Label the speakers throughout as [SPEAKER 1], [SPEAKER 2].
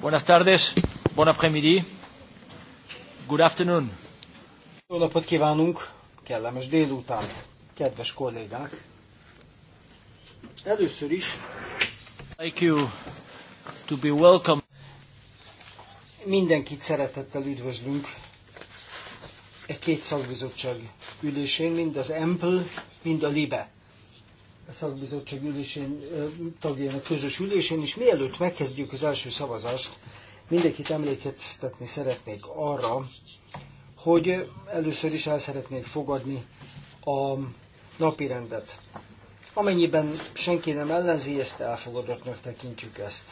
[SPEAKER 1] Buenas tardes, bon après-midi, good afternoon.
[SPEAKER 2] Jó napot kívánunk, kellemes délután, kedves kollégák. Először is
[SPEAKER 1] like you to be welcome.
[SPEAKER 2] Mindenkit szeretettel üdvözlünk egy két szakbizottság ülésén, mind az Ample, mind a LIBE szakbizottság ülésén, tagjának közös ülésén, és mielőtt megkezdjük az első szavazást, mindenkit emlékeztetni szeretnék arra, hogy először is el szeretnék fogadni a rendet. Amennyiben senki nem ellenzi, ezt elfogadottnak tekintjük ezt.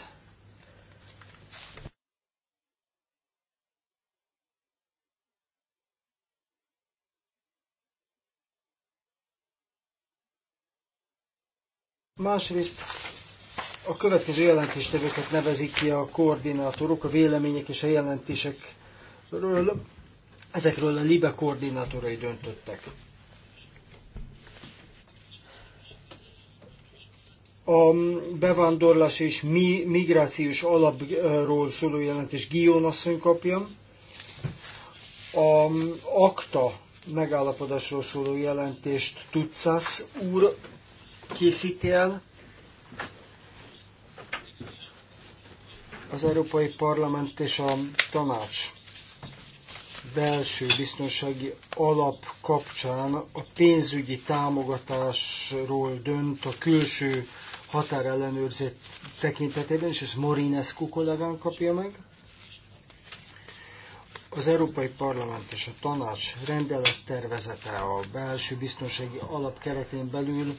[SPEAKER 2] Másrészt a következő jelentéstevőket nevezik ki a koordinátorok, a vélemények és a jelentésekről. Ezekről a LIBE koordinátorai döntöttek. a bevándorlás és mi, migrációs alapról szóló jelentés Gion asszony kapja, a akta megállapodásról szóló jelentést Tutszász úr készíti el. Az Európai Parlament és a Tanács belső biztonsági alap kapcsán a pénzügyi támogatásról dönt a külső határellenőrzet tekintetében, és ezt Morinescu kollégán kapja meg. Az Európai Parlament és a Tanács rendelettervezete a belső biztonsági alap keretén belül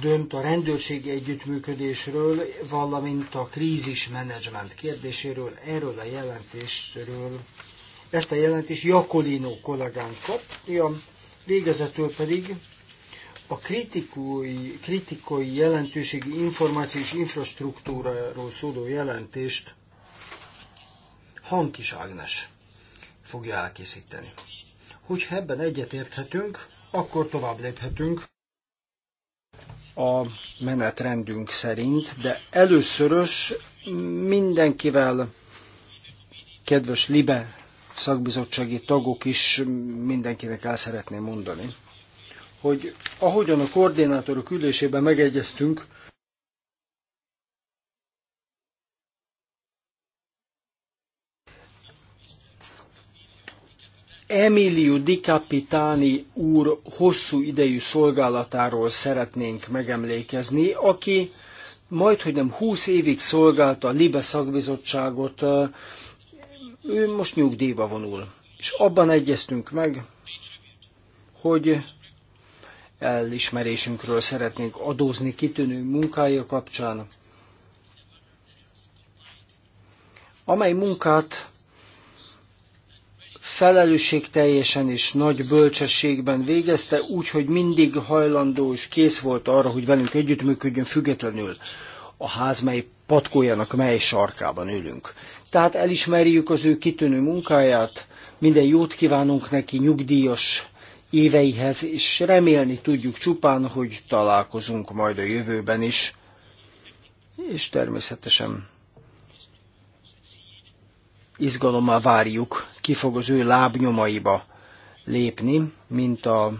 [SPEAKER 2] dönt a rendőrségi együttműködésről, valamint a krízismenedzsment kérdéséről, erről a jelentésről. Ezt a jelentést Jakolino kollégánk kapja, végezetül pedig a kritikói, kritikói jelentőségi információs infrastruktúráról szóló jelentést Hankis Ágnes fogja elkészíteni. Hogyha ebben egyetérthetünk, akkor tovább léphetünk a menetrendünk szerint, de előszörös mindenkivel, kedves Libe szakbizottsági tagok is mindenkinek el szeretném mondani, hogy ahogyan a koordinátorok ülésében megegyeztünk, Emilio Di Capitani úr hosszú idejű szolgálatáról szeretnénk megemlékezni, aki nem 20 évig szolgálta a Libe szakbizottságot, ő most nyugdíjba vonul. És abban egyeztünk meg, hogy elismerésünkről szeretnénk adózni kitűnő munkája kapcsán, amely munkát felelősségteljesen és nagy bölcsességben végezte, úgyhogy mindig hajlandó és kész volt arra, hogy velünk együttműködjön függetlenül a ház mely patkójának mely sarkában ülünk. Tehát elismerjük az ő kitűnő munkáját, minden jót kívánunk neki nyugdíjas éveihez, és remélni tudjuk csupán, hogy találkozunk majd a jövőben is, és természetesen izgalommal várjuk, ki fog az ő lábnyomaiba lépni, mint a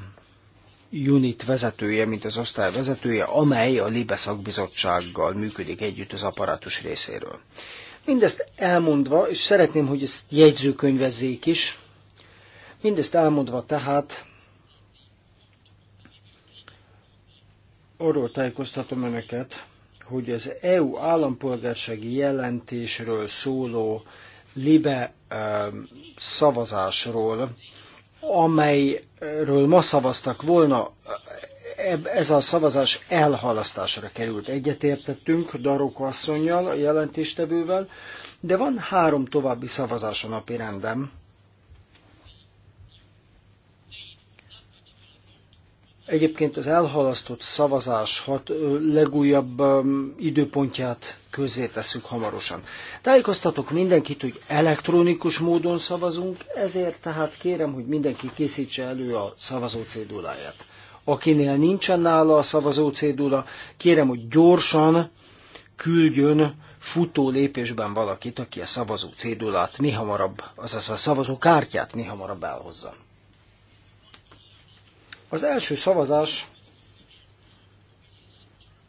[SPEAKER 2] unit vezetője, mint az osztály vezetője, amely a Libe szakbizottsággal működik együtt az aparátus részéről. Mindezt elmondva, és szeretném, hogy ezt jegyzőkönyvezzék is, mindezt elmondva tehát arról tájékoztatom önöket, hogy az EU állampolgársági jelentésről szóló libe szavazásról, amelyről ma szavaztak volna, e, ez a szavazás elhalasztásra került. Egyetértettünk Darok asszonyjal, a jelentéstevővel, de van három további szavazás a napi rendem. Egyébként az elhalasztott szavazás hat, legújabb um, időpontját közé tesszük hamarosan. Tájékoztatok mindenkit, hogy elektronikus módon szavazunk, ezért tehát kérem, hogy mindenki készítse elő a szavazó céduláját. Akinél nincsen nála a szavazó cédula, kérem, hogy gyorsan küldjön futó lépésben valakit, aki a szavazó cédulát mi hamarabb, azaz a szavazó kártyát mi hamarabb elhozza. Az első szavazás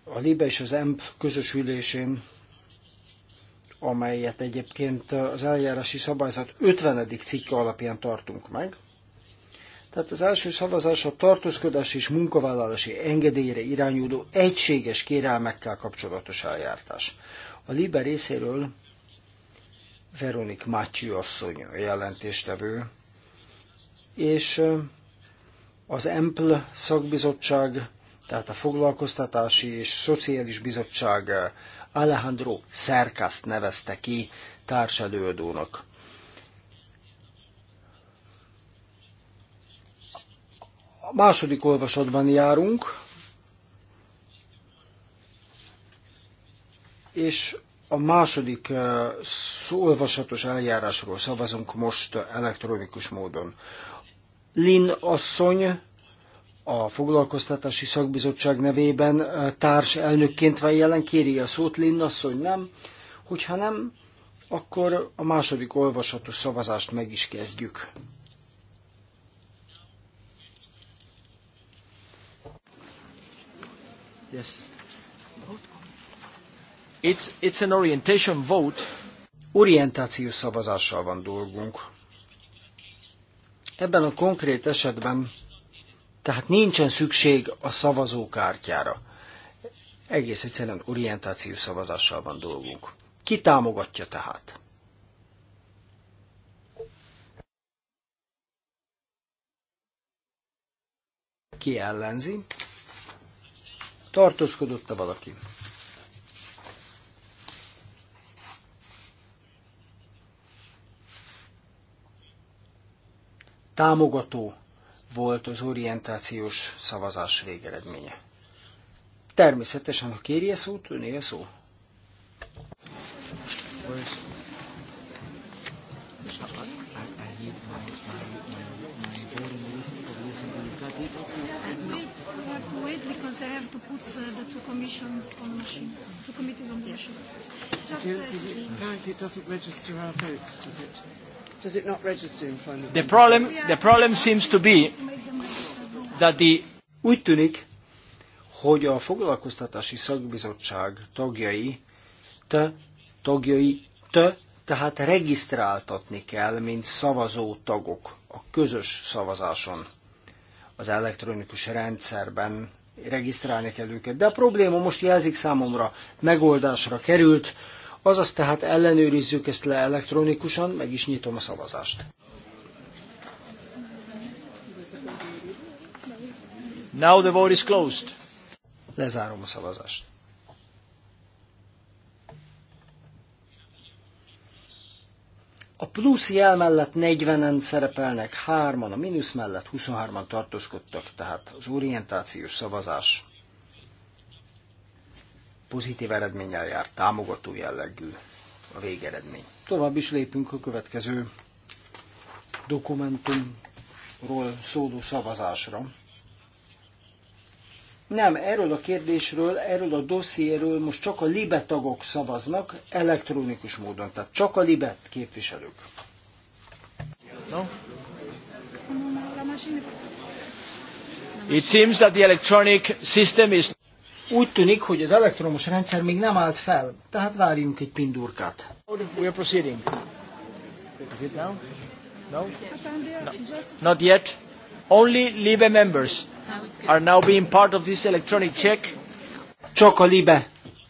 [SPEAKER 2] a Libe és az EMP közös ülésén, amelyet egyébként az eljárási szabályzat 50. cikke alapján tartunk meg. Tehát az első szavazás a tartózkodás és munkavállalási engedélyre irányuló egységes kérelmekkel kapcsolatos eljártás. A Libe részéről Veronik Mátyi asszony a jelentéstevő, és az EMPL szakbizottság, tehát a Foglalkoztatási és Szociális Bizottság eh, Alejandro Szerkászt nevezte ki társadalmadónak. A második olvasatban járunk, és a második eh, olvasatos eljárásról szavazunk most elektronikus módon. Lin asszony a foglalkoztatási szakbizottság nevében társ elnökként van jelen, kéri a szót Lin asszony, nem? Hogyha nem, akkor a második olvasatos szavazást meg is kezdjük.
[SPEAKER 1] Yes. It's, it's an orientation vote.
[SPEAKER 2] Orientációs szavazással van dolgunk. Ebben a konkrét esetben tehát nincsen szükség a szavazókártyára. Egész egyszerűen orientációs szavazással van dolgunk. Ki támogatja tehát? Ki ellenzi? Tartózkodott-e valaki? támogató volt az orientációs szavazás végeredménye. Természetesen, ha kéri a szót, öné a szó.
[SPEAKER 3] because they have to put uh, the two commissions on the machine, two committees on the issue. Just, uh, it doesn't register our votes, does it? Does it not register The problem, the
[SPEAKER 1] problem seems to be that the... Úgy tűnik,
[SPEAKER 2] hogy a foglalkoztatási szakbizottság tagjai, te, tagjai, te, tehát regisztráltatni kell, mint szavazó tagok a közös szavazáson. Az elektronikus rendszerben regisztrálni kell őket. De a probléma most jelzik számomra, megoldásra került, Azaz tehát ellenőrizzük ezt le elektronikusan, meg is nyitom a szavazást. Now the vote is closed. Lezárom a szavazást. A plusz jel mellett 40-en szerepelnek, 3-an a mínusz mellett, 23-an tartózkodtak, tehát az orientációs szavazás pozitív eredménnyel jár, támogató jellegű a végeredmény. Tovább is lépünk a következő dokumentumról szóló szavazásra. Nem, erről a kérdésről, erről a dossziéről most csak a libe tagok szavaznak elektronikus módon, tehát csak a libe képviselők.
[SPEAKER 1] No? It seems that the electronic system is
[SPEAKER 2] úgy tűnik, hogy az elektromos rendszer még nem állt fel, tehát várjunk egy
[SPEAKER 1] pindurkát. We are proceeding. Is it now? No? no? Not yet. Only LIBE members are now being part of this electronic check. Csak a LIBE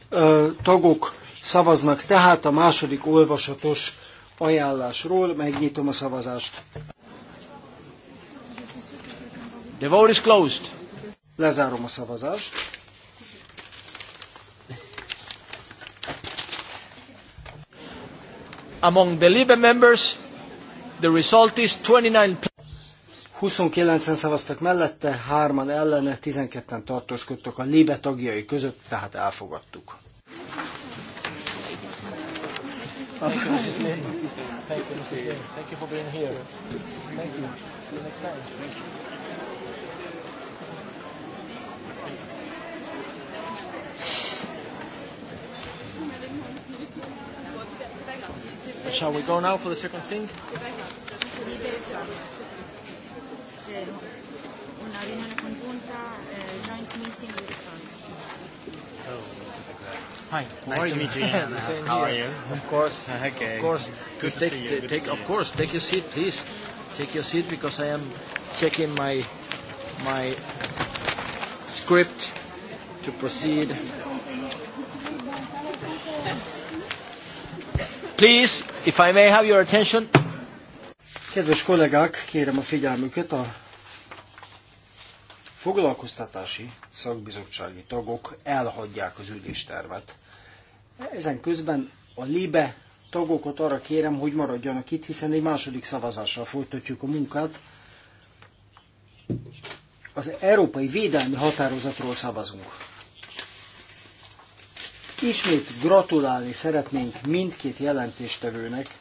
[SPEAKER 1] ö, tagok szavaznak,
[SPEAKER 2] tehát a második olvasatos ajánlásról megnyitom a szavazást. The vote is closed. Lezárom a szavazást.
[SPEAKER 1] Among the LIBE members, the result is 29
[SPEAKER 2] 29-en szavaztak mellette, hárman ellene, 12-en tartózkodtak a LIBE tagjai között, tehát elfogadtuk.
[SPEAKER 1] Thank you, Thank you for being here. Thank you. See you next time. Thank you. Shall we go now for the second thing?
[SPEAKER 3] Hi, how nice are to you? meet you. Yeah. Same how here. are you? Of course. okay. Of course. Good Just to take, see you. Good take, to see of you. course, take
[SPEAKER 1] your seat, please. Take your seat because I am checking my my script to proceed. Please, if I may have your attention. Kedves kollégák, kérem a figyelmüket a
[SPEAKER 2] foglalkoztatási szakbizottsági tagok elhagyják az üléstervet. Ezen közben a LIBE tagokat arra kérem, hogy maradjanak itt, hiszen egy második szavazással folytatjuk a munkát. Az európai védelmi határozatról szavazunk. Ismét gratulálni szeretnénk mindkét jelentéstevőnek,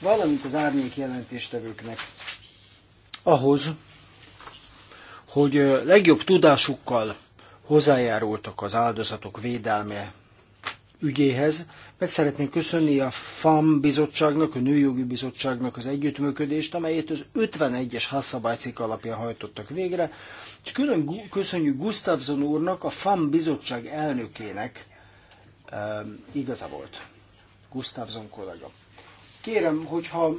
[SPEAKER 2] valamint az árnyék jelentéstevőknek ahhoz, hogy legjobb tudásukkal hozzájárultak az áldozatok védelme ügyéhez. Meg szeretnék köszönni a FAM bizottságnak, a Nőjogi Bizottságnak az együttműködést, amelyet az 51-es Hasszabálycik alapján hajtottak végre, és külön köszönjük Gustavson úrnak, a FAM bizottság elnökének, Ehm, igaza volt. Gustav kollega. Kérem, hogyha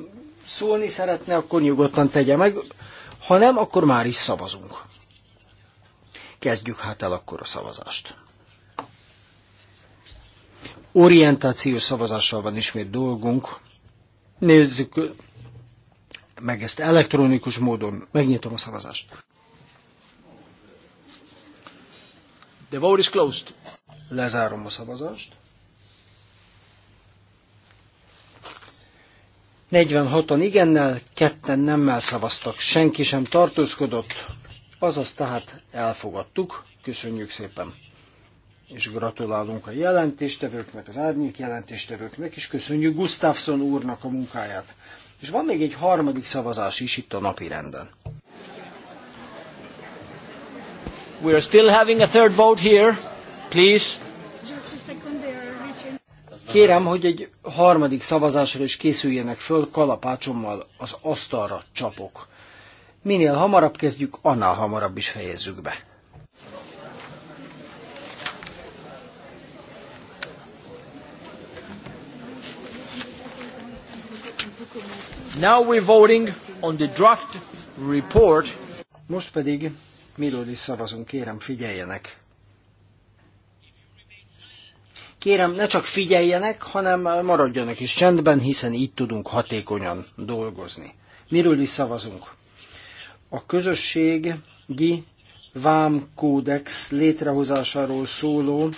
[SPEAKER 2] szólni szeretne, akkor nyugodtan tegye meg, ha nem, akkor már is szavazunk. Kezdjük hát el akkor a szavazást. Orientációs szavazással van ismét dolgunk. Nézzük meg ezt elektronikus módon. Megnyitom a szavazást. The vote is closed. Lezárom a szavazást. 46-an igennel, ketten nemmel szavaztak, senki sem tartózkodott, azaz tehát elfogadtuk, köszönjük szépen. És gratulálunk a jelentéstevőknek, az árnyék jelentéstevőknek, és köszönjük Gustafsson úrnak a munkáját. És van még egy harmadik szavazás is
[SPEAKER 1] itt a napi renden. We are still having a third vote here please. Kérem, hogy
[SPEAKER 2] egy harmadik szavazásra is készüljenek föl, kalapácsommal az asztalra csapok. Minél hamarabb kezdjük, annál hamarabb is fejezzük be.
[SPEAKER 1] Now we're voting on the
[SPEAKER 2] draft report. Most pedig miről is szavazunk, kérem figyeljenek. Kérem, ne csak figyeljenek, hanem maradjanak is csendben, hiszen így tudunk hatékonyan dolgozni. Miről is szavazunk? A közösségi vámkódex létrehozásáról szóló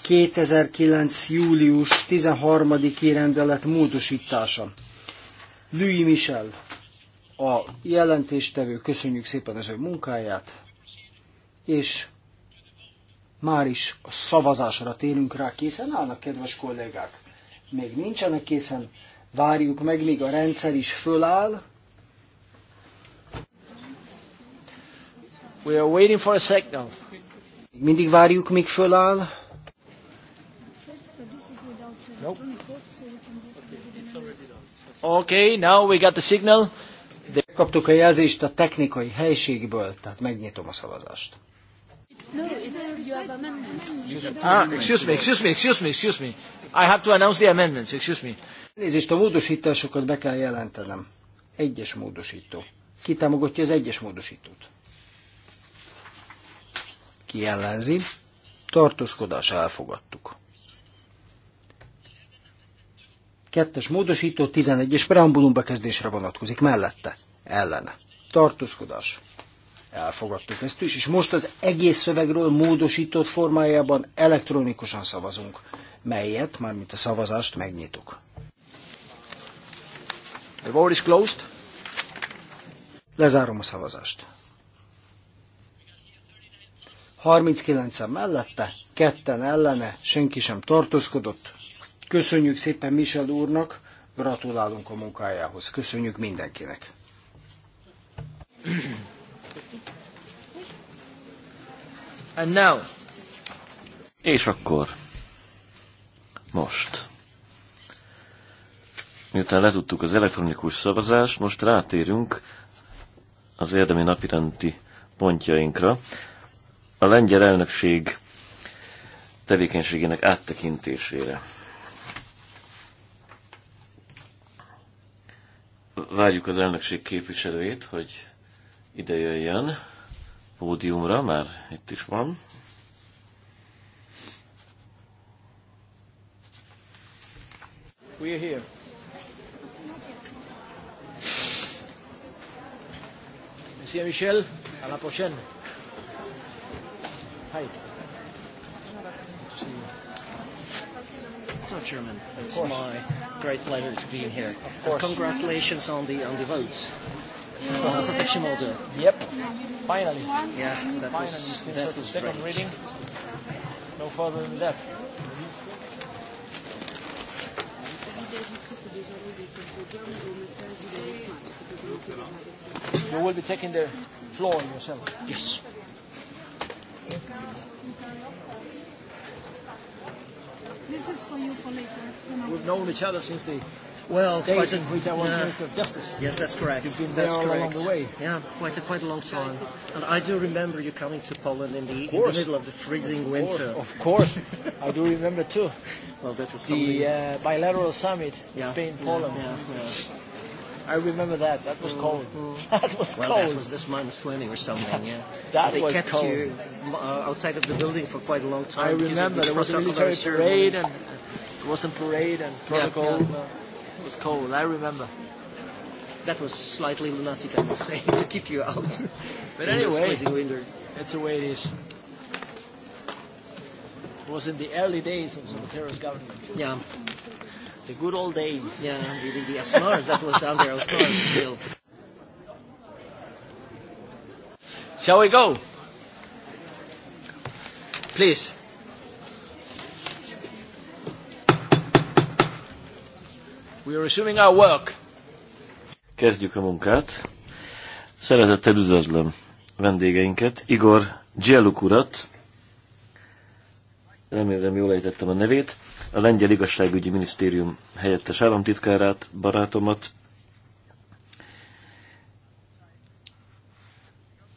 [SPEAKER 2] 2009. július 13-i rendelet módosítása. Lüi Michel, a jelentéstevő, köszönjük szépen az ő munkáját, és már is a szavazásra térünk rá. Készen állnak, kedves kollégák? Még nincsenek készen. Várjuk meg, míg a rendszer is föláll.
[SPEAKER 1] We are waiting for a signal. Mindig várjuk, míg föláll. Nope. Okay, now we got the signal.
[SPEAKER 2] Kaptuk a jelzést a technikai helységből, tehát megnyitom a szavazást.
[SPEAKER 3] Ah, excuse me, excuse me,
[SPEAKER 1] excuse me, excuse me. I have to
[SPEAKER 2] announce the amendments, excuse me. Nézést, a módosításokat be kell jelentenem. Egyes módosító. Ki támogatja az egyes módosítót? Ki ellenzi? Tartózkodás elfogadtuk. Kettes módosító 11-es preambulum bekezdésre vonatkozik mellette. Ellene. Tartózkodás elfogadtuk ezt is, és most az egész szövegről módosított formájában elektronikusan szavazunk, melyet, mármint a szavazást megnyitok. The vote is closed. Lezárom a szavazást. 39 mellette, ketten ellene, senki sem tartózkodott. Köszönjük szépen Michel úrnak, gratulálunk a munkájához. Köszönjük mindenkinek.
[SPEAKER 1] And now.
[SPEAKER 4] És akkor. Most. Miután letudtuk az elektronikus szavazást, most rátérünk az érdemi napirenti pontjainkra. A lengyel elnökség tevékenységének áttekintésére. Várjuk az elnökség képviselőjét, hogy ide jöjjön pódiumra, már itt is van.
[SPEAKER 1] We're here. Monsieur Michel, à la prochaine. Hi. So, Chairman, it's my great pleasure to be here. Of course. congratulations on the on the votes protection order. Yep. Finally. Yeah, that Finally, since seems that like second great. reading. No further than that. You will be taking the floor yourself. Yes.
[SPEAKER 3] This is for you for later. We've
[SPEAKER 1] known each other since the well, days in which I was yeah. Minister of Justice. Yes, that's correct. You've been that's there correct. along the way. Yeah, quite a, quite a long time. And I do remember you coming to Poland in the, in the middle of the freezing of winter. Of course, I do remember too. Well, that was the uh, bilateral summit, yeah. Spain-Poland. Yeah, yeah, yeah. I remember that. That was mm, cold. Mm-hmm. That was well, cold. Well, that was
[SPEAKER 3] this month swimming or something, yeah. that they was kept cold. you uh,
[SPEAKER 1] outside of the building for quite a long time. I remember. there was a military parade, and, uh, it was a parade and protocol. Yeah, yeah. Uh, was cold, I remember. That was slightly lunatic, I must say, to keep you out. But anyway, winter. that's the way it is. It was in the early days of Zapatero's government. Yeah. The good old days. Yeah, the, the, the Asmar, that was down there, Asmar still. Shall we go? Please. are resuming our work.
[SPEAKER 4] Kezdjük a munkát. Szeretettel üdvözlöm vendégeinket, Igor Gyeluk urat, remélem jól ejtettem a nevét, a Lengyel Igazságügyi Minisztérium helyettes államtitkárát, barátomat,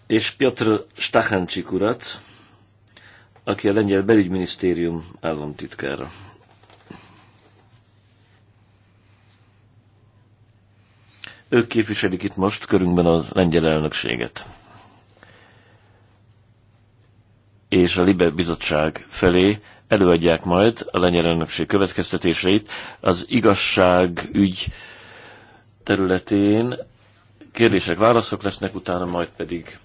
[SPEAKER 4] és Piotr Stachancsik urat, aki a Lengyel Belügyminisztérium államtitkára. Ők képviselik itt most körünkben a lengyel elnökséget. És a Libe bizottság felé előadják majd a lengyel elnökség következtetéseit az igazság ügy területén. Kérdések, válaszok lesznek, utána majd pedig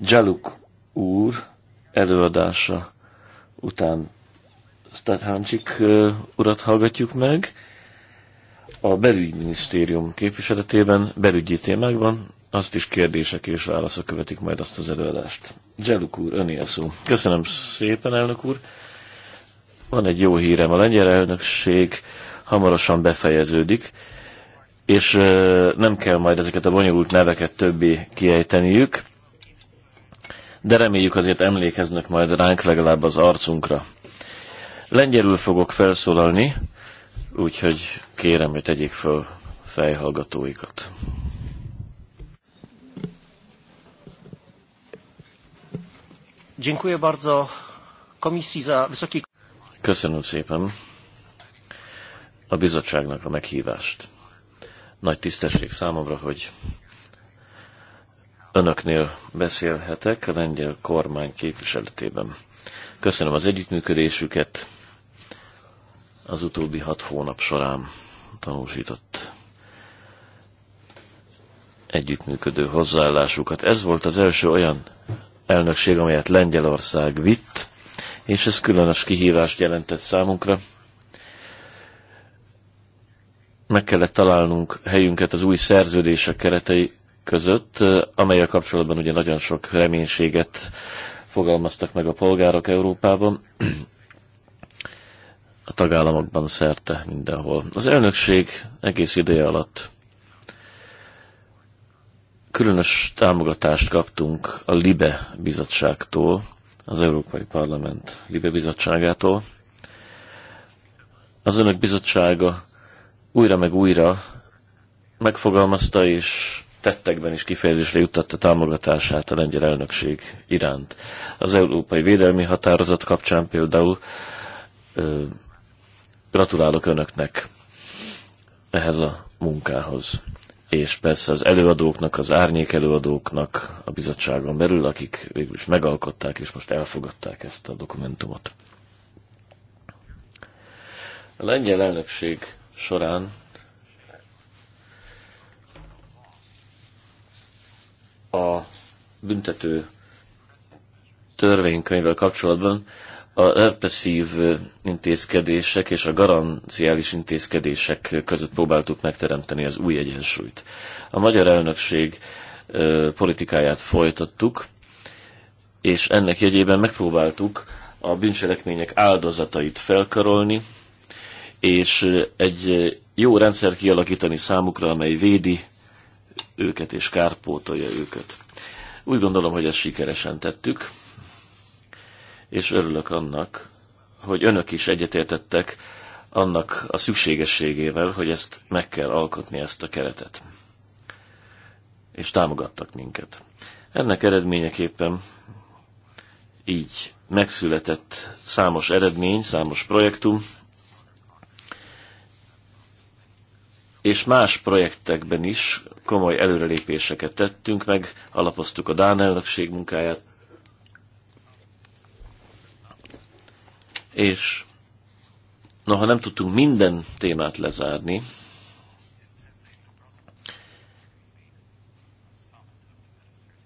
[SPEAKER 4] Jaluk úr előadása után Stathancsik urat hallgatjuk meg a belügyminisztérium képviseletében belügyi témákban, azt is kérdések és válaszok követik majd azt az előadást. Zseluk úr, öné a szó. Köszönöm szépen, elnök úr. Van egy jó hírem, a lengyel elnökség hamarosan befejeződik, és nem kell majd ezeket a bonyolult neveket többé kiejteniük, de reméljük azért emlékeznek majd ránk legalább az arcunkra. Lengyelül fogok felszólalni, Úgyhogy kérem, hogy tegyék föl fejhallgatóikat.
[SPEAKER 1] Dziękuję bardzo komisji za wysoki...
[SPEAKER 4] Köszönöm szépen a bizottságnak a meghívást. Nagy tisztesség számomra, hogy önöknél beszélhetek a lengyel kormány képviseletében. Köszönöm az együttműködésüket, az utóbbi hat hónap során tanúsított együttműködő hozzáállásukat. Ez volt az első olyan elnökség, amelyet Lengyelország vitt, és ez különös kihívást jelentett számunkra. Meg kellett találnunk helyünket az új szerződések keretei között, amelyek kapcsolatban ugye nagyon sok reménységet fogalmaztak meg a polgárok Európában, a tagállamokban szerte mindenhol. Az elnökség egész ideje alatt különös támogatást kaptunk a LIBE bizottságtól, az Európai Parlament LIBE bizottságától. Az önök bizottsága újra meg újra megfogalmazta és tettekben is kifejezésre juttatta támogatását a lengyel elnökség iránt. Az Európai Védelmi Határozat kapcsán például ö, Gratulálok Önöknek ehhez a munkához. És persze az előadóknak, az árnyék előadóknak a bizottságon belül, akik végül is megalkották és most elfogadták ezt a dokumentumot. A lengyel elnökség során a büntető törvénykönyvvel kapcsolatban a represszív intézkedések és a garanciális intézkedések között próbáltuk megteremteni az új egyensúlyt. A magyar elnökség politikáját folytattuk, és ennek jegyében megpróbáltuk a bűncselekmények áldozatait felkarolni, és egy jó rendszer kialakítani számukra, amely védi őket és kárpótolja őket. Úgy gondolom, hogy ezt sikeresen tettük és örülök annak, hogy önök is egyetértettek annak a szükségességével, hogy ezt meg kell alkotni, ezt a keretet. És támogattak minket. Ennek eredményeképpen így megszületett számos eredmény, számos projektum, és más projektekben is komoly előrelépéseket tettünk meg, alapoztuk a Dán elnökség munkáját, és noha nem tudtunk minden témát lezárni,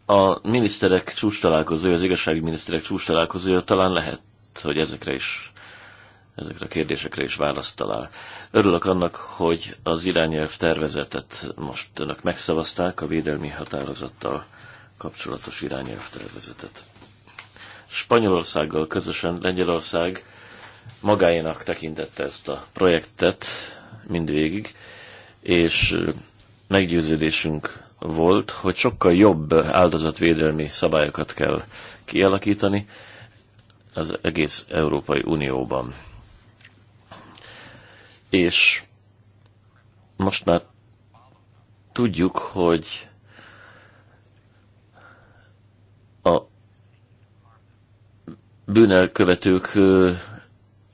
[SPEAKER 4] a miniszterek csúcs találkozója, az igazsági miniszterek csúcs találkozója talán lehet, hogy ezekre is ezekre a kérdésekre is választ talál. Örülök annak, hogy az irányelv tervezetet most önök megszavazták, a védelmi határozattal kapcsolatos irányelv tervezetet. Spanyolországgal közösen Lengyelország magáénak tekintette ezt a projektet mindvégig, és meggyőződésünk volt, hogy sokkal jobb áldozatvédelmi szabályokat kell kialakítani az egész Európai Unióban. És most már tudjuk, hogy a bűnelkövetők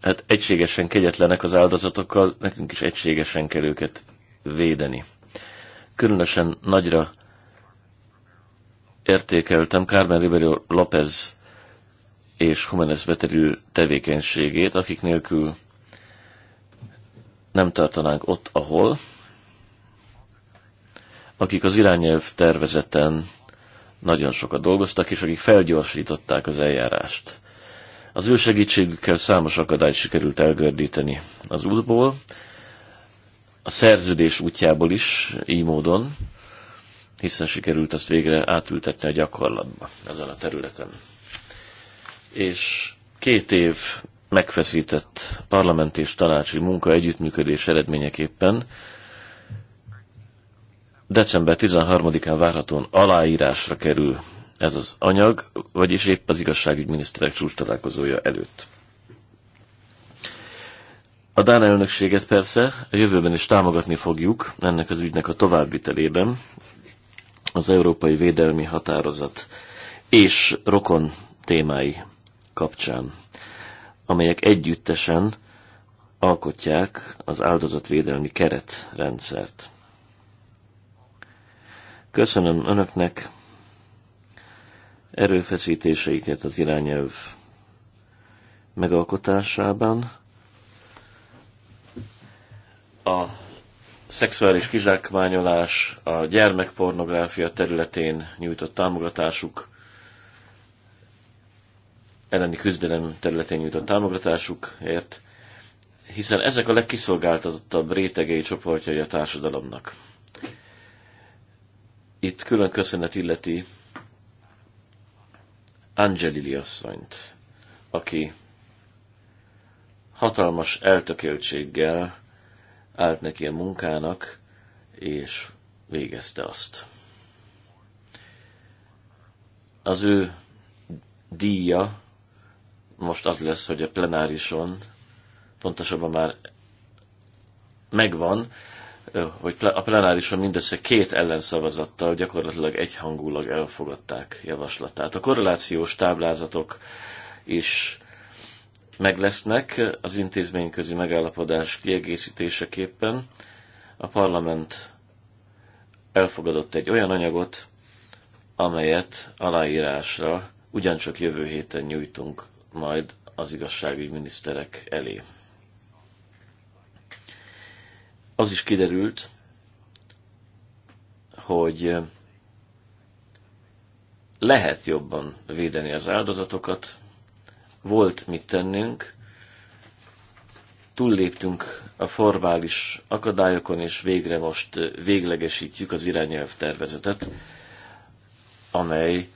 [SPEAKER 4] hát egységesen kegyetlenek az áldozatokkal, nekünk is egységesen kell őket védeni. Különösen nagyra értékeltem Carmen Rivero López és Humanes veterű tevékenységét, akik nélkül nem tartanánk ott, ahol, akik az irányelv tervezeten nagyon sokat dolgoztak, és akik felgyorsították az eljárást. Az ő segítségükkel számos akadályt sikerült elgördíteni az útból, a szerződés útjából is, így módon, hiszen sikerült azt végre átültetni a gyakorlatba ezen a területen. És két év megfeszített parlament és tanácsi munka együttműködés eredményeképpen december 13-án várhatóan aláírásra kerül ez az anyag, vagyis épp az igazságügyminiszterek csúcs találkozója előtt. A Dán elnökséget persze a jövőben is támogatni fogjuk ennek az ügynek a továbbvitelében. Az Európai Védelmi Határozat és rokon témái kapcsán, amelyek együttesen alkotják az áldozatvédelmi keretrendszert. Köszönöm Önöknek erőfeszítéseiket az irányelv megalkotásában. A szexuális kizsákmányolás, a gyermekpornográfia területén nyújtott támogatásuk, elleni küzdelem területén nyújtott támogatásukért, hiszen ezek a legkiszolgáltatottabb rétegei csoportjai a társadalomnak. Itt külön köszönet illeti Angelili asszonyt, aki hatalmas eltökéltséggel állt neki a munkának, és végezte azt. Az ő díja most az lesz, hogy a plenárison, pontosabban már megvan, hogy a plenárison mindössze két ellenszavazattal gyakorlatilag egyhangulag elfogadták javaslatát. A korrelációs táblázatok is meg lesznek az intézményközi megállapodás kiegészítéseképpen. A parlament elfogadott egy olyan anyagot, amelyet aláírásra ugyancsak jövő héten nyújtunk majd az igazságügyminiszterek elé az is kiderült, hogy eh, lehet jobban védeni az áldozatokat, volt mit tennünk, túlléptünk a formális akadályokon, és végre most eh, véglegesítjük az irányelv tervezetet, amely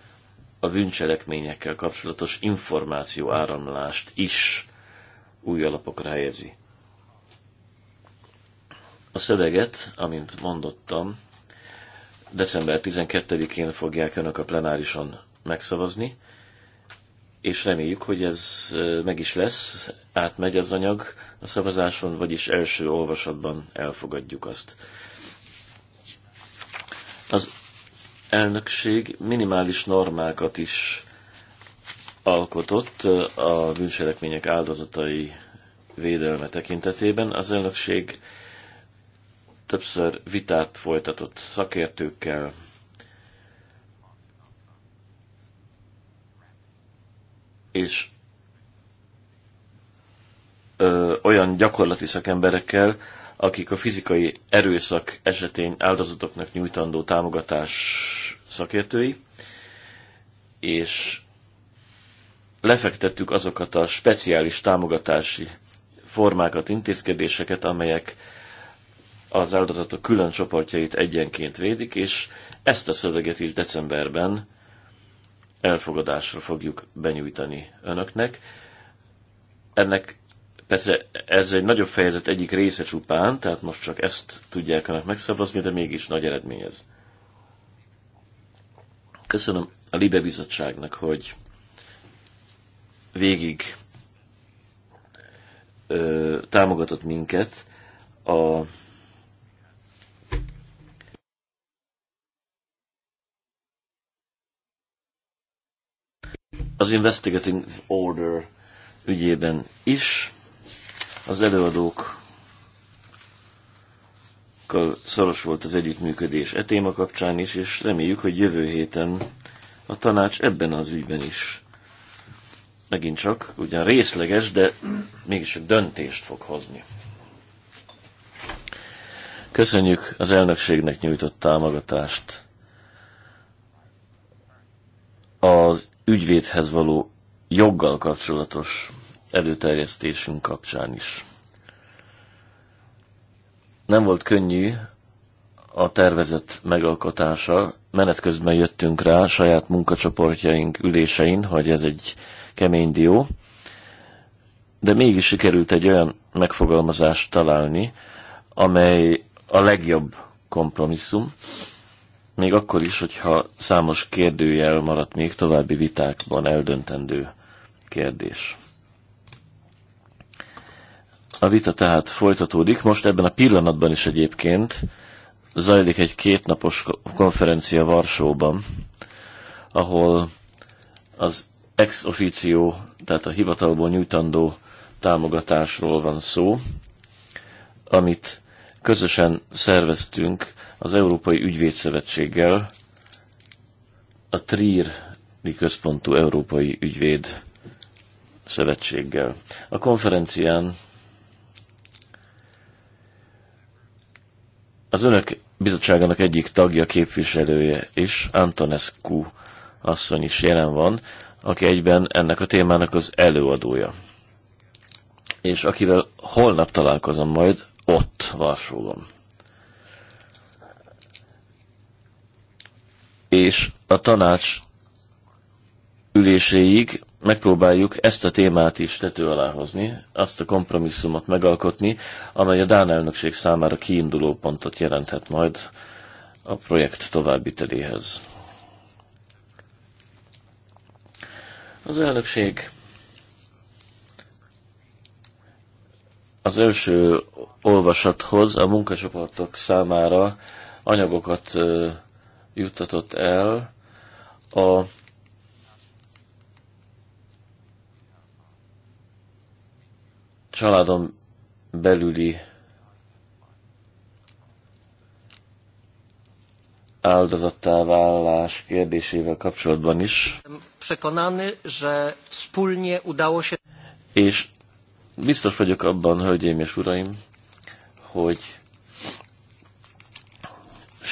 [SPEAKER 4] a bűncselekményekkel kapcsolatos információ áramlást is új alapokra helyezi. A szöveget, amint mondottam, december 12-én fogják önök a plenárison megszavazni, és reméljük, hogy ez meg is lesz, átmegy az anyag a szavazáson, vagyis első olvasatban elfogadjuk azt. Az elnökség minimális normákat is alkotott a bűncselekmények áldozatai védelme tekintetében. Az elnökség többször vitát folytatott szakértőkkel, és ö, olyan gyakorlati szakemberekkel, akik a fizikai erőszak esetén áldozatoknak nyújtandó támogatás szakértői, és lefektettük azokat a speciális támogatási formákat, intézkedéseket, amelyek az áldozatok külön csoportjait egyenként védik, és ezt a szöveget is decemberben elfogadásra fogjuk benyújtani önöknek. Ennek persze ez egy nagyobb fejezet egyik része csupán, tehát most csak ezt tudják önök megszavazni, de mégis nagy eredmény ez. Köszönöm a Libe Bizottságnak, hogy végig ö, támogatott minket a az Investigating Order ügyében is. Az előadók szoros volt az együttműködés e téma kapcsán is, és reméljük, hogy jövő héten a tanács ebben az ügyben is megint csak ugyan részleges, de mégis döntést fog hozni. Köszönjük az elnökségnek nyújtott támogatást az ügyvédhez való joggal kapcsolatos előterjesztésünk kapcsán is. Nem volt könnyű a tervezet megalkotása. Menet közben jöttünk rá saját munkacsoportjaink ülésein, hogy ez egy kemény dió, de mégis sikerült egy olyan megfogalmazást találni, amely a legjobb kompromisszum, még akkor is, hogyha számos kérdőjel maradt még további vitákban eldöntendő kérdés. A vita tehát folytatódik. Most ebben a pillanatban is egyébként zajlik egy kétnapos konferencia Varsóban, ahol az ex officio, tehát a hivatalból nyújtandó támogatásról van szó, amit közösen szerveztünk az Európai Ügyvédszövetséggel, a Trier központú Európai Ügyvéd Szövetséggel. A konferencián az önök bizottságának egyik tagja, képviselője is, Antonescu asszony is jelen van, aki egyben ennek a témának az előadója. És akivel holnap találkozom majd ott, Varsóban. és a tanács üléséig megpróbáljuk ezt a témát is tető alá hozni, azt a kompromisszumot megalkotni, amely a Dán elnökség számára kiinduló pontot jelenthet majd a projekt továbbiteléhez. Az elnökség az első olvasathoz a munkacsoportok számára anyagokat juttatott el a családom belüli áldozattá válás kérdésével kapcsolatban is.
[SPEAKER 1] Przekonany, że wspólnie udało się...
[SPEAKER 4] És biztos vagyok abban, hölgyeim és uraim, hogy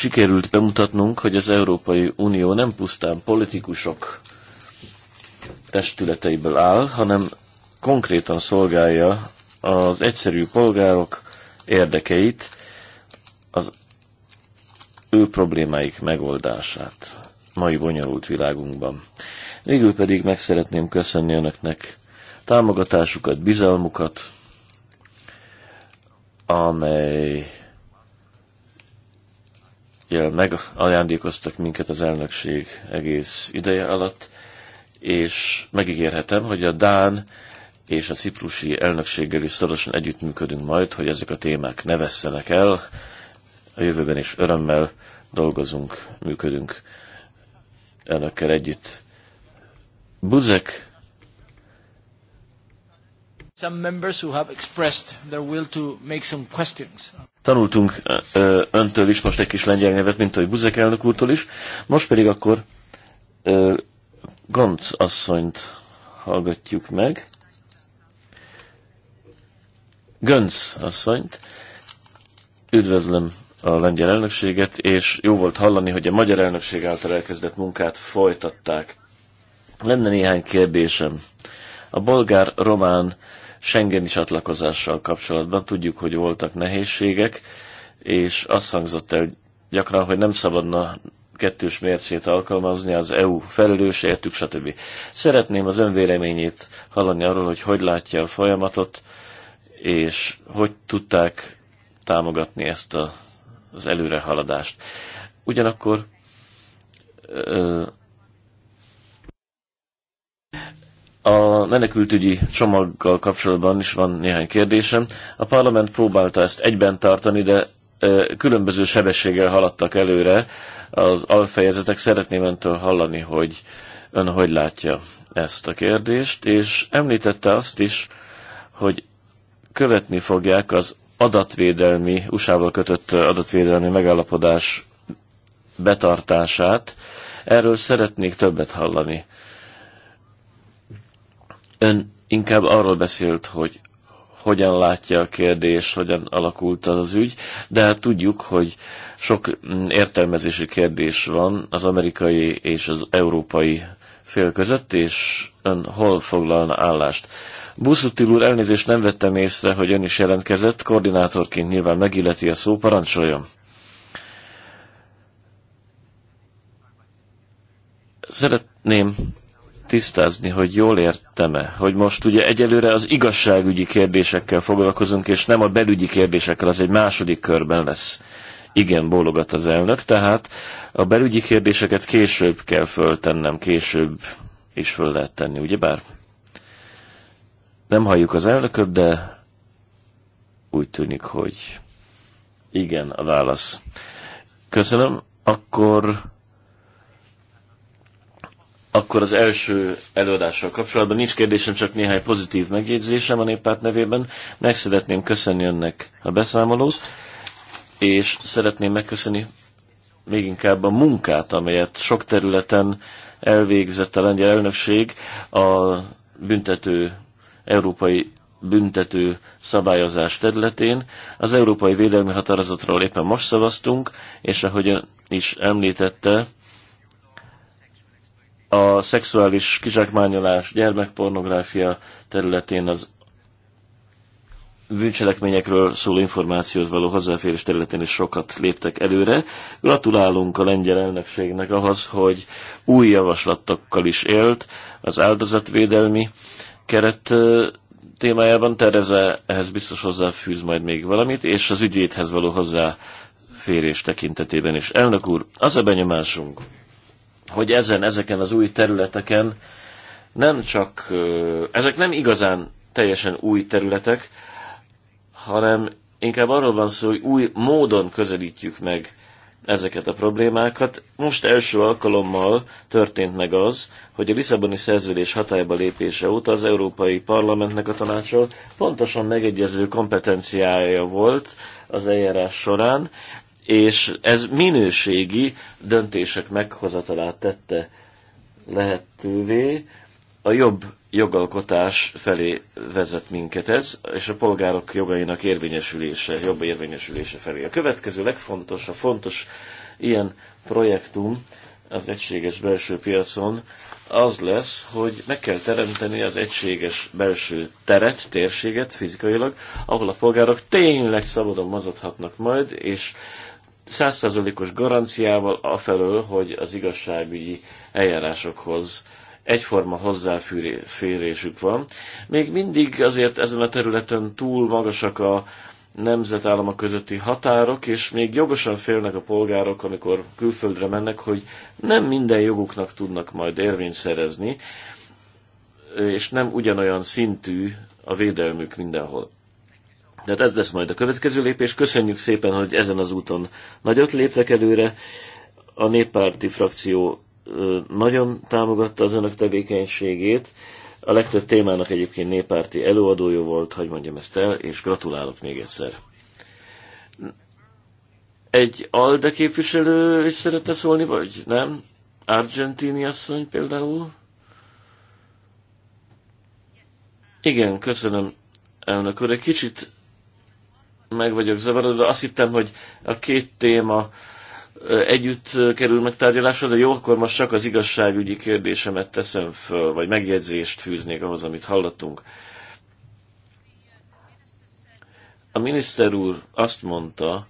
[SPEAKER 4] sikerült bemutatnunk, hogy az Európai Unió nem pusztán politikusok testületeiből áll, hanem konkrétan szolgálja az egyszerű polgárok érdekeit, az ő problémáik megoldását mai bonyolult világunkban. Végül pedig meg szeretném köszönni önöknek támogatásukat, bizalmukat, amely jel megajándékoztak minket az elnökség egész ideje alatt, és megígérhetem, hogy a Dán és a ciprusi elnökséggel is szorosan együttműködünk majd, hogy ezek a témák ne vesszenek el. A jövőben is örömmel dolgozunk, működünk önökkel együtt. Buzek
[SPEAKER 1] Some members who have expressed their will to make some questions.
[SPEAKER 4] Tanultunk öntől is, most egy kis lengyel nyelvet, mint ahogy Buzek elnök úrtól is. Most pedig akkor Gonc asszonyt hallgatjuk meg. Gönc asszonyt. Üdvözlöm a lengyel elnökséget, és jó volt hallani, hogy a magyar elnökség által elkezdett munkát folytatták. Lenne néhány kérdésem. A bolgár-román Schengeni csatlakozással kapcsolatban. Tudjuk, hogy voltak nehézségek, és azt hangzott el gyakran, hogy nem szabadna kettős mércét alkalmazni, az EU felelős, értük, stb. Szeretném az önvéleményét hallani arról, hogy hogy látja a folyamatot, és hogy tudták támogatni ezt a, az előrehaladást. Ugyanakkor ö, A menekültügyi csomaggal kapcsolatban is van néhány kérdésem. A parlament próbálta ezt egyben tartani, de különböző sebességgel haladtak előre. Az alfejezetek szeretném öntől hallani, hogy ön hogy látja ezt a kérdést, és említette azt is, hogy követni fogják az adatvédelmi, USA-val kötött adatvédelmi megállapodás betartását. Erről szeretnék többet hallani. Ön inkább arról beszélt, hogy hogyan látja a kérdés, hogyan alakult az az ügy, de hát tudjuk, hogy sok mm, értelmezési kérdés van az amerikai és az európai fél között, és ön hol foglalna állást. Buszutil úr, elnézést nem vettem észre, hogy ön is jelentkezett, koordinátorként nyilván megilleti a szó, parancsoljon. Szeretném tisztázni, hogy jól értem-e, hogy most ugye egyelőre az igazságügyi kérdésekkel foglalkozunk, és nem a belügyi kérdésekkel, az egy második körben lesz. Igen, bólogat az elnök, tehát a belügyi kérdéseket később kell föltennem, később is föl lehet tenni, ugyebár? Nem halljuk az elnököt, de úgy tűnik, hogy igen a válasz. Köszönöm, akkor akkor az első előadással kapcsolatban nincs kérdésem, csak néhány pozitív megjegyzésem a néppárt nevében. Meg szeretném köszönni önnek a beszámolót, és szeretném megköszönni még inkább a munkát, amelyet sok területen elvégzett a lengyel elnökség a büntető, európai büntető szabályozás területén. Az európai védelmi határozatról éppen most szavaztunk, és ahogy is említette, a szexuális kizsákmányolás, gyermekpornográfia területén az bűncselekményekről szóló információt való hozzáférés területén is sokat léptek előre. Gratulálunk a lengyel elnökségnek ahhoz, hogy új javaslatokkal is élt az áldozatvédelmi keret témájában. Tereze ehhez biztos hozzáfűz majd még valamit, és az ügyéthez való hozzáférés tekintetében is. Elnök úr, az a benyomásunk, hogy ezen, ezeken az új területeken nem csak, ezek nem igazán teljesen új területek, hanem inkább arról van szó, hogy új módon közelítjük meg ezeket a problémákat. Most első alkalommal történt meg az, hogy a Lisszaboni szerződés hatályba lépése óta az Európai Parlamentnek a tanácsol pontosan megegyező kompetenciája volt az eljárás során, és ez minőségi döntések meghozatalát tette lehetővé, a jobb jogalkotás felé vezet minket ez, és a polgárok jogainak érvényesülése, jobb érvényesülése felé. A következő legfontosabb, fontos ilyen projektum az egységes belső piacon az lesz, hogy meg kell teremteni az egységes belső teret, térséget fizikailag, ahol a polgárok tényleg szabadon mozoghatnak majd, és százszázalékos garanciával afelől, hogy az igazságügyi eljárásokhoz egyforma hozzáférésük van. Még mindig azért ezen a területen túl magasak a nemzetállamok közötti határok, és még jogosan félnek a polgárok, amikor külföldre mennek, hogy nem minden joguknak tudnak majd érvényt szerezni, és nem ugyanolyan szintű a védelmük mindenhol. De hát ez lesz majd a következő lépés. Köszönjük szépen, hogy ezen az úton nagyot léptek előre. A néppárti frakció nagyon támogatta az önök tevékenységét. A legtöbb témának egyébként néppárti előadója volt, hogy mondjam ezt el, és gratulálok még egyszer. Egy ALDE képviselő is szeretne szólni, vagy nem? Argentini asszony például? Igen, köszönöm elnök úr. Egy kicsit meg vagyok zavarodva. Azt hittem, hogy a két téma együtt kerül megtárgyalásra, de jó, akkor most csak az igazságügyi kérdésemet teszem föl, vagy megjegyzést fűznék ahhoz, amit hallottunk. A miniszter úr azt mondta,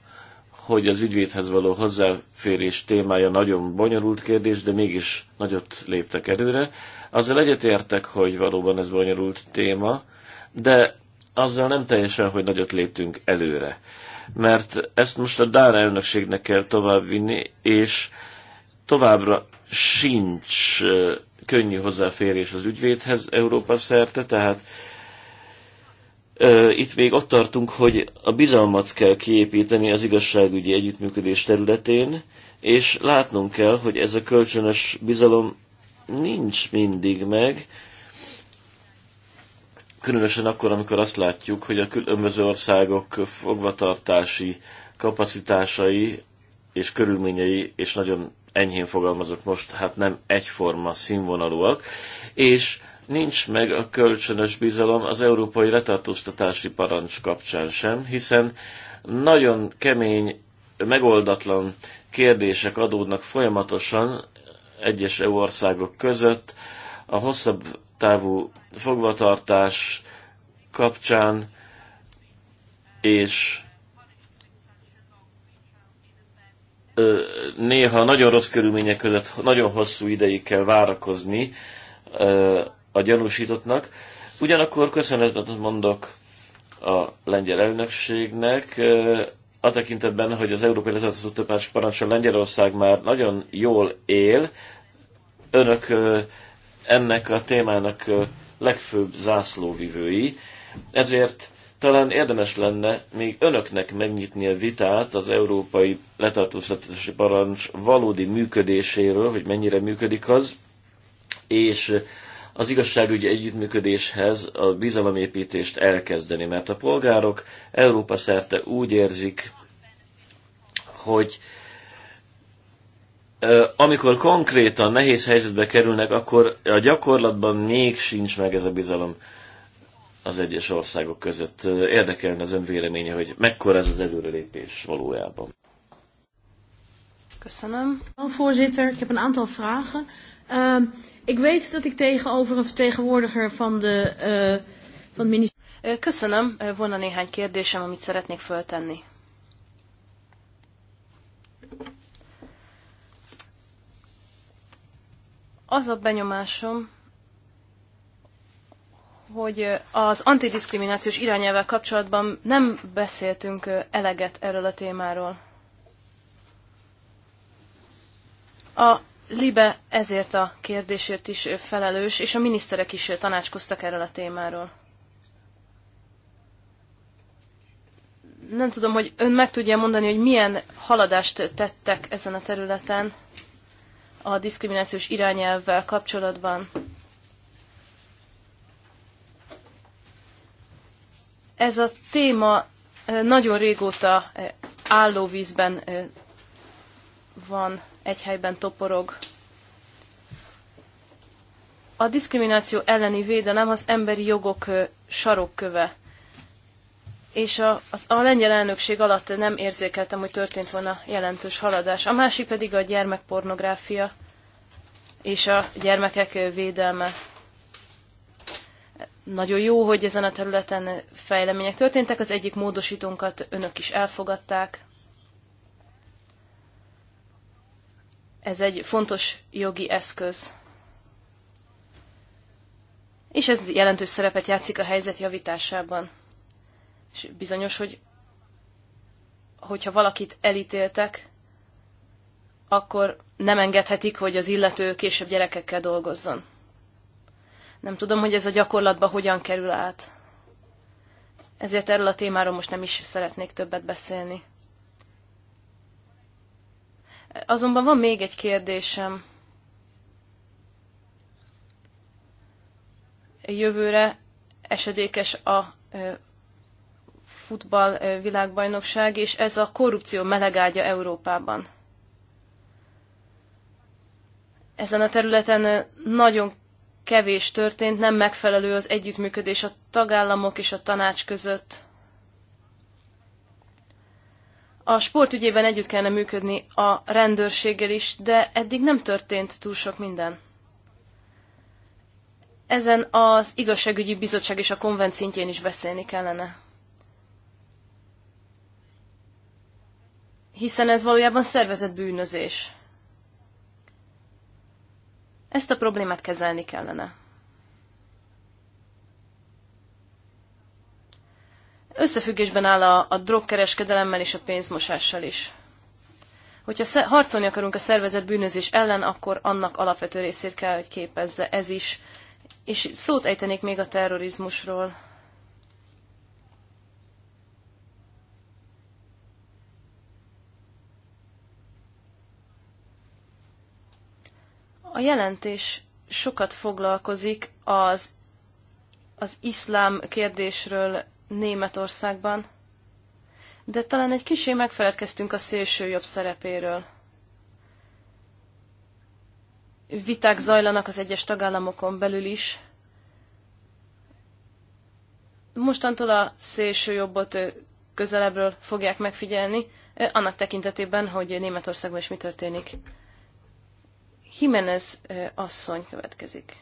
[SPEAKER 4] hogy az ügyvédhez való hozzáférés témája nagyon bonyolult kérdés, de mégis nagyot léptek előre. Azzal egyetértek, hogy valóban ez bonyolult téma, de azzal nem teljesen, hogy nagyot léptünk előre. Mert ezt most a Dán elnökségnek kell továbbvinni, és továbbra sincs könnyű hozzáférés az ügyvédhez Európa szerte, tehát itt még ott tartunk, hogy a bizalmat kell kiépíteni az igazságügyi együttműködés területén, és látnunk kell, hogy ez a kölcsönös bizalom nincs mindig meg, Különösen akkor, amikor azt látjuk, hogy a különböző országok fogvatartási kapacitásai és körülményei, és nagyon enyhén fogalmazok most, hát nem egyforma színvonalúak, és nincs meg a kölcsönös bizalom az európai letartóztatási parancs kapcsán sem, hiszen nagyon kemény, megoldatlan kérdések adódnak folyamatosan egyes EU országok között, a hosszabb távú fogvatartás kapcsán, és néha nagyon rossz körülmények között nagyon hosszú ideig kell várakozni a gyanúsítottnak. Ugyanakkor köszönetet mondok a lengyel elnökségnek, a tekintetben, hogy az Európai Letartóztató Parancsol Lengyelország már nagyon jól él, önök ennek a témának legfőbb zászlóvivői, ezért talán érdemes lenne még önöknek megnyitni a vitát az európai letartóztatási parancs valódi működéséről, hogy mennyire működik az, és az igazságügyi együttműködéshez a bizalomépítést elkezdeni, mert a polgárok Európa szerte úgy érzik, hogy amikor konkrétan nehéz helyzetbe kerülnek, akkor a gyakorlatban még sincs meg ez a bizalom az egyes országok között. Érdekelne az ön véleménye, hogy mekkora ez az előrelépés valójában.
[SPEAKER 5] Köszönöm. Voorzitter, ik heb een aantal vragen. Ehm, ik weet dat ik tegenover een vertegenwoordiger van, de, uh, van Köszönöm, volna néhány kérdésem, amit szeretnék föltenni. Az a benyomásom, hogy az antidiszkriminációs irányelvvel kapcsolatban nem beszéltünk eleget erről a témáról. A Libe ezért a kérdésért is felelős, és a miniszterek is tanácskoztak erről a témáról. Nem tudom, hogy ön meg tudja mondani, hogy milyen haladást tettek ezen a területen a diszkriminációs irányelvvel kapcsolatban. Ez a téma nagyon régóta állóvízben van, egy helyben toporog. A diszkrimináció elleni védelem az emberi jogok sarokköve és a, az, a lengyel elnökség alatt nem érzékeltem, hogy történt volna jelentős haladás. A másik pedig a gyermekpornográfia és a gyermekek védelme. Nagyon jó, hogy ezen a területen fejlemények történtek, az egyik módosítónkat önök is elfogadták. Ez egy fontos jogi eszköz. És ez jelentős szerepet játszik a helyzet javításában. És bizonyos, hogy hogyha valakit elítéltek, akkor nem engedhetik, hogy az illető később gyerekekkel dolgozzon. Nem tudom, hogy ez a gyakorlatba hogyan kerül át. Ezért erről a témáról most nem is szeretnék többet beszélni. Azonban van még egy kérdésem. Jövőre esedékes a futball világbajnokság, és ez a korrupció melegágya Európában. Ezen a területen nagyon kevés történt, nem megfelelő az együttműködés a tagállamok és a tanács között. A sportügyében együtt kellene működni a rendőrséggel is, de eddig nem történt túl sok minden. Ezen az igazságügyi bizottság és a konvent szintjén is beszélni kellene. hiszen ez valójában szervezett bűnözés. Ezt a problémát kezelni kellene. Összefüggésben áll a, a drogkereskedelemmel és a pénzmosással is. Hogyha harcolni akarunk a szervezett bűnözés ellen, akkor annak alapvető részét kell, hogy képezze ez is. És szót ejtenék még a terrorizmusról. A jelentés sokat foglalkozik az, az iszlám kérdésről Németországban, de talán egy kicsi megfeledkeztünk a szélső jobb szerepéről. Viták zajlanak az egyes tagállamokon belül is. Mostantól a szélső jobbot közelebbről fogják megfigyelni, annak tekintetében, hogy Németországban is mi történik. Jimenez asszony következik.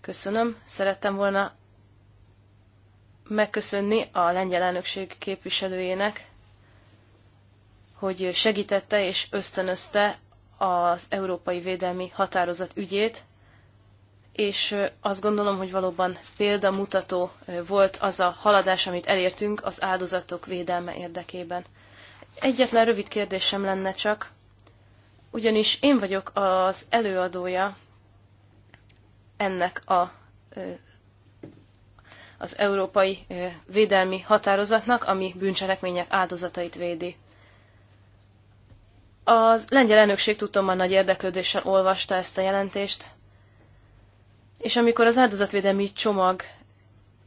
[SPEAKER 5] Köszönöm. Szerettem volna megköszönni a lengyel elnökség képviselőjének, hogy segítette és ösztönözte az Európai Védelmi Határozat ügyét, és azt gondolom, hogy valóban példamutató volt az a haladás, amit elértünk az áldozatok védelme érdekében. Egyetlen rövid kérdésem lenne csak, ugyanis én vagyok az előadója ennek a, az európai védelmi határozatnak, ami bűncselekmények áldozatait védi. Az lengyel elnökség már nagy érdeklődéssel olvasta ezt a jelentést, és amikor az áldozatvédelmi csomag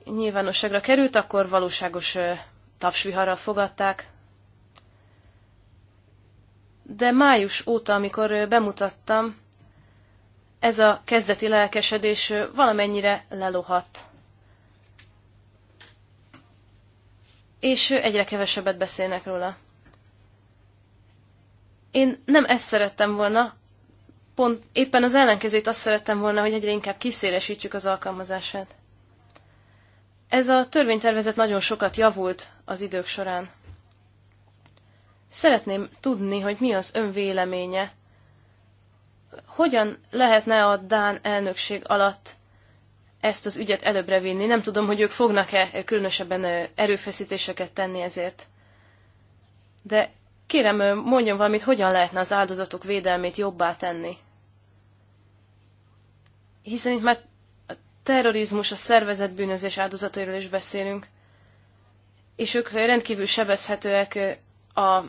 [SPEAKER 5] nyilvánosságra került, akkor valóságos tapsviharral fogadták de május óta, amikor bemutattam, ez a kezdeti lelkesedés valamennyire lelohadt. És egyre kevesebbet beszélnek róla. Én nem ezt szerettem volna, pont éppen az ellenkezőt azt szerettem volna, hogy egyre inkább kiszélesítjük az alkalmazását. Ez a törvénytervezet nagyon sokat javult az idők során. Szeretném tudni, hogy mi az ön véleménye. Hogyan lehetne a Dán elnökség alatt ezt az ügyet előbbre vinni? Nem tudom, hogy ők fognak-e különösebben erőfeszítéseket tenni ezért. De kérem, mondjon valamit, hogyan lehetne az áldozatok védelmét jobbá tenni. Hiszen itt már a terrorizmus, a szervezetbűnözés áldozatairól is beszélünk, és ők rendkívül sebezhetőek a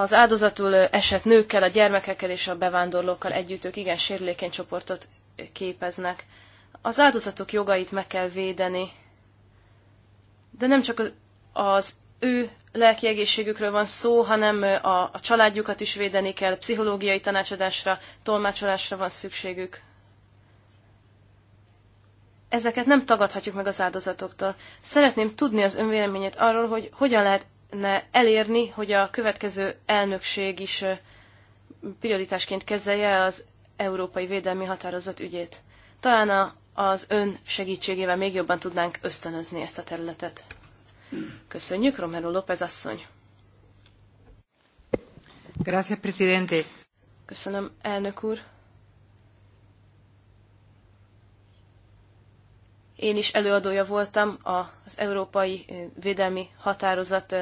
[SPEAKER 5] az áldozatul esett nőkkel, a gyermekekkel és a bevándorlókkal együtt ők igen sérülékeny csoportot képeznek. Az áldozatok jogait meg kell védeni, de nem csak az ő lelki egészségükről van szó, hanem a, a családjukat is védeni kell, pszichológiai tanácsadásra, tolmácsolásra van szükségük. Ezeket nem tagadhatjuk meg az áldozatoktól. Szeretném tudni az önvéleményét arról, hogy hogyan lehet szeretne elérni, hogy a következő elnökség is prioritásként kezelje az európai védelmi határozat ügyét. Talán a, az ön segítségével még jobban tudnánk ösztönözni ezt a területet. Köszönjük, Romero López asszony. Gracias, presidente. Köszönöm, elnök úr. Én is előadója voltam az Európai Védelmi Határozat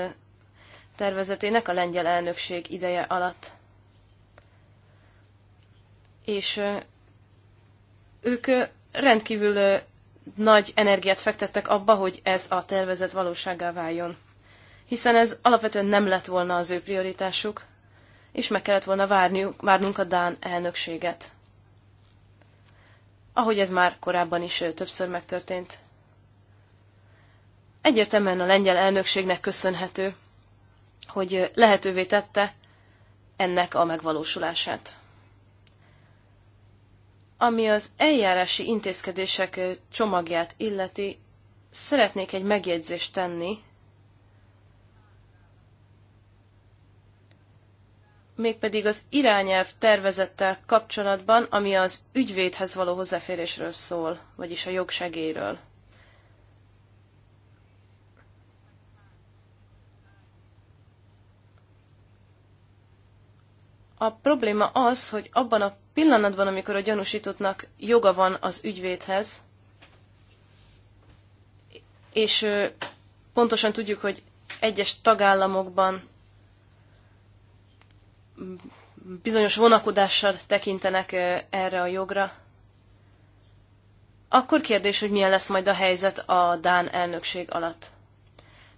[SPEAKER 5] tervezetének a lengyel elnökség ideje alatt. És ők rendkívül nagy energiát fektettek abba, hogy ez a tervezet valóságá váljon. Hiszen ez alapvetően nem lett volna az ő prioritásuk, és meg kellett volna várniuk, várnunk a Dán elnökséget. Ahogy ez már korábban is többször megtörtént. Egyértelműen a lengyel elnökségnek köszönhető, hogy lehetővé tette ennek a megvalósulását. Ami az eljárási intézkedések csomagját illeti, szeretnék egy megjegyzést tenni, mégpedig az irányelv tervezettel kapcsolatban, ami az ügyvédhez való hozzáférésről szól, vagyis a jogsegélyről. A probléma az, hogy abban a pillanatban, amikor a gyanúsítottnak joga van az ügyvédhez, és pontosan tudjuk, hogy egyes tagállamokban bizonyos vonakodással tekintenek erre a jogra, akkor kérdés, hogy milyen lesz majd a helyzet a Dán elnökség alatt.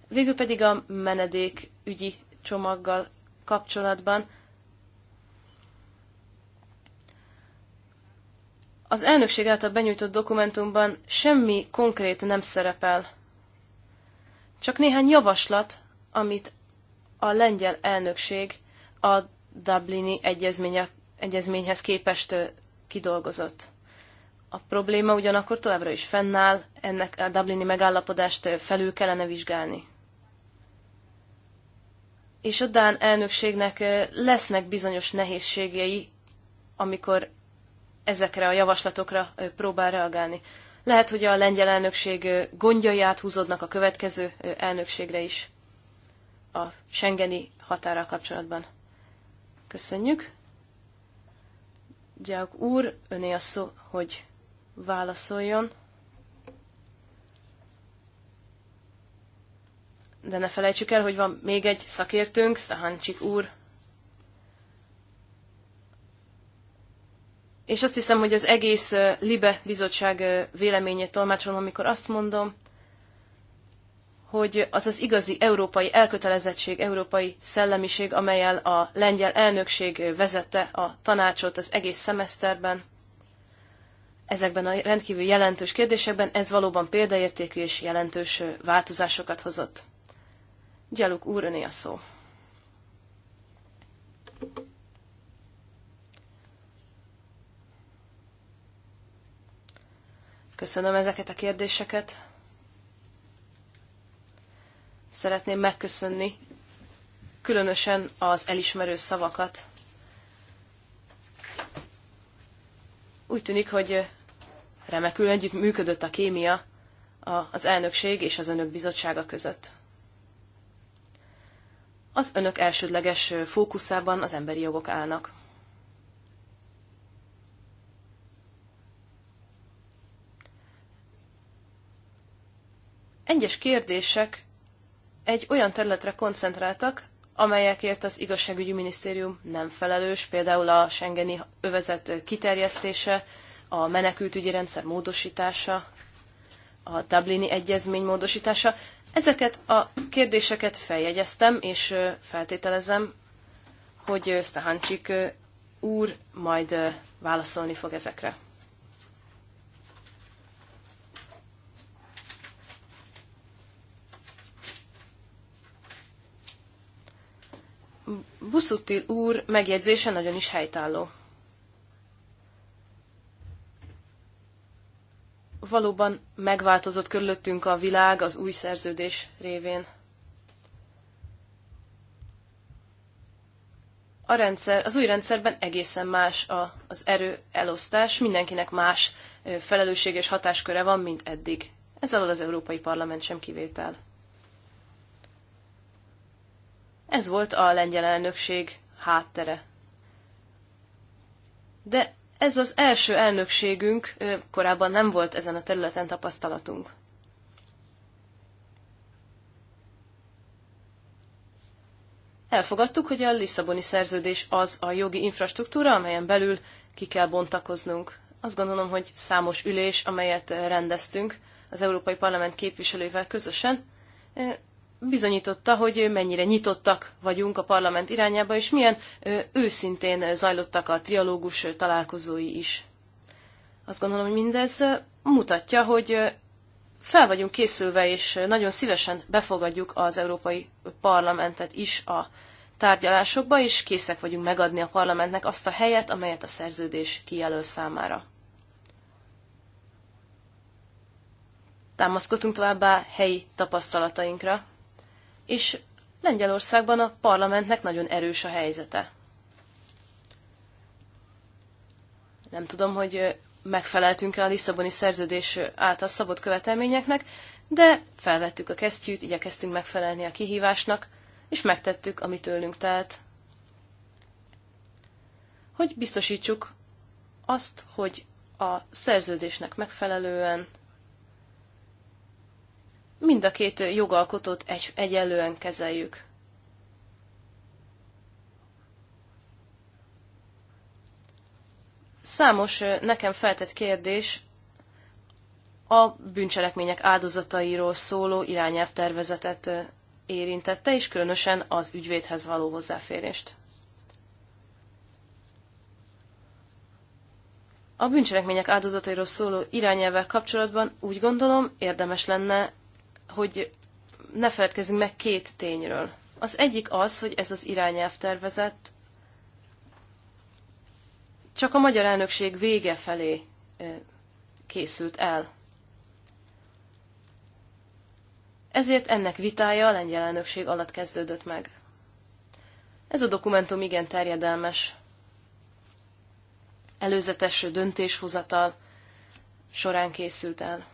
[SPEAKER 5] Végül pedig a menedék ügyi csomaggal kapcsolatban Az elnökség által benyújtott dokumentumban semmi konkrét nem szerepel. Csak néhány javaslat, amit a lengyel elnökség a Dublini egyezményhez képest kidolgozott. A probléma ugyanakkor továbbra is fennáll, ennek a Dublini megállapodást felül kellene vizsgálni. És a Dán elnökségnek lesznek bizonyos nehézségei, amikor ezekre a javaslatokra próbál reagálni. Lehet, hogy a lengyel elnökség gondjai áthúzódnak a következő elnökségre is a Schengeni határa kapcsolatban. Köszönjük. Gyák úr, öné a szó, hogy válaszoljon. De ne felejtsük el, hogy van még egy szakértőnk, Szahancsik úr, És azt hiszem, hogy az egész Libe bizottság véleményét tolmácsolom, amikor azt mondom, hogy az az igazi európai elkötelezettség, európai szellemiség, amelyel a lengyel elnökség vezette a tanácsot az egész szemeszterben, ezekben a rendkívül jelentős kérdésekben, ez valóban példaértékű és jelentős változásokat hozott. Gyaluk úr, öné a szó. Köszönöm ezeket a kérdéseket. Szeretném megköszönni különösen az elismerő szavakat. Úgy tűnik, hogy remekül együtt működött a kémia az elnökség és az önök bizottsága között. Az önök elsődleges fókuszában az emberi jogok állnak. Egyes kérdések egy olyan területre koncentráltak, amelyekért az igazságügyi minisztérium nem felelős, például a Schengeni övezet kiterjesztése, a menekültügyi rendszer módosítása, a Dublini egyezmény módosítása. Ezeket a kérdéseket feljegyeztem, és feltételezem, hogy Stahancsik úr majd válaszolni fog ezekre. Buszutil úr megjegyzése nagyon is helytálló. Valóban megváltozott körülöttünk a világ az új szerződés révén. A rendszer, az új rendszerben egészen más a, az erő elosztás, mindenkinek más felelősséges hatásköre van, mint eddig. Ez alatt az Európai Parlament sem kivétel. Ez volt a lengyel elnökség háttere. De ez az első elnökségünk, korábban nem volt ezen a területen tapasztalatunk. Elfogadtuk, hogy a Lisszaboni szerződés az a jogi infrastruktúra, amelyen belül ki kell bontakoznunk. Azt gondolom, hogy számos ülés, amelyet rendeztünk az Európai Parlament képviselővel közösen, bizonyította, hogy mennyire nyitottak vagyunk a parlament irányába, és milyen őszintén zajlottak a trialógus találkozói is. Azt gondolom, hogy mindez mutatja, hogy fel vagyunk készülve, és nagyon szívesen befogadjuk az Európai Parlamentet is a tárgyalásokba, és készek vagyunk megadni a parlamentnek azt a helyet, amelyet a szerződés kijelöl számára. Támaszkodtunk továbbá helyi tapasztalatainkra, és Lengyelországban a parlamentnek nagyon erős a helyzete. Nem tudom, hogy megfeleltünk-e a Lisszaboni szerződés által szabott követelményeknek, de felvettük a kesztyűt, igyekeztünk megfelelni a kihívásnak, és megtettük, amit tőlünk telt. Hogy biztosítsuk azt, hogy a szerződésnek megfelelően mind a két jogalkotót egy, egyenlően kezeljük. Számos nekem feltett kérdés a bűncselekmények áldozatairól szóló irányelvtervezetet érintette, és különösen az ügyvédhez való hozzáférést. A bűncselekmények áldozatairól szóló irányelvvel kapcsolatban úgy gondolom érdemes lenne hogy ne feledkezzünk meg két tényről. Az egyik az, hogy ez az irányelv tervezett csak a magyar elnökség vége felé készült el. Ezért ennek vitája a lengyel elnökség alatt kezdődött meg. Ez a dokumentum igen terjedelmes. Előzetes döntéshozatal során készült el.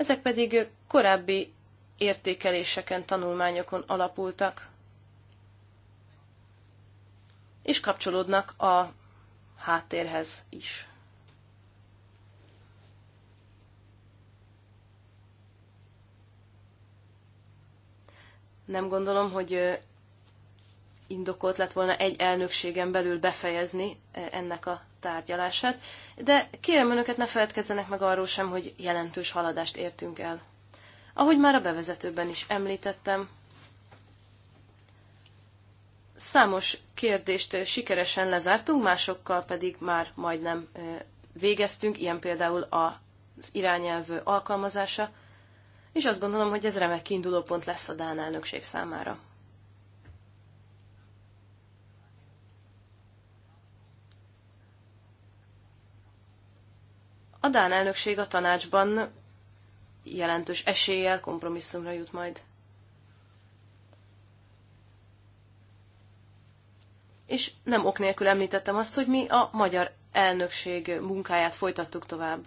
[SPEAKER 5] ezek pedig korábbi értékeléseken, tanulmányokon alapultak, és kapcsolódnak a háttérhez is. Nem gondolom, hogy indokolt lett volna egy elnökségen belül befejezni eh, ennek a tárgyalását, de kérem önöket ne feledkezzenek meg arról sem, hogy jelentős haladást értünk el. Ahogy már a bevezetőben is említettem, számos kérdést eh, sikeresen lezártunk, másokkal pedig már majdnem eh, végeztünk, ilyen például az irányelv alkalmazása, és azt gondolom, hogy ez remek kiinduló pont lesz a Dán elnökség számára. A Dán elnökség a tanácsban jelentős eséllyel kompromisszumra jut majd. És nem ok nélkül említettem azt, hogy mi a magyar elnökség munkáját folytattuk tovább.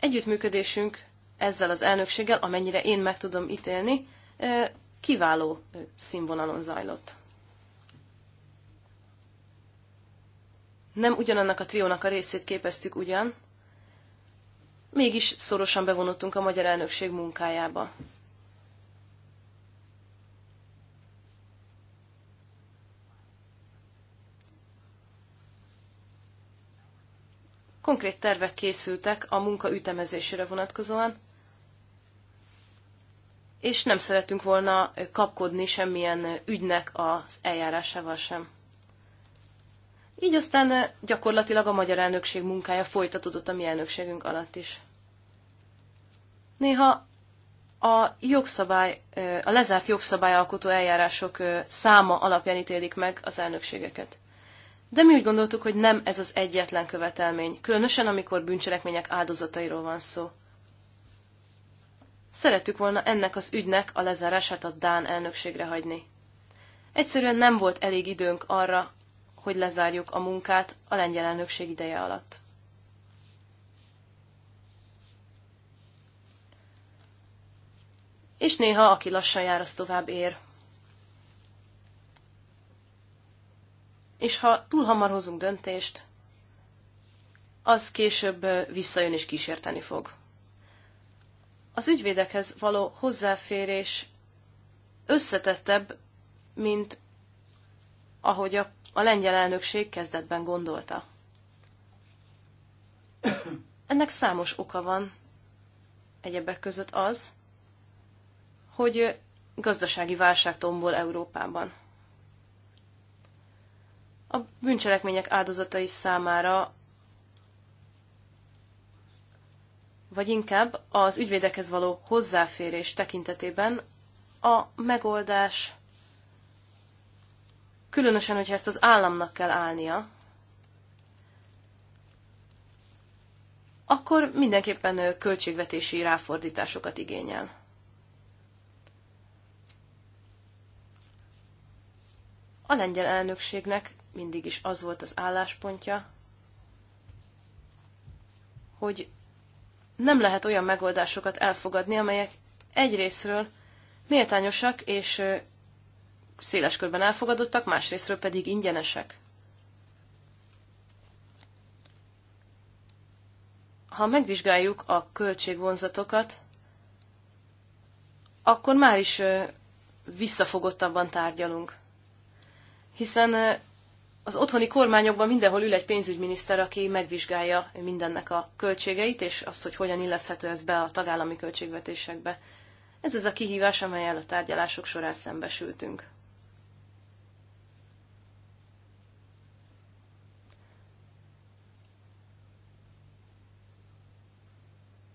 [SPEAKER 5] Együttműködésünk ezzel az elnökséggel, amennyire én meg tudom ítélni, kiváló színvonalon zajlott. Nem ugyanannak a triónak a részét képeztük ugyan, mégis szorosan bevonottunk a magyar elnökség munkájába. Konkrét tervek készültek a munka ütemezésére vonatkozóan, és nem szeretünk volna kapkodni semmilyen ügynek az eljárásával sem. Így aztán eh, gyakorlatilag a magyar elnökség munkája folytatódott a mi elnökségünk alatt is. Néha a jogszabály, eh, a lezárt jogszabályalkotó eljárások eh, száma alapján ítélik meg az elnökségeket. De mi úgy gondoltuk, hogy nem ez az egyetlen követelmény, különösen amikor bűncselekmények áldozatairól van szó. Szerettük volna ennek az ügynek a lezárását a Dán elnökségre hagyni. Egyszerűen nem volt elég időnk arra, hogy lezárjuk a munkát a lengyel elnökség ideje alatt. És néha, aki lassan jár, az tovább ér. És ha túl hamar hozunk döntést, az később visszajön és kísérteni fog. Az ügyvédekhez való hozzáférés összetettebb, mint ahogy a a lengyel elnökség kezdetben gondolta. Ennek számos oka van, egyebek között az, hogy gazdasági válság tombol Európában. A bűncselekmények áldozatai számára, vagy inkább az ügyvédekhez való hozzáférés tekintetében a megoldás különösen, hogyha ezt az államnak kell állnia, akkor mindenképpen költségvetési ráfordításokat igényel. A lengyel elnökségnek mindig is az volt az álláspontja, hogy nem lehet olyan megoldásokat elfogadni, amelyek egyrésztről méltányosak és széles körben elfogadottak, másrésztről pedig ingyenesek. Ha megvizsgáljuk a költségvonzatokat, akkor már is visszafogottabban tárgyalunk. Hiszen az otthoni kormányokban mindenhol ül egy pénzügyminiszter, aki megvizsgálja mindennek a költségeit, és azt, hogy hogyan illeszhető ez be a tagállami költségvetésekbe. Ez az a kihívás, amelyel a tárgyalások során szembesültünk.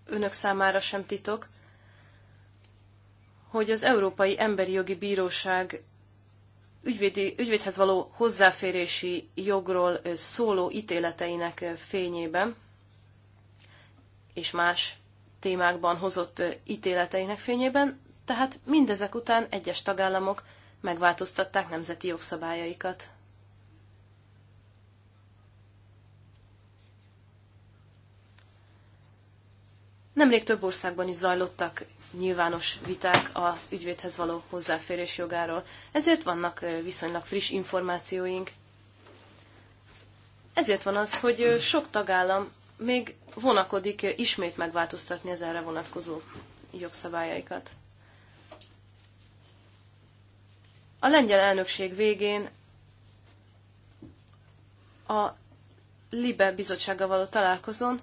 [SPEAKER 5] önök számára sem titok, hogy az Európai Emberi Jogi Bíróság ügyvédi, ügyvédhez való hozzáférési jogról szóló ítéleteinek fényében és más témákban hozott ítéleteinek fényében, tehát mindezek után egyes tagállamok megváltoztatták nemzeti jogszabályaikat. Nemrég több országban is zajlottak nyilvános viták az ügyvédhez való hozzáférés jogáról, ezért vannak viszonylag friss információink. Ezért van az, hogy sok tagállam még vonakodik ismét megváltoztatni az erre vonatkozó jogszabályaikat. A lengyel elnökség végén a Libe bizottsággal való találkozón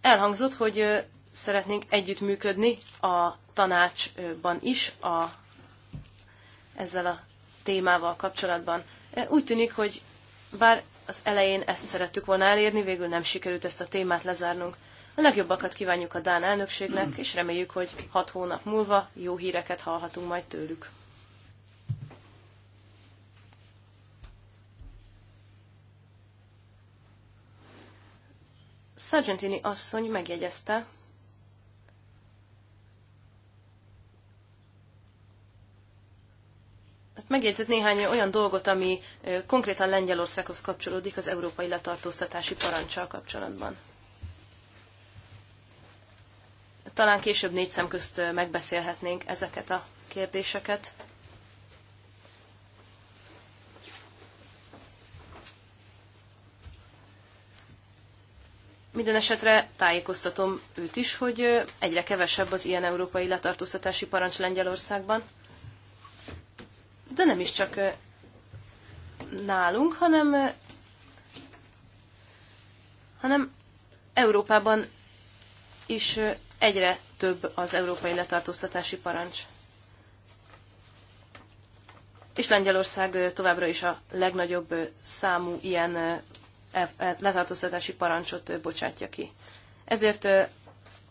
[SPEAKER 5] Elhangzott, hogy szeretnénk együttműködni a tanácsban is a, ezzel a témával kapcsolatban. Úgy tűnik, hogy bár az elején ezt szerettük volna elérni, végül nem sikerült ezt a témát lezárnunk. A legjobbakat kívánjuk a Dán elnökségnek, és reméljük, hogy hat hónap múlva jó híreket hallhatunk majd tőlük. Sargentini asszony megjegyezte, hát megjegyzett néhány olyan dolgot, ami konkrétan Lengyelországhoz kapcsolódik az európai letartóztatási parancsal kapcsolatban. Talán később négy szem közt megbeszélhetnénk ezeket a kérdéseket. Minden esetre tájékoztatom őt is, hogy egyre kevesebb az ilyen európai letartóztatási parancs Lengyelországban. De nem is csak nálunk, hanem, hanem Európában is egyre több az európai letartóztatási parancs. És Lengyelország továbbra is a legnagyobb számú ilyen E, e, letartóztatási parancsot bocsátja ki. Ezért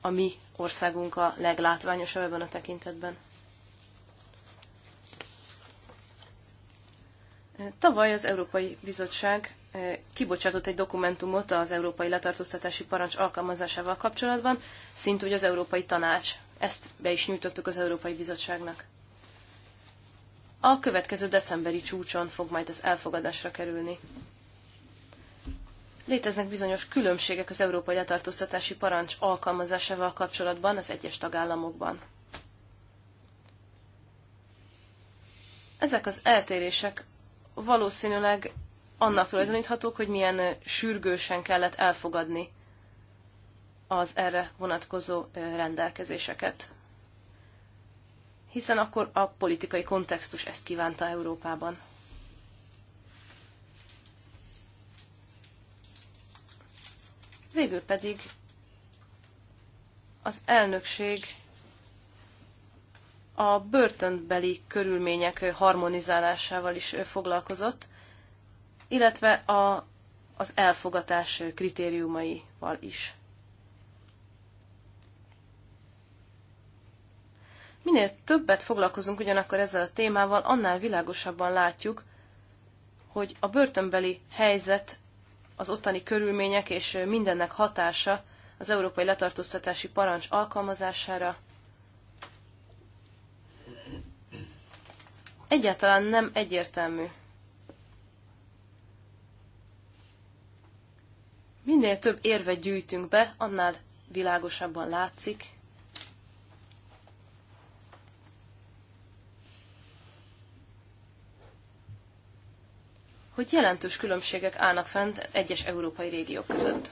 [SPEAKER 5] a mi országunk a leglátványosabb ebben a tekintetben. Tavaly az Európai Bizottság kibocsátott egy dokumentumot az Európai Letartóztatási Parancs alkalmazásával kapcsolatban, szintúgy az Európai Tanács. Ezt be is nyújtottuk az Európai Bizottságnak. A következő decemberi csúcson fog majd ez elfogadásra kerülni. Léteznek bizonyos különbségek az európai letartóztatási parancs alkalmazásával kapcsolatban az egyes tagállamokban. Ezek az eltérések valószínűleg annak tulajdoníthatók, hogy milyen sürgősen kellett elfogadni az erre vonatkozó rendelkezéseket. Hiszen akkor a politikai kontextus ezt kívánta Európában. Végül pedig az elnökség a börtönbeli körülmények harmonizálásával is foglalkozott, illetve a, az elfogatás kritériumaival is. Minél többet foglalkozunk ugyanakkor ezzel a témával, annál világosabban látjuk, hogy a börtönbeli helyzet az ottani körülmények és mindennek hatása az európai letartóztatási parancs alkalmazására egyáltalán nem egyértelmű. Minél több érvet gyűjtünk be, annál világosabban látszik, hogy jelentős különbségek állnak fent egyes európai régiók között.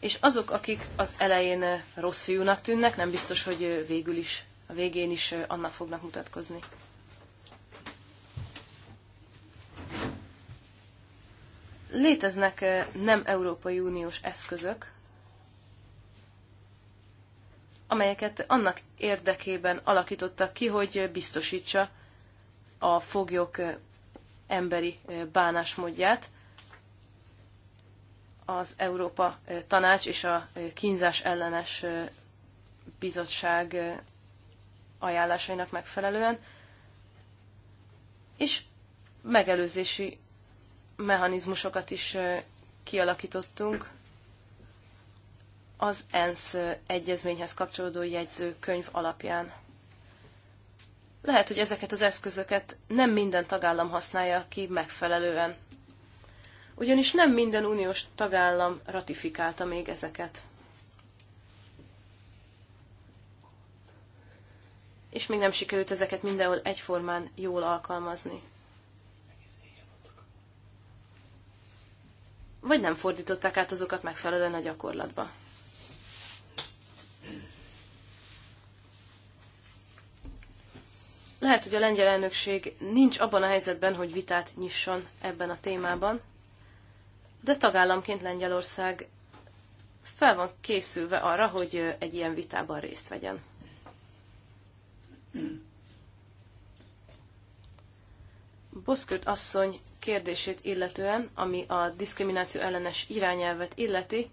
[SPEAKER 5] És azok, akik az elején rossz fiúnak tűnnek, nem biztos, hogy végül is, a végén is annak fognak mutatkozni. Léteznek eh, nem Európai Uniós eszközök, amelyeket annak érdekében alakítottak ki, hogy biztosítsa a foglyok emberi bánásmódját. Az Európa Tanács és a kínzás ellenes bizottság ajánlásainak megfelelően, és megelőzési mechanizmusokat is kialakítottunk az ENSZ egyezményhez kapcsolódó jegyzőkönyv alapján lehet, hogy ezeket az eszközöket nem minden tagállam használja ki megfelelően. Ugyanis nem minden uniós tagállam ratifikálta még ezeket. És még nem sikerült ezeket mindenhol egyformán jól alkalmazni. Vagy nem fordították át azokat megfelelően a gyakorlatba. Lehet, hogy a lengyel elnökség nincs abban a helyzetben, hogy vitát nyisson ebben a témában, de tagállamként Lengyelország fel van készülve arra, hogy egy ilyen vitában részt vegyen. Boszkört asszony kérdését illetően, ami a diszkrimináció ellenes irányelvet illeti,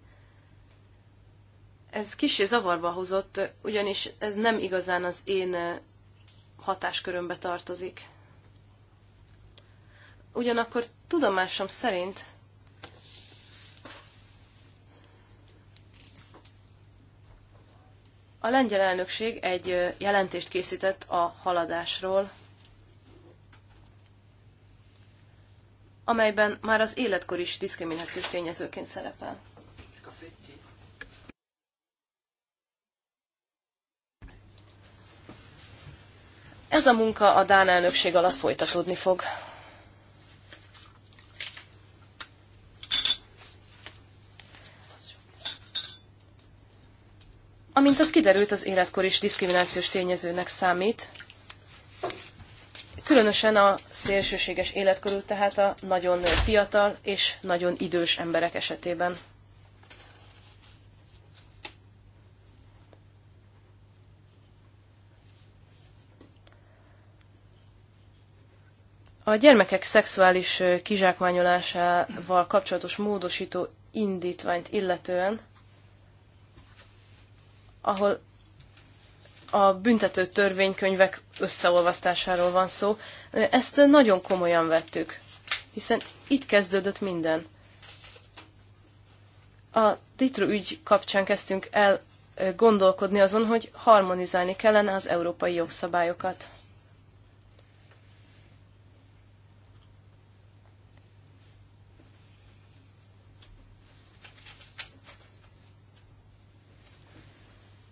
[SPEAKER 5] ez kicsi zavarba hozott, ugyanis ez nem igazán az én hatáskörömbe tartozik. Ugyanakkor tudomásom szerint a lengyel elnökség egy jelentést készített a haladásról, amelyben már az életkor is diszkriminációs tényezőként szerepel. Ez a munka a Dán elnökség alatt folytatódni fog. Amint az kiderült, az életkor is diszkriminációs tényezőnek számít. Különösen a szélsőséges életkorú, tehát a nagyon fiatal és nagyon idős emberek esetében. A gyermekek szexuális kizsákmányolásával kapcsolatos módosító indítványt illetően, ahol a büntető törvénykönyvek összeolvasztásáról van szó, ezt nagyon komolyan vettük, hiszen itt kezdődött minden. A Titru ügy kapcsán kezdtünk el gondolkodni azon, hogy harmonizálni kellene az európai jogszabályokat.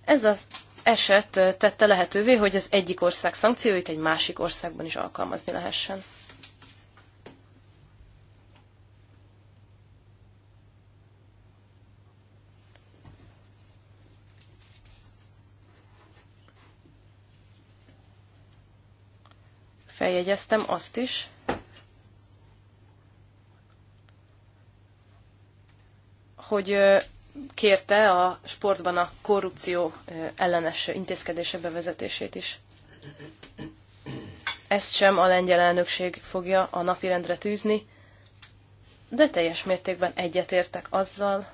[SPEAKER 5] Ez az eset tette lehetővé, hogy az egyik ország szankcióit egy másik országban is alkalmazni lehessen. feljegyeztem azt is, hogy kérte a sportban a korrupció ellenes intézkedése bevezetését is. Ezt sem a lengyel elnökség fogja a napirendre tűzni, de teljes mértékben egyetértek azzal,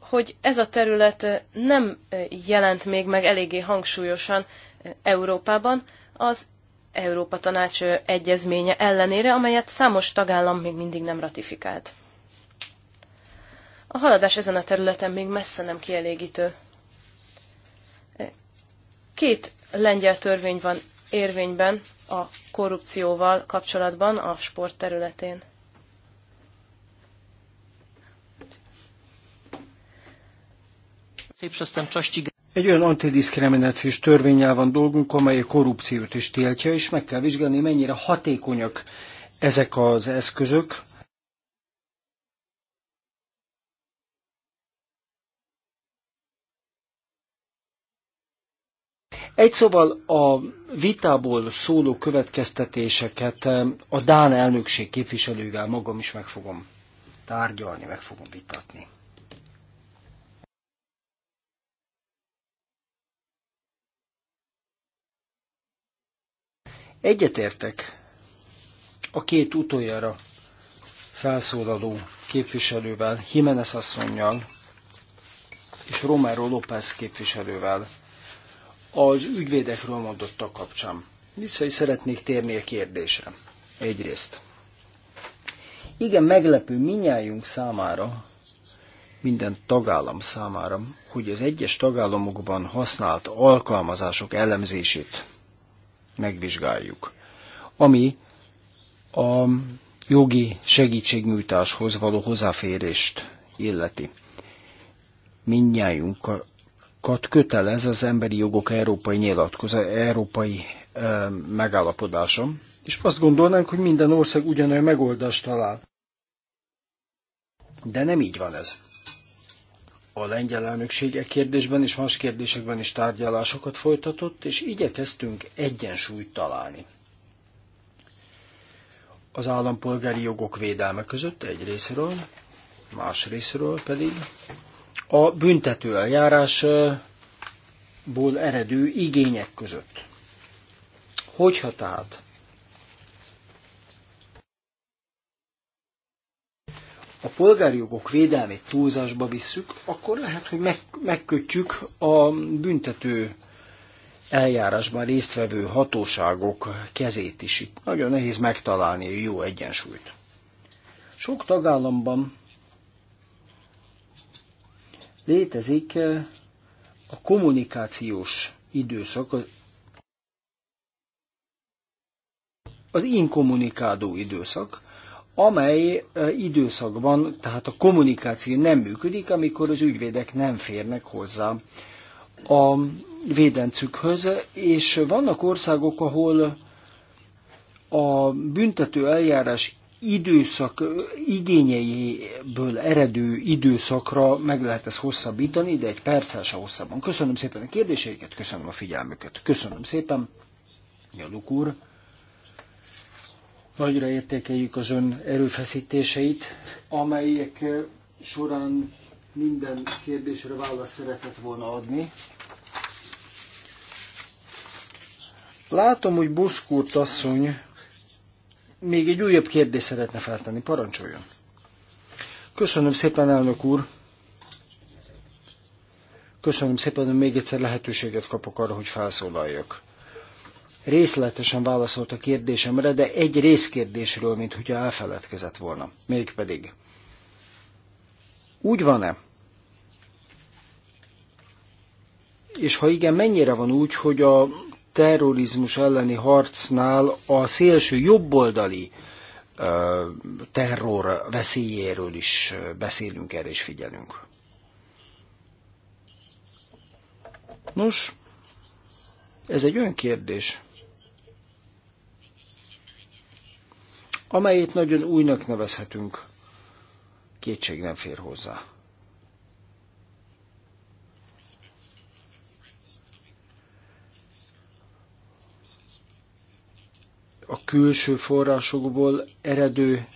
[SPEAKER 5] hogy ez a terület nem jelent még meg eléggé hangsúlyosan Európában, az Európa Tanács egyezménye ellenére, amelyet számos tagállam még mindig nem ratifikált. A haladás ezen a területen még messze nem kielégítő. Két lengyel törvény van érvényben a korrupcióval kapcsolatban a sport területén.
[SPEAKER 1] Szép
[SPEAKER 2] egy olyan antidiszkriminációs törvényel van dolgunk, amely a korrupciót is tiltja, és meg kell vizsgálni, mennyire hatékonyak ezek az eszközök, Egy szóval a vitából szóló következtetéseket a Dán elnökség képviselővel magam is meg fogom tárgyalni, meg fogom vitatni. Egyetértek a két utoljára felszólaló képviselővel, Jimenez asszonynal és Romero López képviselővel az ügyvédekről mondottak kapcsán. Vissza is szeretnék térni a kérdésre. Egyrészt. Igen, meglepő minnyájunk számára, minden tagállam számára, hogy az egyes tagállamokban használt alkalmazások elemzését megvizsgáljuk, ami a jogi segítségnyújtáshoz való hozzáférést illeti. Mindnyájunkat kötelez az emberi jogok európai nyilatkozat, európai e, megállapodása, és azt gondolnánk, hogy minden ország ugyanolyan megoldást talál. De nem így van ez a lengyel elnökség e kérdésben és más kérdésekben is tárgyalásokat folytatott, és igyekeztünk egyensúlyt találni. Az állampolgári jogok védelme között egy részről, más részről pedig a büntető eljárásból eredő igények között. Hogyha tehát a polgári jogok védelmét túlzásba visszük, akkor lehet, hogy meg, megkötjük a büntető eljárásban résztvevő hatóságok kezét is. Itt nagyon nehéz megtalálni a jó egyensúlyt. Sok tagállamban létezik eh, a kommunikációs időszak, az inkommunikádó időszak, amely időszakban, tehát a kommunikáció nem működik, amikor az ügyvédek nem férnek hozzá a védencükhöz, és vannak országok, ahol a büntető eljárás időszak igényeiből eredő időszakra meg lehet ezt hosszabbítani, de egy perccel se hosszabban. Köszönöm szépen a kérdéseiket, köszönöm a figyelmüket. Köszönöm szépen, Jaluk úr. Nagyra értékeljük az ön erőfeszítéseit, amelyek eh, során minden kérdésre választ szeretett volna adni. Látom, hogy Boszkurt asszony még egy újabb kérdést szeretne feltenni. Parancsoljon! Köszönöm szépen, elnök úr! Köszönöm szépen, hogy még egyszer lehetőséget kapok arra, hogy felszólaljak részletesen válaszolt a kérdésemre, de egy részkérdésről, mint hogyha elfeledkezett volna. Mégpedig. Úgy van-e? És ha igen, mennyire van úgy, hogy a terrorizmus elleni harcnál a szélső jobboldali ö, terror veszélyéről is beszélünk, erre és figyelünk? Nos, ez egy olyan kérdés, amelyet nagyon újnak nevezhetünk. Kétség nem fér hozzá. A külső forrásokból eredő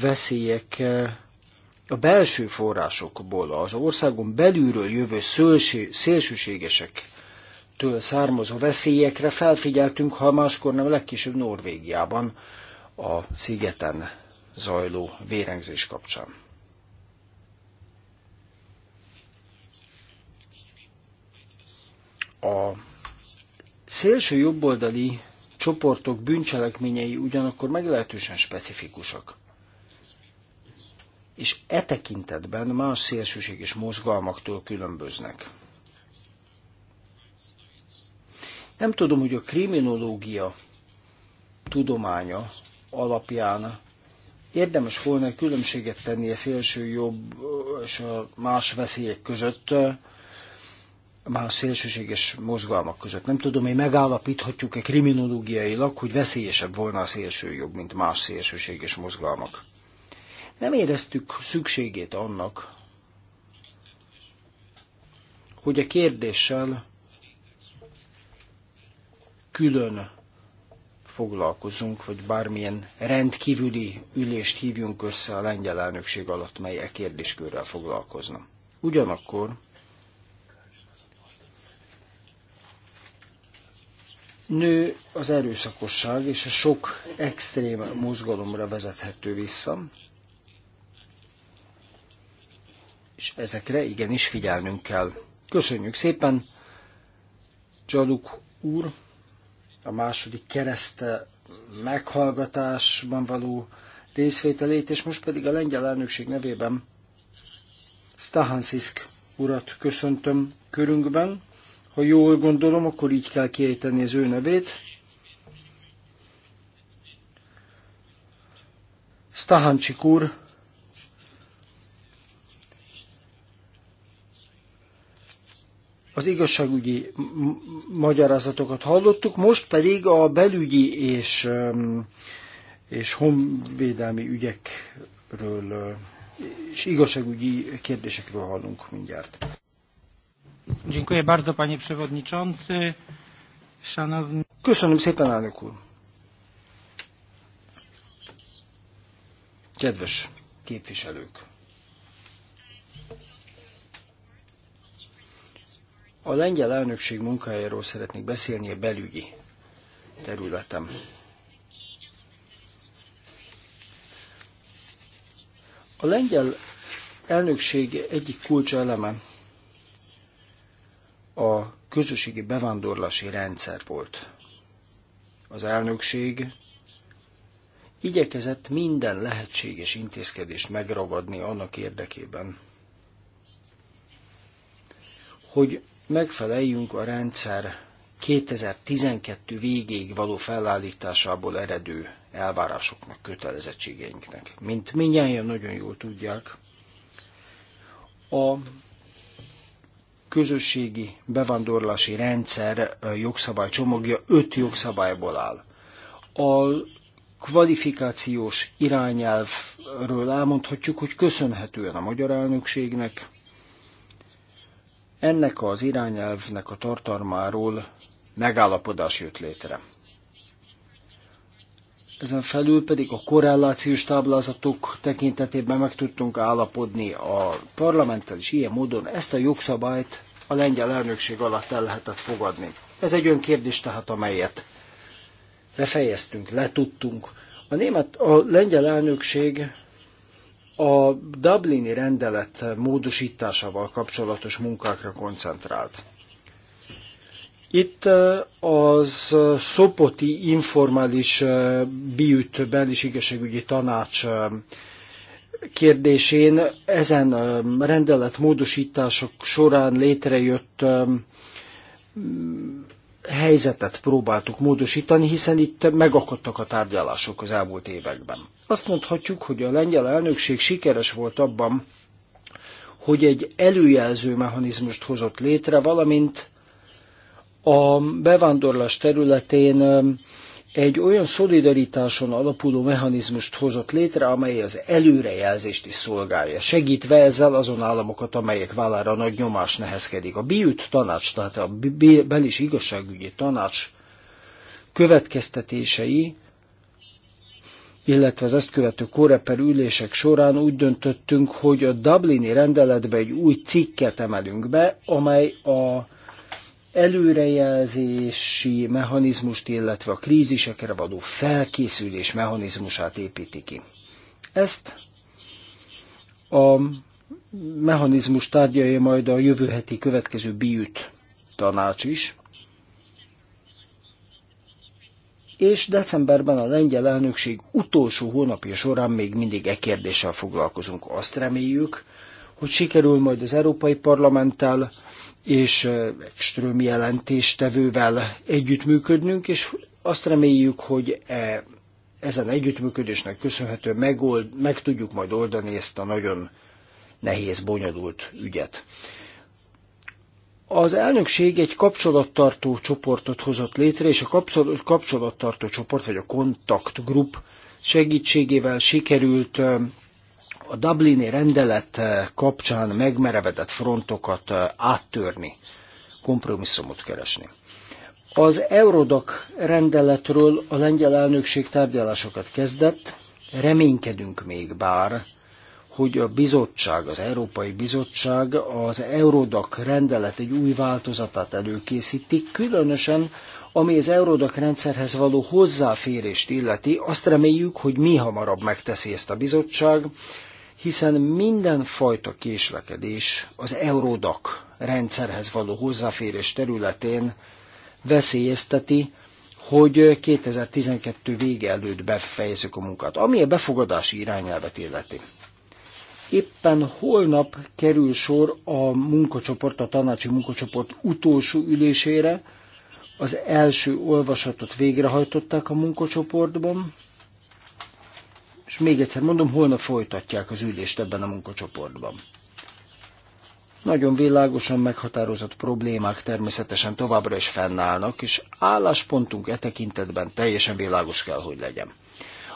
[SPEAKER 2] veszélyek eh, a belső forrásokból, az országon belülről jövő szélsőségesektől származó veszélyekre felfigyeltünk, ha máskor nem legkésőbb Norvégiában, a szigeten zajló vérengzés kapcsán. A szélső jobboldali csoportok bűncselekményei ugyanakkor meglehetősen specifikusak. És e tekintetben más szélsőséges mozgalmaktól különböznek. Nem tudom, hogy a kriminológia tudománya alapján érdemes volna különbséget tenni a szélső jobb és a más veszélyek között, más szélsőséges mozgalmak között. Nem tudom, hogy megállapíthatjuk-e kriminológiailag, hogy veszélyesebb volna a szélső jobb, mint más szélsőséges mozgalmak. Nem éreztük szükségét annak, hogy a kérdéssel külön foglalkozunk, vagy bármilyen rendkívüli ülést hívjunk össze a lengyel elnökség alatt, mely e kérdéskörrel foglalkozna. Ugyanakkor nő az erőszakosság, és a sok extrém mozgalomra vezethető vissza, és ezekre igenis figyelnünk kell. Köszönjük szépen, Csaduk úr! a második kereszt eh, meghallgatásban való részvételét, és most pedig a lengyel elnökség nevében Stahansisk urat köszöntöm körünkben. Ha jól gondolom, akkor így kell kiejteni az ő nevét. Stahancsik úr, az igazságügyi magyarázatokat hallottuk, most pedig a belügyi és, és honvédelmi ügyekről és igazságügyi kérdésekről hallunk mindjárt. Dziękuję bardzo, panie przewodniczący. Szanowni... Köszönöm szépen, elnök úr. Kedves képviselők! A lengyel elnökség munkájáról szeretnék beszélni a belügyi területem. A lengyel elnökség egyik kulcseleme a közösségi bevándorlási rendszer volt. Az elnökség igyekezett minden lehetséges intézkedést megragadni annak érdekében, hogy megfeleljünk a rendszer 2012 végéig való felállításából eredő elvárásoknak, kötelezettségeinknek. Mint mindjárt nagyon jól tudják, a közösségi bevándorlási rendszer jogszabály csomagja öt jogszabályból áll. A kvalifikációs irányelvről elmondhatjuk, hogy köszönhetően a magyar elnökségnek, ennek az irányelvnek a tartalmáról megállapodás jött létre. Ezen felül pedig a korrelációs táblázatok tekintetében meg tudtunk állapodni a parlamenttel, is ilyen módon ezt a jogszabályt a lengyel elnökség alatt el lehetett fogadni. Ez egy önkérdés tehát, amelyet befejeztünk, letudtunk. A német, a lengyel elnökség a Dublini rendelet módosításával kapcsolatos munkákra koncentrált. Itt eh, az Szopoti informális eh, biüt belis tanács eh, kérdésén ezen rendelet módosítások során létrejött helyzetet próbáltuk módosítani, hiszen itt megakadtak a tárgyalások az elmúlt években. Azt mondhatjuk, hogy a lengyel elnökség sikeres volt abban, hogy egy előjelző mechanizmust hozott létre, valamint a bevándorlás területén um, egy olyan szolidaritáson alapuló mechanizmust hozott létre, amely az előrejelzést is szolgálja, segítve ezzel azon államokat, amelyek vállára nagy nyomás nehezkedik. A BIUT tanács, tehát a belis igazságügyi tanács következtetései illetve az ezt követő koreper ülések során úgy döntöttünk, hogy a Dublini rendeletbe egy új cikket emelünk be, amely a előrejelzési mechanizmust, illetve a krízisekre való felkészülés mechanizmusát építi ki. Ezt a mechanizmus tárgyalja majd a jövő heti következő biüt tanács is, és decemberben a lengyel elnökség utolsó hónapja során még mindig e kérdéssel foglalkozunk. Azt reméljük, hogy sikerül majd az Európai Parlamenttel és Ström jelentéstevővel együttműködnünk, és azt reméljük, hogy e, ezen együttműködésnek köszönhető megold, meg tudjuk majd oldani ezt a nagyon nehéz, bonyolult ügyet. Az elnökség egy kapcsolattartó csoportot hozott létre, és a kapcsolattartó csoport, vagy a Contact Group segítségével sikerült a Dublini rendelet kapcsán megmerevedett frontokat áttörni, kompromisszumot keresni. Az Eurodac rendeletről a lengyel elnökség tárgyalásokat kezdett, reménykedünk még bár, hogy a bizottság, az Európai Bizottság az Eurodac rendelet egy új változatát előkészíti, különösen ami az Eurodac rendszerhez való hozzáférést illeti, azt reméljük, hogy mi hamarabb megteszi ezt a bizottság, hiszen mindenfajta késlekedés az Eurodac rendszerhez való hozzáférés területén veszélyezteti, hogy 2012 vége előtt befejezzük a munkát, ami a befogadási irányelvet illeti. Éppen holnap kerül sor a munkacsoport, a tanácsi munkacsoport utolsó ülésére. Az első olvasatot végrehajtották a munkacsoportban, és még egyszer mondom, holnap folytatják az ülést ebben a munkacsoportban. Nagyon világosan meghatározott problémák természetesen továbbra is fennállnak, és álláspontunk e tekintetben teljesen világos kell, hogy legyen.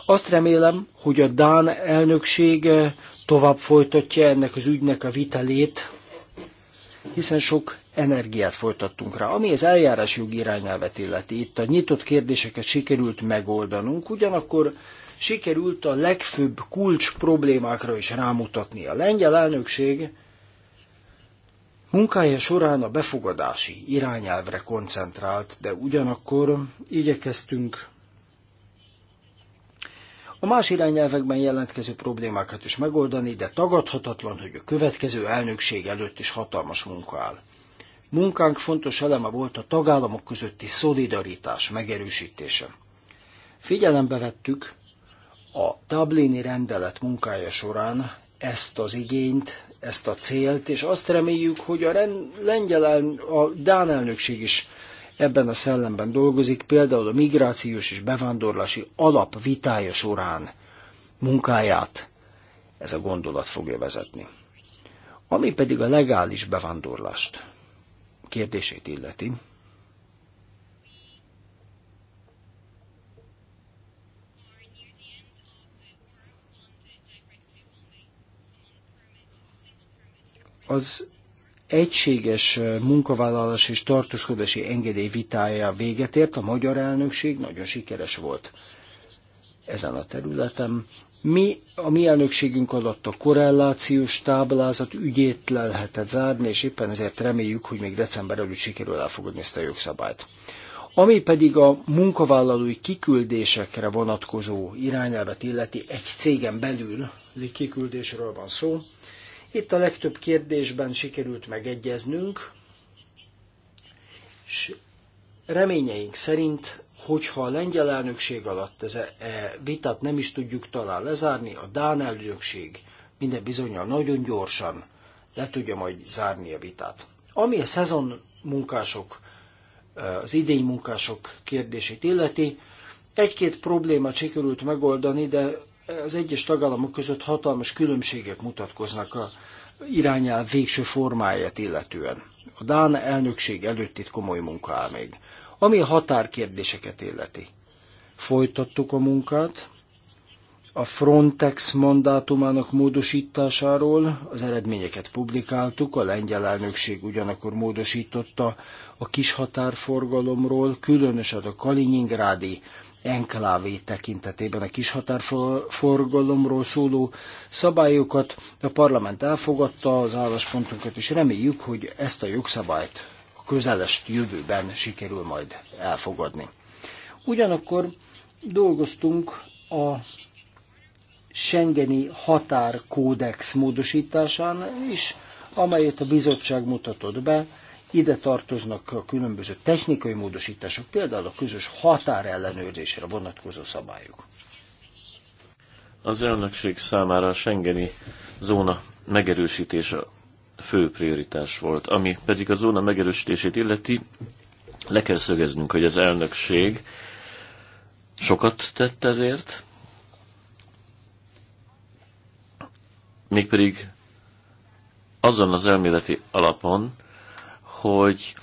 [SPEAKER 2] Azt remélem, hogy a Dán elnöksége tovább folytatja ennek az ügynek a vitelét, hiszen sok energiát folytattunk rá. Ami az eljárás jogi irányelvet illeti, itt a nyitott kérdéseket sikerült megoldanunk, ugyanakkor sikerült a legfőbb kulcs problémákra is rámutatni. A lengyel elnökség munkája során a befogadási irányelvre koncentrált, de ugyanakkor igyekeztünk a más irányelvekben jelentkező problémákat is megoldani, de tagadhatatlan, hogy a következő elnökség előtt is hatalmas munka áll. Munkánk fontos eleme volt a tagállamok közötti szolidaritás megerősítése. Figyelembe vettük a Dublini rendelet munkája során ezt az igényt, ezt a célt, és azt reméljük, hogy a rend, lengyel, a Dán elnökség is ebben a szellemben dolgozik, például a migrációs és bevándorlási alap vitája során munkáját ez a gondolat fogja vezetni. Ami pedig a legális bevándorlást kérdését illeti, az egységes munkavállalás és tartózkodási engedély vitája véget ért, a magyar elnökség nagyon sikeres volt ezen a területen. Mi a mi elnökségünk alatt a korrelációs táblázat ügyét le lehetett zárni, és éppen ezért reméljük, hogy még december előtt sikerül elfogadni ezt a jogszabályt. Ami pedig a munkavállalói kiküldésekre vonatkozó irányelvet illeti egy cégen belül kiküldésről van szó, itt a legtöbb kérdésben sikerült megegyeznünk, és reményeink szerint, hogyha a lengyel elnökség alatt ez a e, e vitát nem is tudjuk talán lezárni, a Dán elnökség minden bizonyal nagyon gyorsan le tudja majd zárni a vitát. Ami a szezon munkások, e, az idény munkások kérdését illeti, egy-két problémát sikerült megoldani, de az egyes tagállamok között hatalmas különbségek mutatkoznak a irányelv végső formáját illetően. A Dán elnökség előtt itt komoly munka áll még. Ami a határkérdéseket illeti. Folytattuk a munkát, a Frontex mandátumának módosításáról az eredményeket publikáltuk, a lengyel elnökség ugyanakkor módosította a kis határforgalomról, különösen a Kaliningrádi enklávé tekintetében a kishatárforgalomról szóló szabályokat. A parlament elfogadta az álláspontunkat, és reméljük, hogy ezt a jogszabályt a közeles jövőben sikerül majd elfogadni. Ugyanakkor dolgoztunk a Schengeni határkódex módosításán is, amelyet a bizottság mutatott be, ide tartoznak a különböző technikai módosítások, például a közös határellenőrzésre vonatkozó szabályok.
[SPEAKER 4] Az elnökség számára a Schengeni zóna megerősítése fő prioritás volt, ami pedig a zóna megerősítését illeti, le kell szögeznünk, hogy az elnökség sokat tett ezért, mégpedig azon az elméleti alapon, hogy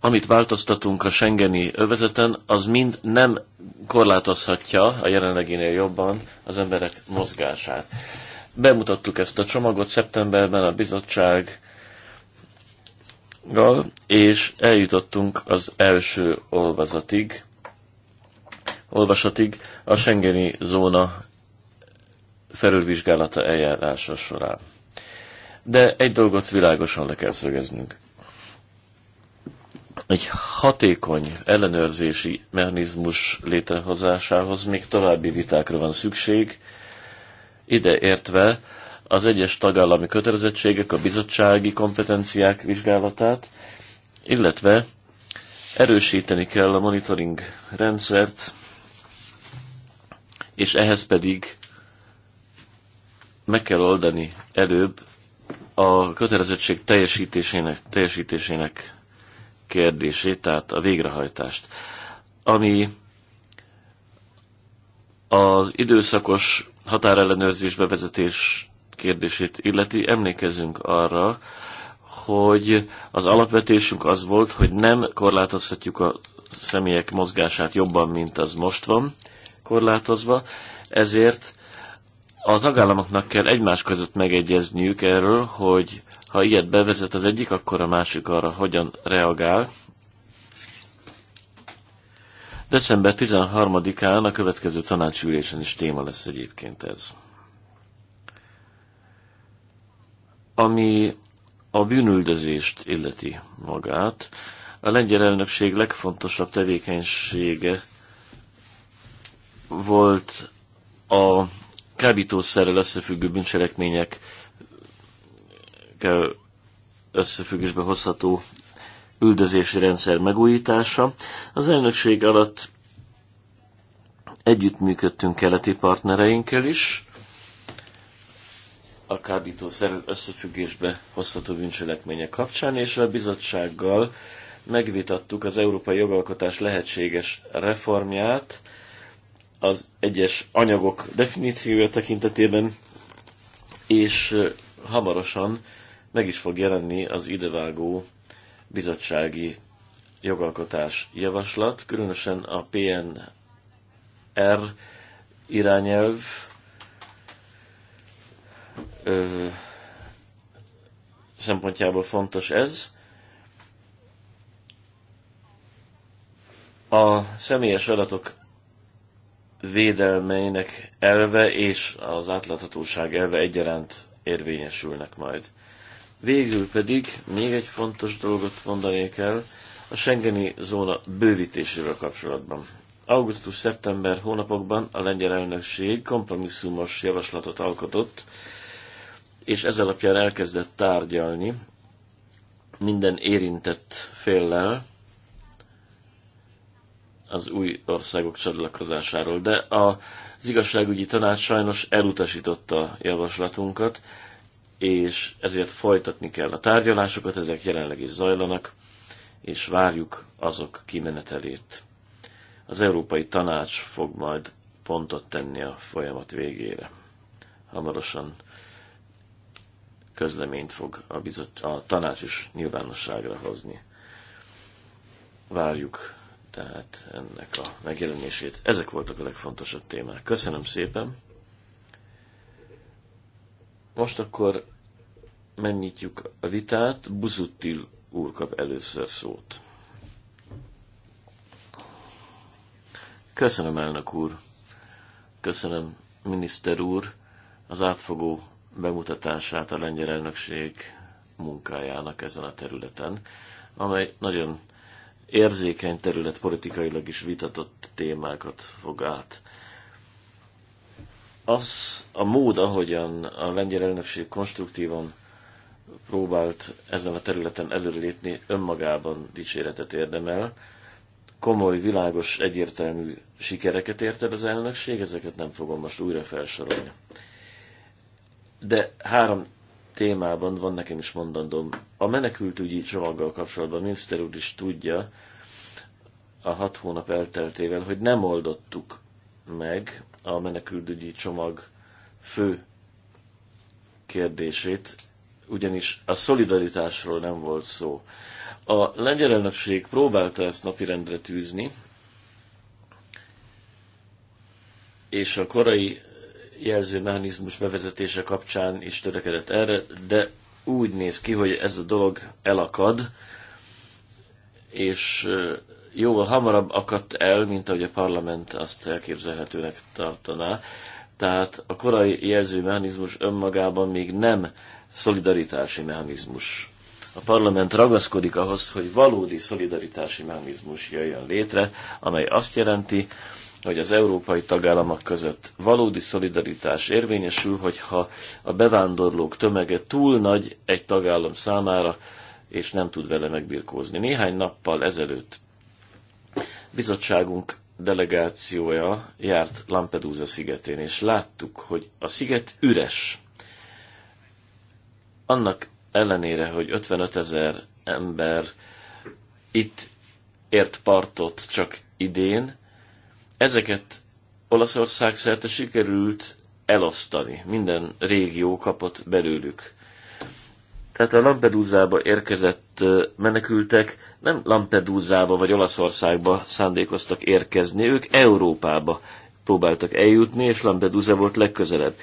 [SPEAKER 4] amit változtatunk a Schengeni övezeten, az mind nem korlátozhatja a jelenleginél jobban az emberek mozgását. Bemutattuk ezt a csomagot szeptemberben a bizottsággal, és eljutottunk az első olvasatig, olvasatig a Schengeni zóna felülvizsgálata eljárása során. De egy dolgot világosan le kell szögeznünk egy hatékony ellenőrzési mechanizmus létrehozásához még további vitákra van szükség, ide értve az egyes tagállami kötelezettségek, a bizottsági kompetenciák vizsgálatát, illetve erősíteni kell a monitoring rendszert, és ehhez pedig meg kell oldani előbb a kötelezettség teljesítésének, teljesítésének kérdését, tehát a végrehajtást. Ami az időszakos határellenőrzés bevezetés kérdését illeti, emlékezünk arra, hogy az alapvetésünk az volt, hogy nem korlátozhatjuk a személyek mozgását jobban, mint az most van korlátozva, ezért a tagállamoknak kell egymás között megegyezniük erről, hogy ha ilyet bevezet az egyik, akkor a másik arra hogyan reagál. December 13-án a következő tanácsülésen is téma lesz egyébként ez. Ami a bűnüldözést illeti magát, a lengyel elnökség legfontosabb tevékenysége volt a kábítószerrel összefüggő bűncselekmények kell összefüggésbe hozható üldözési rendszer megújítása. Az elnökség alatt együttműködtünk keleti partnereinkkel is, a kábítószer összefüggésbe hozható bűncselekmények kapcsán, és a bizottsággal megvitattuk az európai jogalkotás lehetséges reformját, az egyes anyagok definíciója tekintetében, és hamarosan meg is fog jelenni az idevágó bizottsági jogalkotás javaslat, különösen a PNR irányelv ö, szempontjából fontos ez. A személyes adatok védelmeinek elve és az átláthatóság elve egyaránt érvényesülnek majd. Végül pedig még egy fontos dolgot mondanék el a Schengeni zóna bővítésével kapcsolatban. Augusztus-szeptember hónapokban a lengyel elnökség kompromisszumos javaslatot alkotott, és ez alapján elkezdett tárgyalni minden érintett féllel az új országok csatlakozásáról. De az igazságügyi tanács sajnos elutasította javaslatunkat, és ezért folytatni kell a tárgyalásokat, ezek jelenleg is zajlanak, és várjuk azok kimenetelét. Az Európai Tanács fog majd pontot tenni a folyamat végére. Hamarosan közleményt fog a, bizot, a tanács is nyilvánosságra hozni. Várjuk tehát ennek a megjelenését. Ezek voltak a legfontosabb témák. Köszönöm szépen! Most akkor megnyitjuk a vitát. Buzuttil úr kap először szót. Köszönöm, elnök úr. Köszönöm, miniszter úr, az átfogó bemutatását a lengyel elnökség munkájának ezen a területen, amely nagyon érzékeny terület politikailag is vitatott témákat fog át az a mód, ahogyan a lengyel elnökség konstruktívan próbált ezen a területen előrelépni, önmagában dicséretet érdemel. Komoly, világos, egyértelmű sikereket ért el az elnökség, ezeket nem fogom most újra felsorolni. De három témában van nekem is mondandóm. A menekültügyi csomaggal kapcsolatban a miniszter úr is tudja, a hat hónap elteltével, hogy nem oldottuk meg a menekültügyi csomag fő kérdését, ugyanis a szolidaritásról nem volt szó. A lengyel elnökség próbálta ezt napirendre tűzni, és a korai jelző mechanizmus bevezetése kapcsán is törekedett erre, de úgy néz ki, hogy ez a dolog elakad, és jóval hamarabb akadt el, mint ahogy a parlament azt elképzelhetőnek tartaná. Tehát a korai jelző mechanizmus önmagában még nem szolidaritási mechanizmus. A parlament ragaszkodik ahhoz, hogy valódi szolidaritási mechanizmus jöjjön létre, amely azt jelenti, hogy az európai tagállamok között valódi szolidaritás érvényesül, hogyha a bevándorlók tömege túl nagy egy tagállam számára, és nem tud vele megbirkózni. Néhány nappal ezelőtt Bizottságunk delegációja járt Lampedusa szigetén, és láttuk, hogy a sziget üres. Annak ellenére, hogy 55 ezer ember itt ért partot csak idén, ezeket Olaszország szerte sikerült elosztani. Minden régió kapott belőlük. Tehát a Lampedusába érkezett menekültek nem Lampedusába vagy Olaszországba szándékoztak érkezni, ők Európába próbáltak eljutni, és Lampedusa volt legközelebb.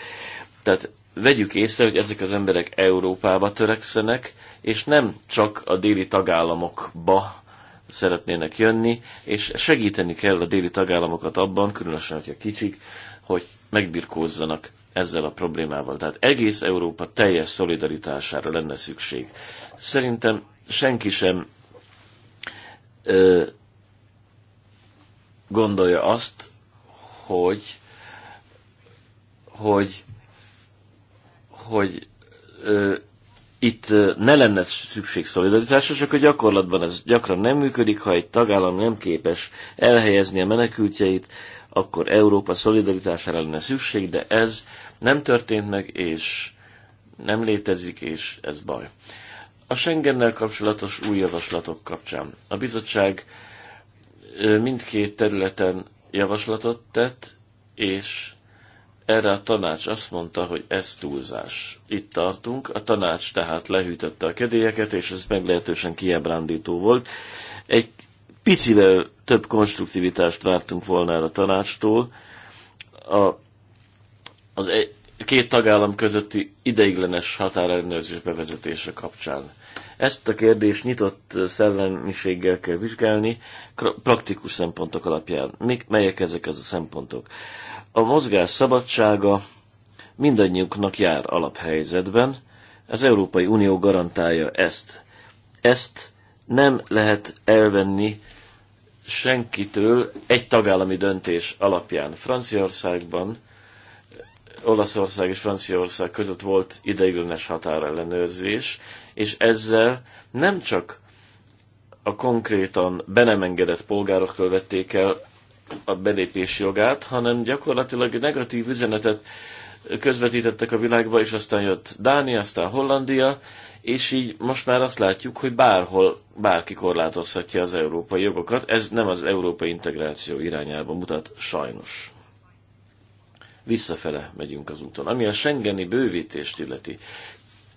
[SPEAKER 4] Tehát vegyük észre, hogy ezek az emberek Európába törekszenek, és nem csak a déli tagállamokba szeretnének jönni, és segíteni kell a déli tagállamokat abban, különösen, hogyha kicsik, hogy megbirkózzanak ezzel a problémával. Tehát egész Európa teljes szolidaritására lenne szükség. Szerintem senki sem ö, gondolja azt, hogy hogy hogy ö, itt ne lenne szükség szolidaritásra, csak a gyakorlatban ez gyakran nem működik, ha egy tagállam nem képes elhelyezni a menekültjeit, akkor Európa szolidaritására lenne szükség, de ez nem történt meg, és nem létezik, és ez baj. A Schengennel kapcsolatos új javaslatok kapcsán. A bizottság mindkét területen javaslatot tett, és erre a tanács azt mondta, hogy ez túlzás. Itt tartunk, a tanács tehát lehűtötte a kedélyeket, és ez meglehetősen kiebrándító volt. Egy picivel több konstruktivitást vártunk volna el a tanácstól. A, az egy, két tagállam közötti ideiglenes határellenőrzés bevezetése kapcsán. Ezt a kérdést nyitott szellemiséggel kell vizsgálni, praktikus szempontok alapján. Mik, melyek ezek az a szempontok? A mozgás szabadsága mindannyiunknak jár alaphelyzetben, az Európai Unió garantálja ezt. Ezt nem lehet elvenni senkitől egy tagállami döntés alapján. Franciaországban Olaszország és Franciaország között volt ideiglenes határellenőrzés, és ezzel nem csak a konkrétan be nem engedett polgároktól vették el a belépési jogát, hanem gyakorlatilag negatív üzenetet közvetítettek a világba, és aztán jött Dánia, aztán Hollandia, és így most már azt látjuk, hogy bárhol bárki korlátozhatja az európai jogokat. Ez nem az európai integráció irányába mutat, sajnos visszafele megyünk az úton. Ami a Schengeni bővítést illeti,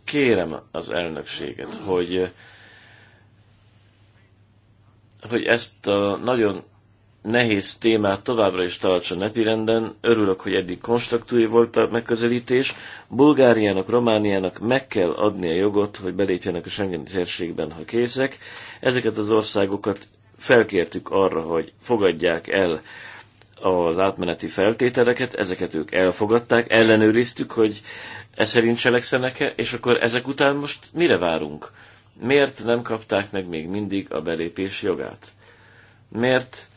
[SPEAKER 4] kérem az elnökséget, hogy, hogy ezt a nagyon nehéz témát továbbra is tartsa napirenden. Örülök, hogy eddig konstruktúri volt a megközelítés. Bulgáriának, Romániának meg kell adni a jogot, hogy belépjenek a Schengeni térségben, ha készek. Ezeket az országokat felkértük arra, hogy fogadják el az átmeneti feltételeket, ezeket ők elfogadták, ellenőriztük, hogy e szerint cselekszenek-e, és akkor ezek után most mire várunk? Miért nem kapták meg még mindig a belépés jogát? Miért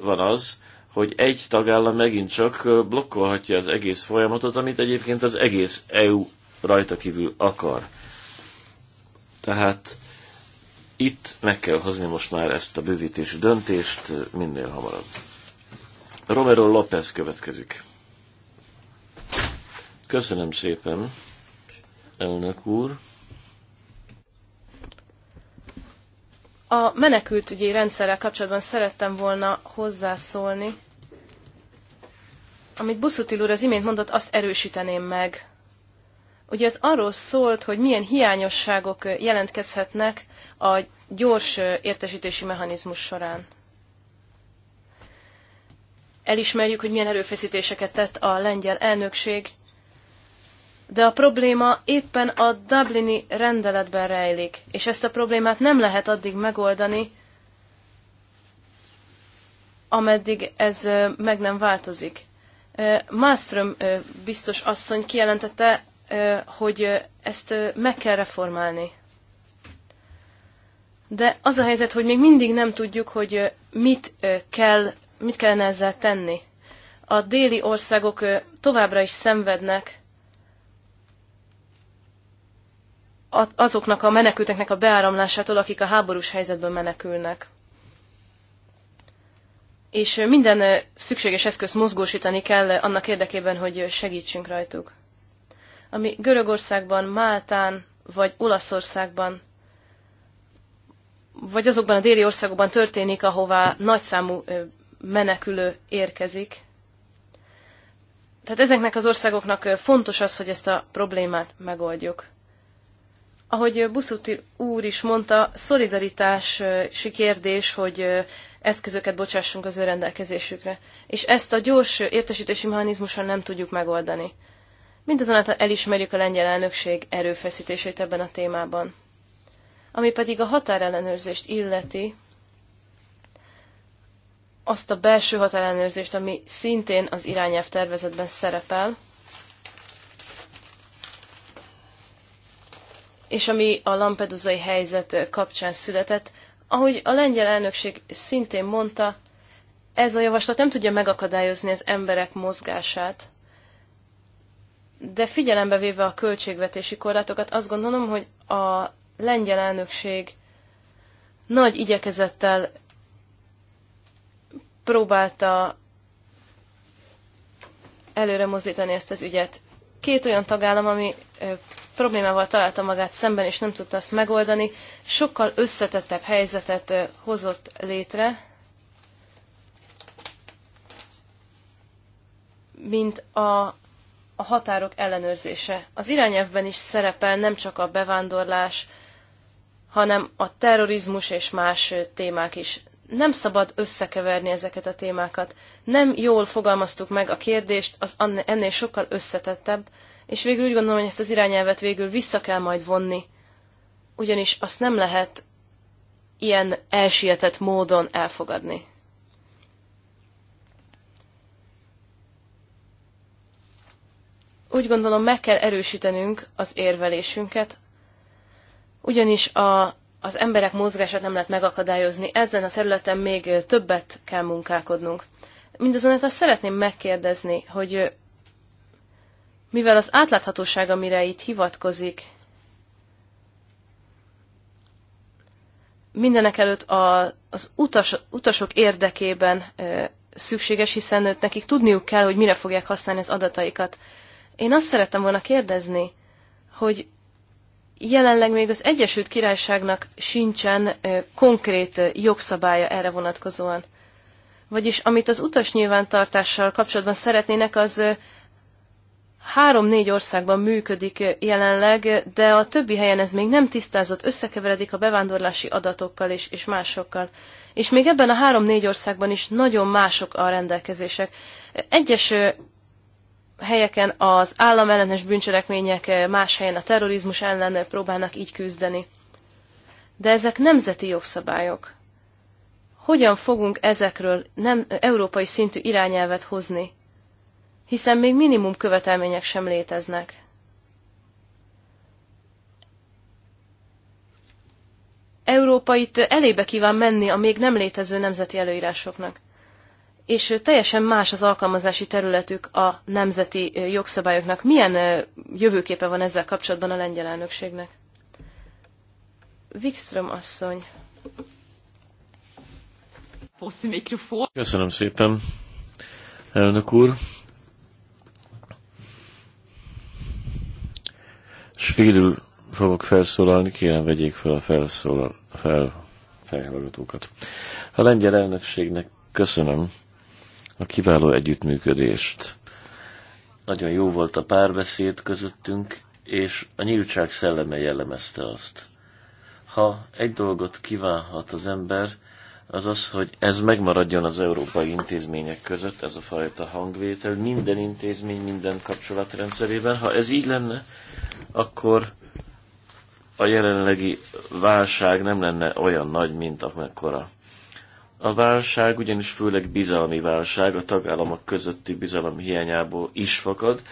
[SPEAKER 4] van az, hogy egy tagállam megint csak blokkolhatja az egész folyamatot, amit egyébként az egész EU rajta kívül akar? Tehát itt meg kell hozni most már ezt a bővítési döntést minél hamarabb. Romero López következik. Köszönöm szépen, elnök úr.
[SPEAKER 5] A menekültügyi rendszerrel kapcsolatban szerettem volna hozzászólni. Amit Buszutil úr az imént mondott, azt erősíteném meg. Ugye ez arról szólt, hogy milyen hiányosságok jelentkezhetnek a gyors értesítési mechanizmus során elismerjük, hogy milyen erőfeszítéseket tett a lengyel elnökség, de a probléma éppen a Dublini rendeletben rejlik, és ezt a problémát nem lehet addig megoldani, ameddig ez meg nem változik. Malmström biztos asszony kijelentette, hogy ezt meg kell reformálni. De az a helyzet, hogy még mindig nem tudjuk, hogy mit kell mit kellene ezzel tenni? A déli országok továbbra is szenvednek azoknak a menekülteknek a beáramlásától, akik a háborús helyzetből menekülnek. És minden szükséges eszközt mozgósítani kell annak érdekében, hogy segítsünk rajtuk. Ami Görögországban, Máltán vagy Olaszországban, vagy azokban a déli országokban történik, ahová nagyszámú menekülő érkezik. Tehát ezeknek az országoknak fontos az, hogy ezt a problémát megoldjuk. Ahogy Buszuti úr is mondta, szolidaritási kérdés, hogy eszközöket bocsássunk az ő rendelkezésükre. És ezt a gyors értesítési mechanizmuson nem tudjuk megoldani. Mindazonáltal elismerjük a lengyel elnökség erőfeszítését ebben a témában. Ami pedig a határellenőrzést illeti, azt a belső határellenőrzést, ami szintén az irányelv tervezetben szerepel, és ami a lampedusai helyzet kapcsán született, ahogy a lengyel elnökség szintén mondta, ez a javaslat nem tudja megakadályozni az emberek mozgását, de figyelembe véve a költségvetési korlátokat, azt gondolom, hogy a lengyel elnökség nagy igyekezettel próbálta előre mozdítani ezt az ügyet. Két olyan tagállam, ami problémával találta magát szemben, és nem tudta azt megoldani, sokkal összetettebb helyzetet hozott létre, mint a, a határok ellenőrzése. Az irányelvben is szerepel nem csak a bevándorlás, hanem a terrorizmus és más témák is nem szabad összekeverni ezeket a témákat. Nem jól fogalmaztuk meg a kérdést, az ennél sokkal összetettebb, és végül úgy gondolom, hogy ezt az irányelvet végül vissza kell majd vonni, ugyanis azt nem lehet ilyen elsietett módon elfogadni. Úgy gondolom, meg kell erősítenünk az érvelésünket, ugyanis a az emberek mozgását nem lehet megakadályozni. Ezen a területen még többet kell munkálkodnunk. Mindazonáltal szeretném megkérdezni, hogy mivel az átláthatóság, amire itt hivatkozik, mindenek előtt a, az utas, utasok érdekében e, szükséges, hiszen nekik tudniuk kell, hogy mire fogják használni az adataikat. Én azt szerettem volna kérdezni, hogy jelenleg még az Egyesült Királyságnak sincsen konkrét jogszabálya erre vonatkozóan. Vagyis amit az utas nyilvántartással kapcsolatban szeretnének, az három-négy országban működik jelenleg, de a többi helyen ez még nem tisztázott, összekeveredik a bevándorlási adatokkal és, és másokkal. És még ebben a három-négy országban is nagyon mások a rendelkezések. Egyes helyeken az államellenes bűncselekmények, eh, más helyen a terrorizmus ellen eh, próbálnak így küzdeni. De ezek nemzeti jogszabályok. Hogyan fogunk ezekről nem eh, európai szintű irányelvet hozni? Hiszen még minimum követelmények sem léteznek. Európa itt elébe kíván menni a még nem létező nemzeti előírásoknak és teljesen más az alkalmazási területük a nemzeti jogszabályoknak. Milyen jövőképe van ezzel kapcsolatban a lengyel elnökségnek? Wikström asszony. Köszönöm
[SPEAKER 4] szépen, elnök úr. Svédül fogok felszólalni, kérem vegyék fel a felszólal, fel, felhallgatókat. A lengyel elnökségnek köszönöm, a kiváló együttműködést. Nagyon jó volt a párbeszéd közöttünk, és a nyíltság szelleme jellemezte azt. Ha egy dolgot kívánhat az ember, az az, hogy ez megmaradjon az európai intézmények között, ez a fajta hangvétel, minden intézmény, minden kapcsolatrendszerében. Ha ez így lenne, akkor a jelenlegi válság nem lenne olyan nagy, mint amekkora. A válság ugyanis főleg bizalmi válság, a tagállamok közötti bizalom hiányából is fakad,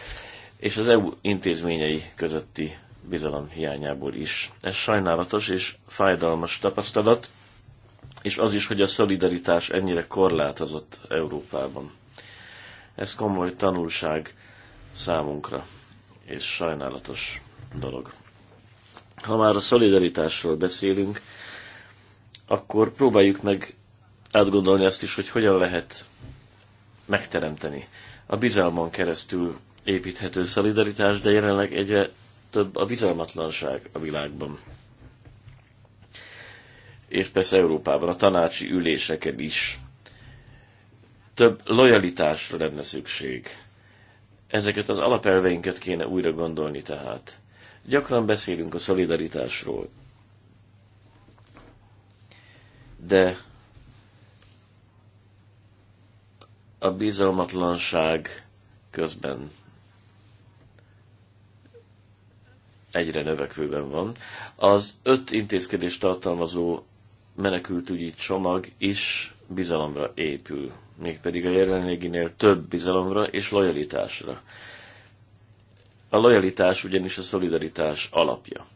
[SPEAKER 4] és az EU intézményei közötti bizalom hiányából is. Ez sajnálatos és fájdalmas tapasztalat, és az is, hogy a szolidaritás ennyire korlátozott Európában. Ez komoly tanulság számunkra, és sajnálatos dolog. Ha már a szolidaritásról beszélünk, akkor próbáljuk meg átgondolni azt is, hogy hogyan lehet megteremteni. A bizalmon keresztül építhető szolidaritás, de jelenleg egyre több a bizalmatlanság a világban. És persze Európában, a tanácsi üléseken is. Több lojalitásra lenne szükség. Ezeket az alapelveinket kéne újra gondolni tehát. Gyakran beszélünk a szolidaritásról. De a bizalmatlanság közben egyre növekvőben van. Az öt intézkedést tartalmazó menekültügyi csomag is bizalomra épül, mégpedig a jelenléginél több bizalomra és lojalitásra. A lojalitás ugyanis a szolidaritás alapja.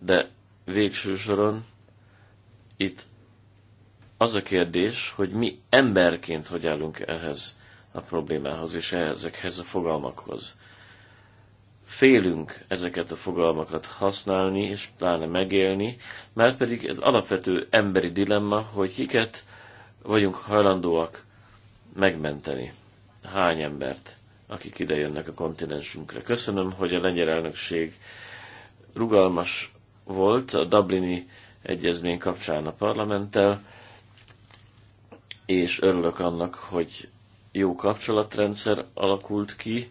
[SPEAKER 4] De végső soron itt az a kérdés, hogy mi emberként hogy állunk ehhez a problémához és ezekhez a fogalmakhoz. Félünk ezeket a fogalmakat használni és pláne megélni, mert pedig ez alapvető emberi dilemma, hogy kiket vagyunk hajlandóak megmenteni. Hány embert, akik ide jönnek a kontinensünkre. Köszönöm, hogy a lengyel elnökség rugalmas volt a Dublini egyezmény kapcsán a parlamenttel, és örülök annak, hogy jó kapcsolatrendszer alakult ki,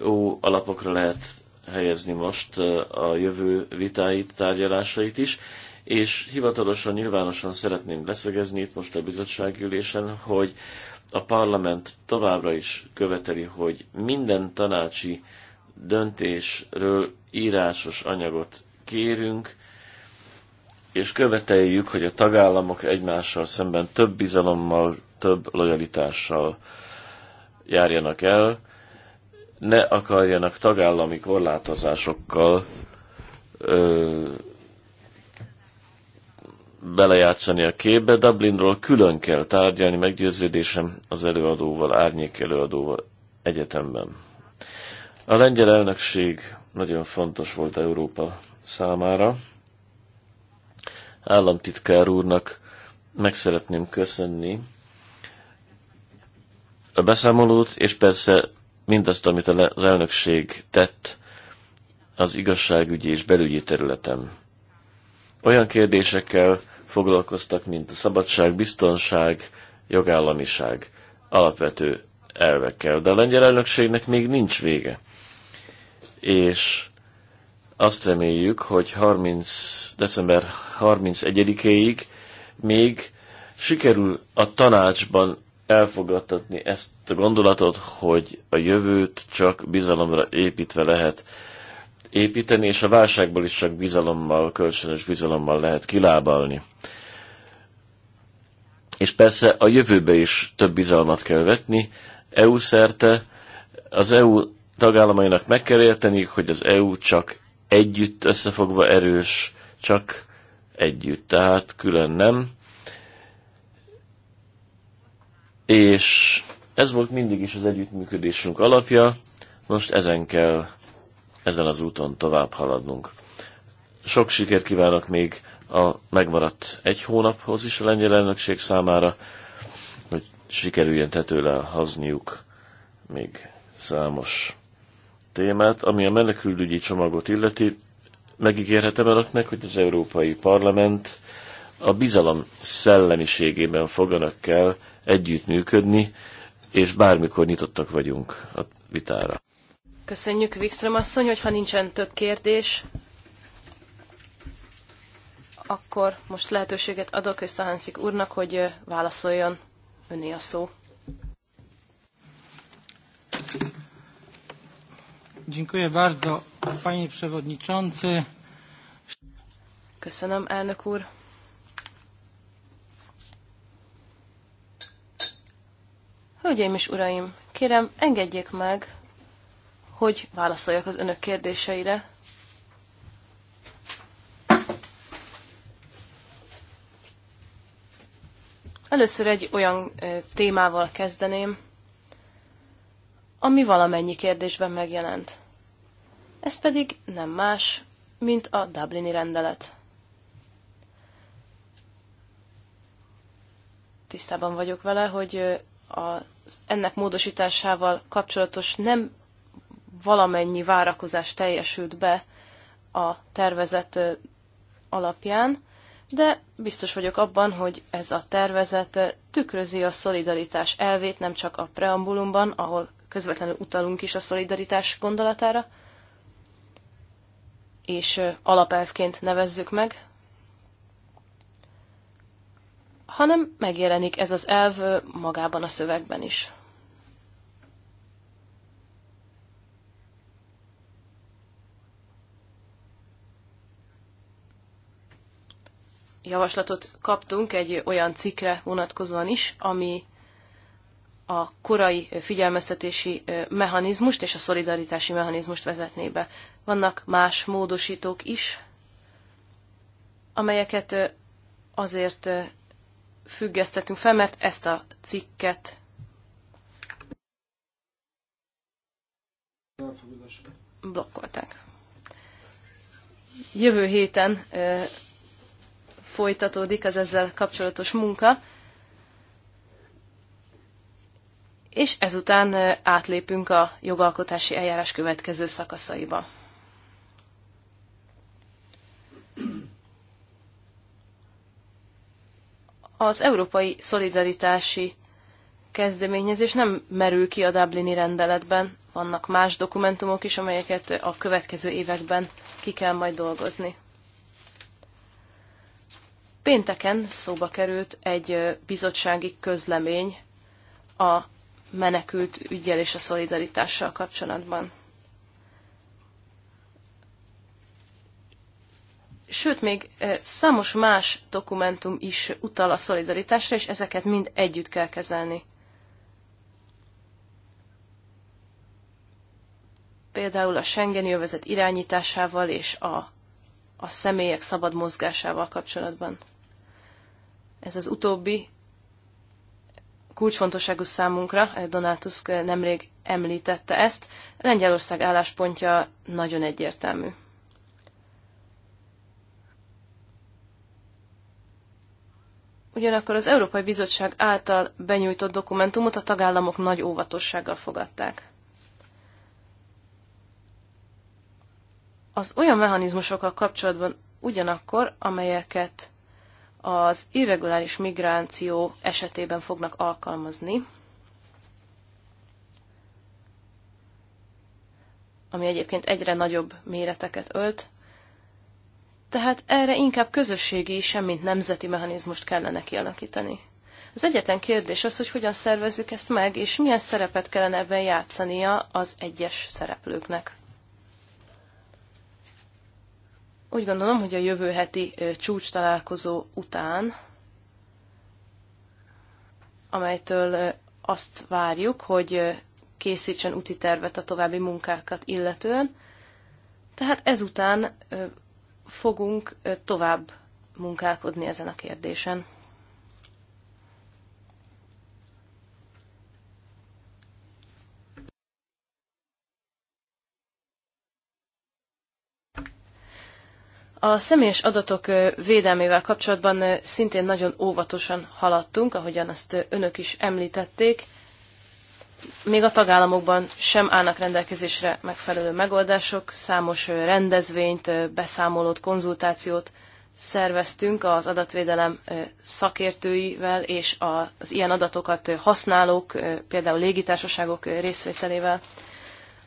[SPEAKER 4] jó alapokra lehet helyezni most a jövő vitáit, tárgyalásait is, és hivatalosan, nyilvánosan szeretném leszögezni itt most a bizottságülésen, hogy a parlament továbbra is követeli, hogy minden tanácsi döntésről írásos anyagot kérünk, és követeljük, hogy a tagállamok egymással szemben több bizalommal, több lojalitással járjanak el, ne akarjanak tagállami korlátozásokkal ö, belejátszani a képbe. Dublinról külön kell tárgyalni, meggyőződésem az előadóval, árnyék előadóval egyetemben. A lengyel elnökség nagyon fontos volt Európa számára államtitkár úrnak meg szeretném köszönni a beszámolót, és persze mindazt, amit az elnökség tett az igazságügyi és belügyi területen. Olyan kérdésekkel foglalkoztak, mint a szabadság, biztonság, jogállamiság, alapvető elvekkel. De a lengyel elnökségnek még nincs vége. És azt reméljük, hogy 30, december 31-ig még sikerül a tanácsban elfogadtatni ezt a gondolatot, hogy a jövőt csak bizalomra építve lehet építeni, és a válságból is csak bizalommal, kölcsönös bizalommal lehet kilábalni. És persze a jövőbe is több bizalmat kell vetni, EU szerte, az EU tagállamainak meg kell érteni, hogy az EU csak együtt összefogva erős, csak együtt, tehát külön nem. És ez volt mindig is az együttműködésünk alapja, most ezen kell, ezen az úton tovább haladnunk. Sok sikert kívánok még a megmaradt egy hónaphoz is a lengyel elnökség számára, hogy sikerüljön tetőle hazniuk még számos témát, ami a menekülügyi csomagot illeti. Megígérhetem önöknek, hogy az Európai Parlament a bizalom szellemiségében foganak kell együttműködni, és bármikor nyitottak vagyunk a vitára.
[SPEAKER 5] Köszönjük, Wikström asszony, hogyha nincsen több kérdés, akkor most lehetőséget adok Összeháncik úrnak, hogy válaszoljon öné a szó.
[SPEAKER 2] Dziękuję bardzo, panie
[SPEAKER 5] przewodniczący. Köszönöm, elnök úr. Hölgyeim és uraim, kérem, engedjék meg, hogy válaszoljak az önök kérdéseire. Először egy olyan témával kezdeném, ami valamennyi kérdésben megjelent. Ez pedig nem más, mint a Dublini rendelet. Tisztában vagyok vele, hogy az ennek módosításával kapcsolatos nem valamennyi várakozás teljesült be a tervezet alapján, de biztos vagyok abban, hogy ez a tervezet tükrözi a szolidaritás elvét nem csak a preambulumban, ahol közvetlenül utalunk is a szolidaritás gondolatára, és alapelvként nevezzük meg, hanem megjelenik ez az elv magában a szövegben is. Javaslatot kaptunk egy olyan cikre vonatkozóan is, ami a korai figyelmeztetési mechanizmust és a szolidaritási mechanizmust vezetné be. Vannak más módosítók is, amelyeket azért függesztettünk fel, mert ezt a cikket blokkolták. Jövő héten folytatódik az ezzel kapcsolatos munka, és ezután átlépünk a jogalkotási eljárás következő szakaszaiba. Az európai szolidaritási kezdeményezés nem merül ki a Dublini rendeletben, vannak más dokumentumok is, amelyeket a következő években ki kell majd dolgozni. Pénteken szóba került egy bizottsági közlemény a menekült ügyel és a szolidaritással kapcsolatban. Sőt, még eh, számos más dokumentum is utal a szolidaritásra, és ezeket mind együtt kell kezelni. Például a Schengeni övezet irányításával és a, a személyek szabad mozgásával kapcsolatban. Ez az utóbbi kulcsfontosságú számunkra, eh, Donald Tusk eh, nemrég említette ezt, Lengyelország álláspontja nagyon egyértelmű. Ugyanakkor az Európai Bizottság által benyújtott dokumentumot a tagállamok nagy óvatossággal fogadták. Az olyan mechanizmusokkal kapcsolatban ugyanakkor, amelyeket az irreguláris migráció esetében fognak alkalmazni, ami egyébként egyre nagyobb méreteket ölt, tehát erre inkább közösségi, semmint nemzeti mechanizmust kellene kialakítani. Az egyetlen kérdés az, hogy hogyan szervezzük ezt meg, és milyen szerepet kellene ebben játszania az egyes szereplőknek. Úgy gondolom, hogy a jövő heti csúcs találkozó után, amelytől azt várjuk, hogy készítsen úti tervet a további munkákat illetően, tehát ezután fogunk tovább munkálkodni ezen a kérdésen. A személyes adatok védelmével kapcsolatban szintén nagyon óvatosan haladtunk, ahogyan azt önök is említették. Még a tagállamokban sem állnak rendelkezésre megfelelő megoldások, számos rendezvényt, beszámolót, konzultációt szerveztünk az adatvédelem szakértőivel és az ilyen adatokat használók, például légitársaságok részvételével.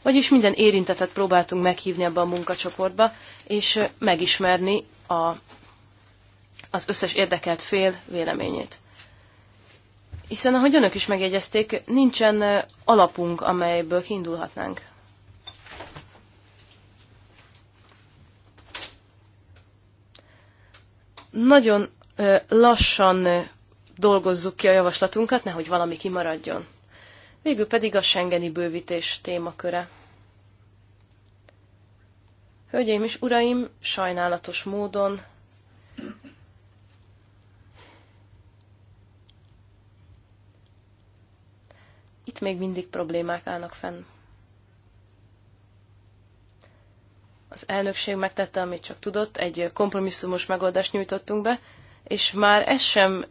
[SPEAKER 5] Vagyis minden érintetet próbáltunk meghívni ebbe a munkacsoportba, és megismerni a, az összes érdekelt fél véleményét. Hiszen, ahogy önök is megjegyezték, nincsen alapunk, amelyből kiindulhatnánk. Nagyon lassan dolgozzuk ki a javaslatunkat, nehogy valami kimaradjon. Végül pedig a Schengeni bővítés témaköre. Hölgyeim és uraim, sajnálatos módon itt még mindig problémák állnak fenn. Az elnökség megtette, amit csak tudott, egy kompromisszumos megoldást nyújtottunk be, és már ez sem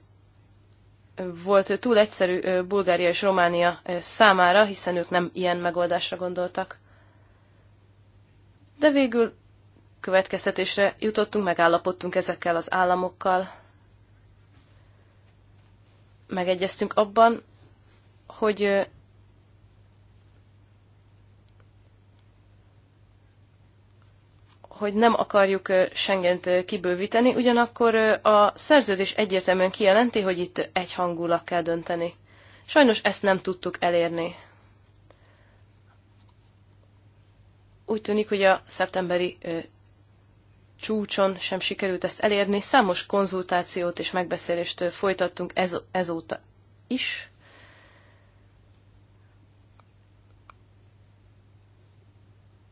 [SPEAKER 5] volt túl egyszerű Bulgária és Románia számára, hiszen ők nem ilyen megoldásra gondoltak. De végül következtetésre jutottunk, megállapodtunk ezekkel az államokkal. Megegyeztünk abban, hogy hogy nem akarjuk Schengent kibővíteni, ugyanakkor a szerződés egyértelműen kijelenti, hogy itt egyhangulag kell dönteni. Sajnos ezt nem tudtuk elérni. Úgy tűnik, hogy a szeptemberi csúcson sem sikerült ezt elérni. Számos konzultációt és megbeszélést folytattunk ez, ezóta is.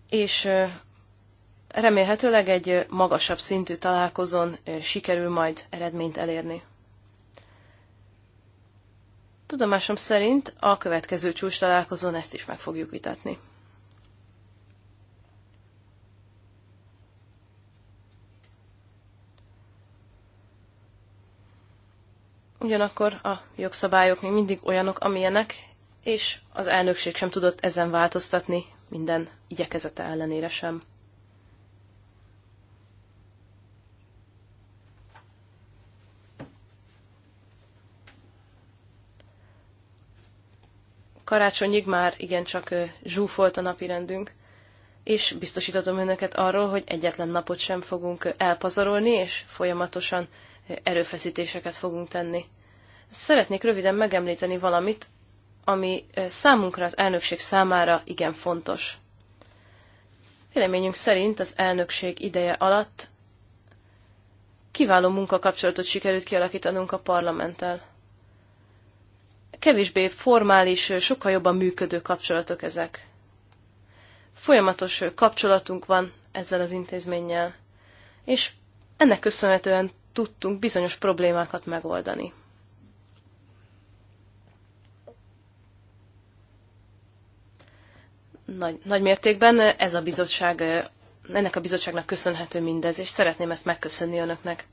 [SPEAKER 5] És remélhetőleg egy magasabb szintű találkozón sikerül majd eredményt elérni. Tudomásom szerint a következő csúcs találkozón ezt is meg fogjuk vitatni. Ugyanakkor a jogszabályok még mindig olyanok, amilyenek, és az elnökség sem tudott ezen változtatni minden igyekezete ellenére sem. Karácsonyig már igencsak zsúfolt a napirendünk, és biztosítatom önöket arról, hogy egyetlen napot sem fogunk elpazarolni, és folyamatosan erőfeszítéseket fogunk tenni. Szeretnék röviden megemlíteni valamit, ami számunkra az elnökség számára igen fontos. Véleményünk szerint az elnökség ideje alatt kiváló munkakapcsolatot sikerült kialakítanunk a parlamenttel kevésbé formális, sokkal jobban működő kapcsolatok ezek. Folyamatos kapcsolatunk van ezzel az intézménnyel, és ennek köszönhetően tudtunk bizonyos problémákat megoldani. Nagy, nagy mértékben ez a bizottság, ennek a bizottságnak köszönhető mindez, és szeretném ezt megköszönni önöknek.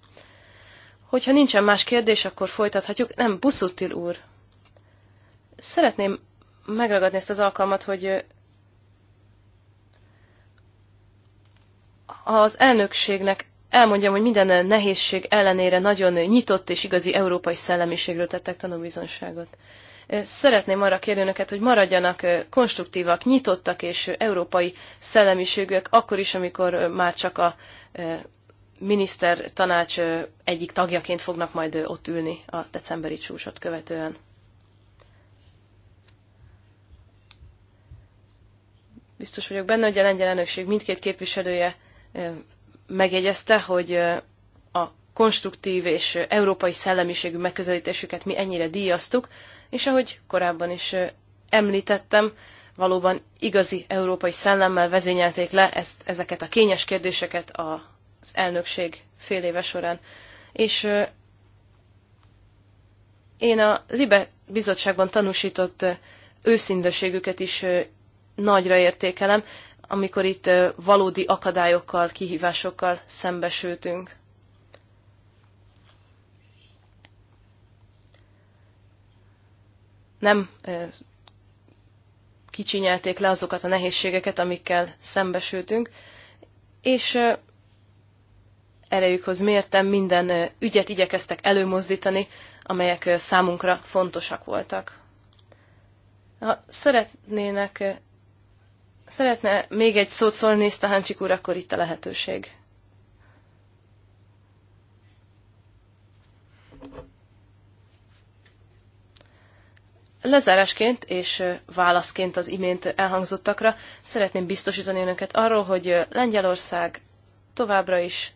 [SPEAKER 5] Hogyha nincsen más kérdés, akkor folytathatjuk. Nem, Buszutil úr. Szeretném megragadni ezt az alkalmat, hogy az elnökségnek elmondjam, hogy minden nehézség ellenére nagyon nyitott és igazi európai szellemiségről tettek tanúbizonságot. Szeretném arra kérni önöket, hogy maradjanak konstruktívak, nyitottak és európai szellemiségűek, akkor is, amikor már csak a miniszter tanács egyik tagjaként fognak majd ott ülni a decemberi csúcsot követően. biztos vagyok benne, hogy a lengyel elnökség mindkét képviselője megjegyezte, hogy a konstruktív és európai szellemiségű megközelítésüket mi ennyire díjaztuk, és ahogy korábban is említettem, valóban igazi európai szellemmel vezényelték le ezt, ezeket a kényes kérdéseket az elnökség fél éve során. És én a Libe bizottságban tanúsított őszindőségüket is nagyra értékelem, amikor itt valódi akadályokkal, kihívásokkal szembesültünk. Nem kicsinyelték le azokat a nehézségeket, amikkel szembesültünk, és erejükhoz mértem minden ügyet igyekeztek előmozdítani, amelyek számunkra fontosak voltak. Ha szeretnének Szeretne még egy szót szólni, Sztaháncsik úr, akkor itt a lehetőség. Lezárásként és válaszként az imént elhangzottakra szeretném biztosítani önöket arról, hogy Lengyelország továbbra is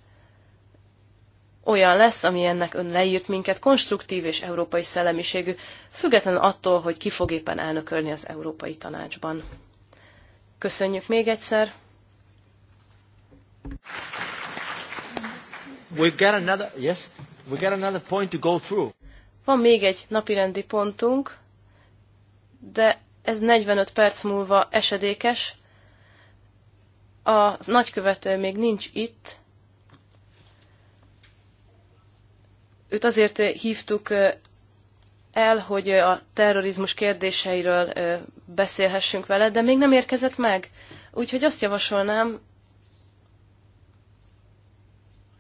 [SPEAKER 5] olyan lesz, ami ennek ön leírt minket, konstruktív és európai szellemiségű, független attól, hogy ki fog éppen elnökölni az Európai Tanácsban. Köszönjük még egyszer.
[SPEAKER 1] We've got another, yes, we've got another point to go through.
[SPEAKER 5] Van még egy napirendi pontunk, de ez 45 perc múlva esedékes. A nagykövető még nincs itt. Őt azért hívtuk el, hogy a terrorizmus kérdéseiről beszélhessünk vele, de még nem érkezett meg. Úgyhogy azt javasolnám,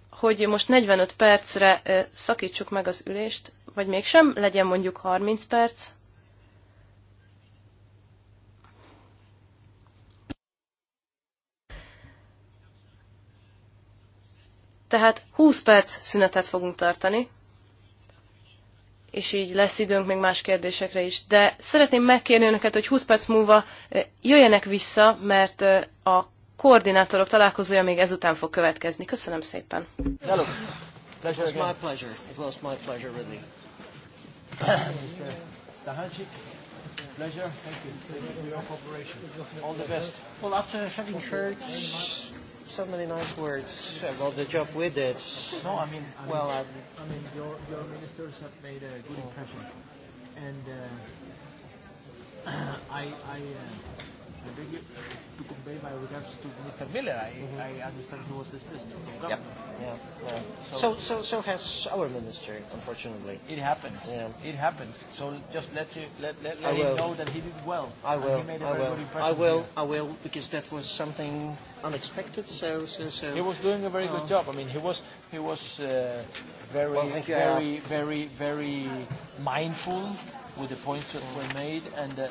[SPEAKER 5] hogy most 45 percre szakítsuk meg az ülést, vagy mégsem, legyen mondjuk 30 perc. Tehát 20 perc szünetet fogunk tartani és így lesz időnk még más kérdésekre is. De szeretném megkérni önöket, hogy 20 perc múlva jöjjenek vissza, mert a koordinátorok találkozója még ezután fog következni. Köszönöm szépen. Hello.
[SPEAKER 1] Pleasure It's my pleasure. It was my pleasure, really. Stahancic, pleasure. Thank you. Thank you for your cooperation. All the best. Well, after having heard so many nice words about the job we did. No, I mean, I well, mean, uh, I mean, your, your ministers have made a good impression, and uh, I, I. Uh, I beg you to convey my regards to Mr. Miller. I, mm-hmm. I understand he was dismissed from government. Yeah, yeah. So, so, so, so has our minister, unfortunately. It happens. Yeah. It happens. So just let you let let, let him know that he did well. I will. He made a I very will. Good impression I will. Here. I will because that was something unexpected. So, so, so. He was doing a very oh. good uh-huh. job. I mean, he was he was uh, very well, very, very very very mindful with the points that were made and. Uh,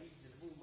[SPEAKER 1] ينزل بوم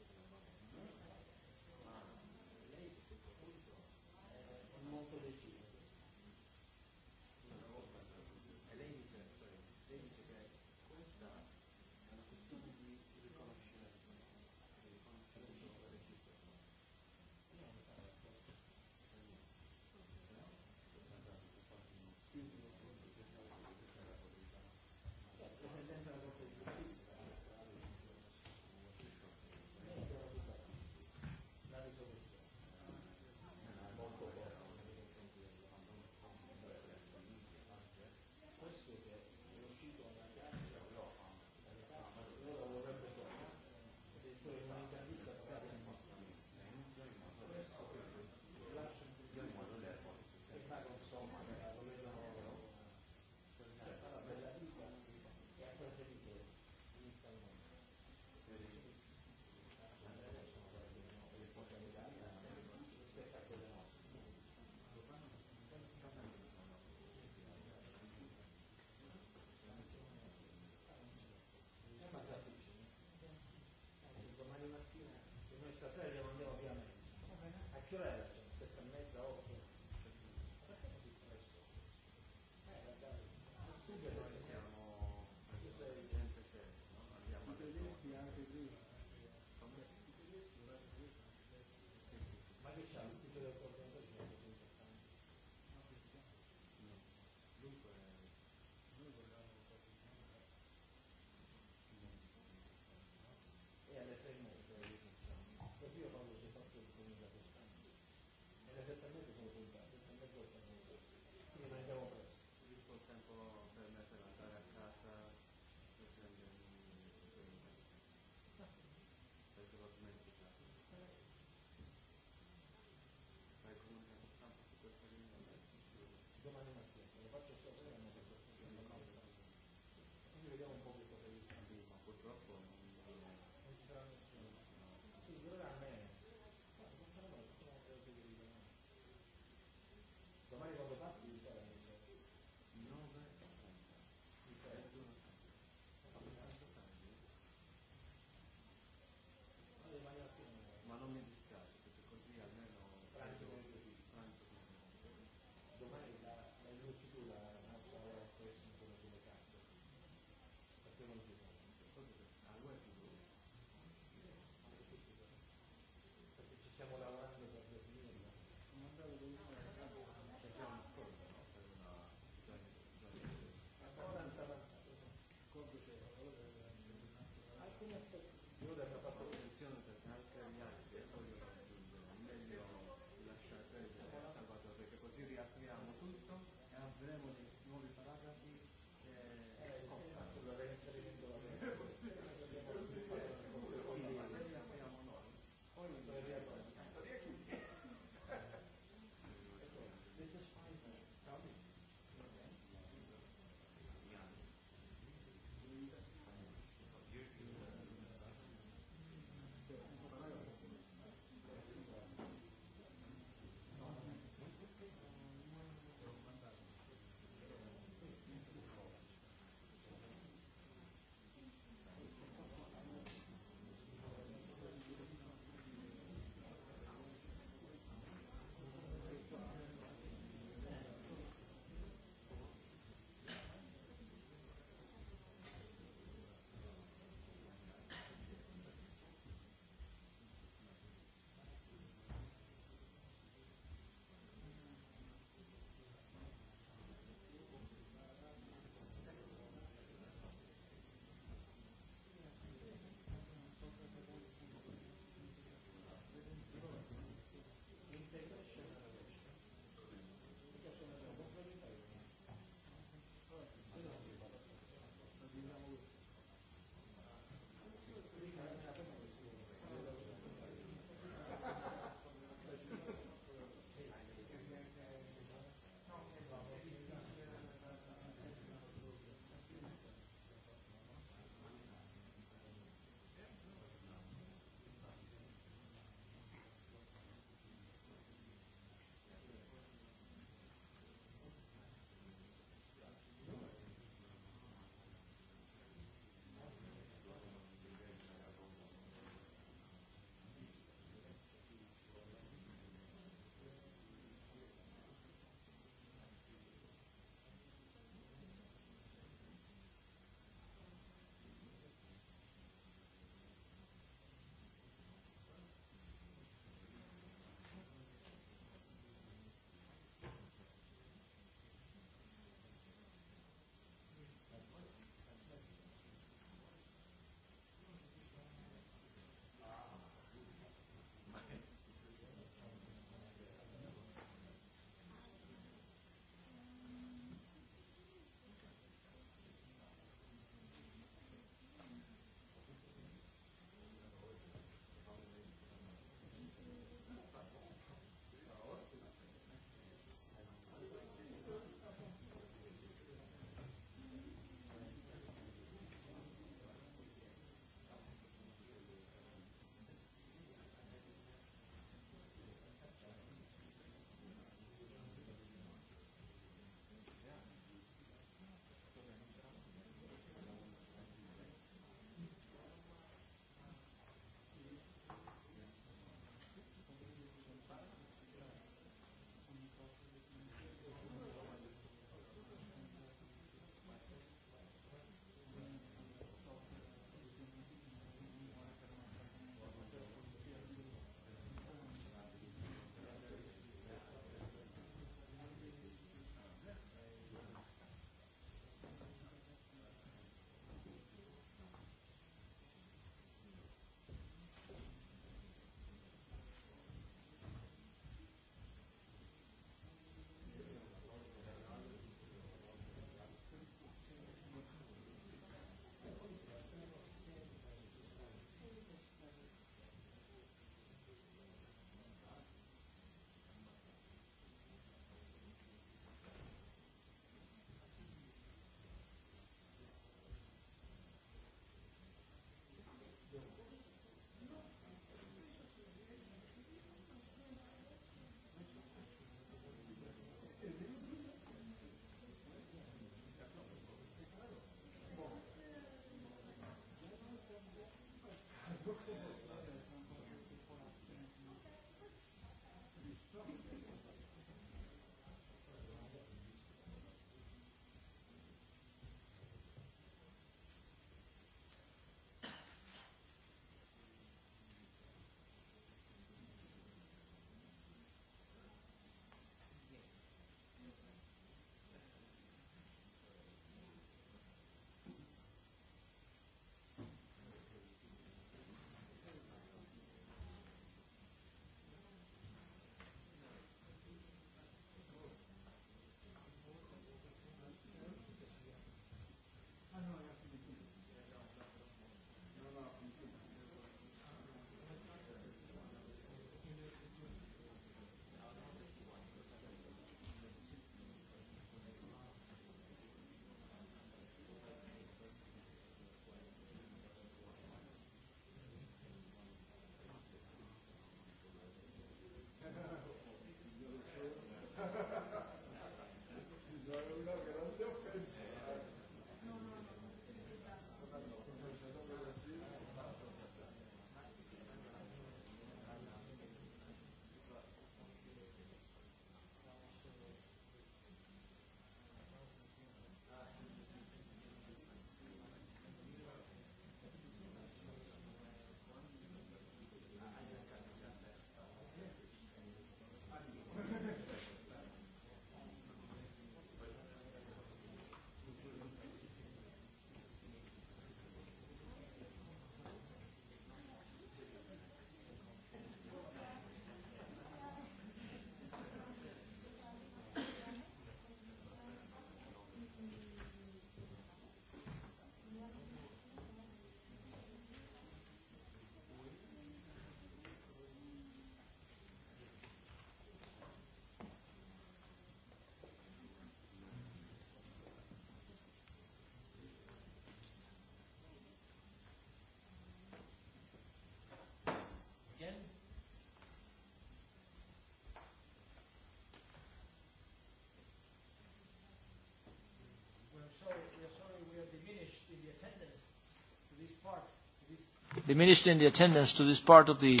[SPEAKER 1] the minister in the attendance to this part of the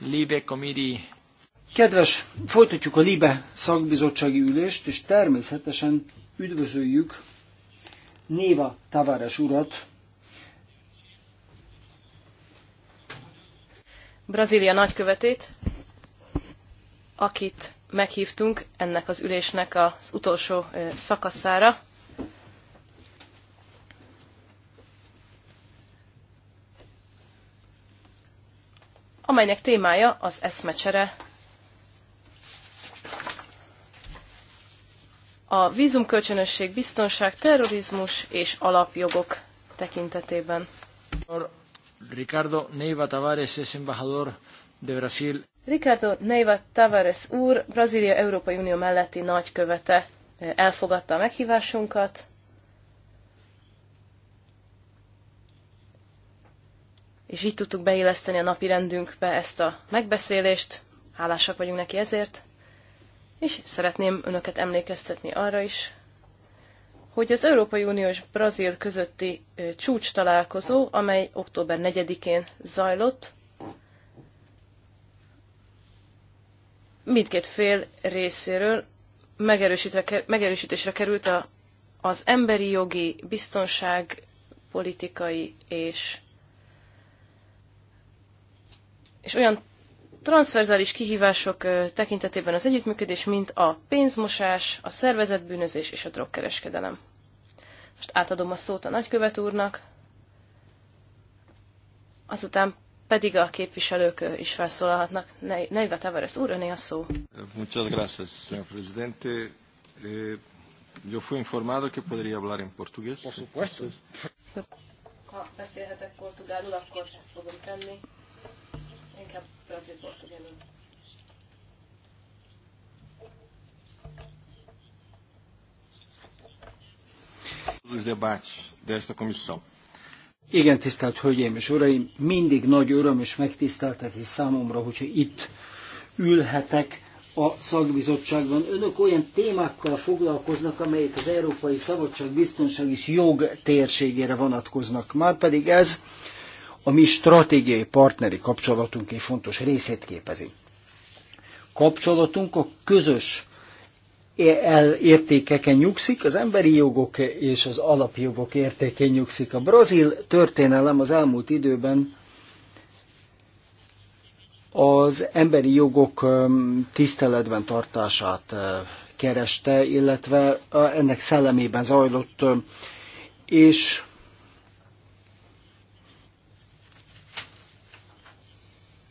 [SPEAKER 1] Libe committee. Kedves,
[SPEAKER 2] folytatjuk a Libe szakbizottsági ülést, és természetesen üdvözöljük Néva Tavares urat.
[SPEAKER 5] Brazília nagykövetét, akit meghívtunk ennek az ülésnek az utolsó szakaszára. amelynek témája az eszmecsere. A vízumkölcsönösség, biztonság, terrorizmus és alapjogok tekintetében.
[SPEAKER 1] Ricardo Neiva Tavares es embajador de Brasil.
[SPEAKER 5] Ricardo Neiva Tavares úr, Brazília Európai Unió melletti nagykövete eh, elfogadta a meghívásunkat, és így tudtuk beilleszteni a napi rendünkbe ezt a megbeszélést. Hálásak vagyunk neki ezért, és szeretném önöket emlékeztetni arra is, hogy az Európai Unió és Brazil közötti csúcs találkozó, amely október 4-én zajlott, mindkét fél részéről megerősítésre került a, az emberi jogi, biztonságpolitikai és és olyan transzverzális kihívások tekintetében az együttműködés, mint a pénzmosás, a szervezetbűnözés és a drogkereskedelem. Most átadom a szót a nagykövet úrnak, azután pedig a képviselők is felszólalhatnak. Neiva Tavares úr, öné a szó.
[SPEAKER 1] Muchas gracias, señor presidente. Eh, yo fui informado que podría hablar en portugués. Por supuesto.
[SPEAKER 5] Ha beszélhetek portugálul, akkor ezt fogom tenni a brazil portugálon.
[SPEAKER 2] Os Igen, tisztelt Hölgyeim és Uraim, mindig nagy öröm és megtiszteltetés számomra, hogyha itt ülhetek a szakbizottságban. Önök olyan témákkal foglalkoznak, amelyek az Európai Szabadság Biztonság és Jog térségére vonatkoznak. Márpedig ez a mi stratégiai partneri kapcsolatunk egy fontos részét képezi. Kapcsolatunk a közös értékeken nyugszik, az emberi jogok és az alapjogok értékén nyugszik. A brazil történelem az elmúlt időben az emberi jogok tiszteletben tartását kereste, illetve ennek szellemében zajlott, és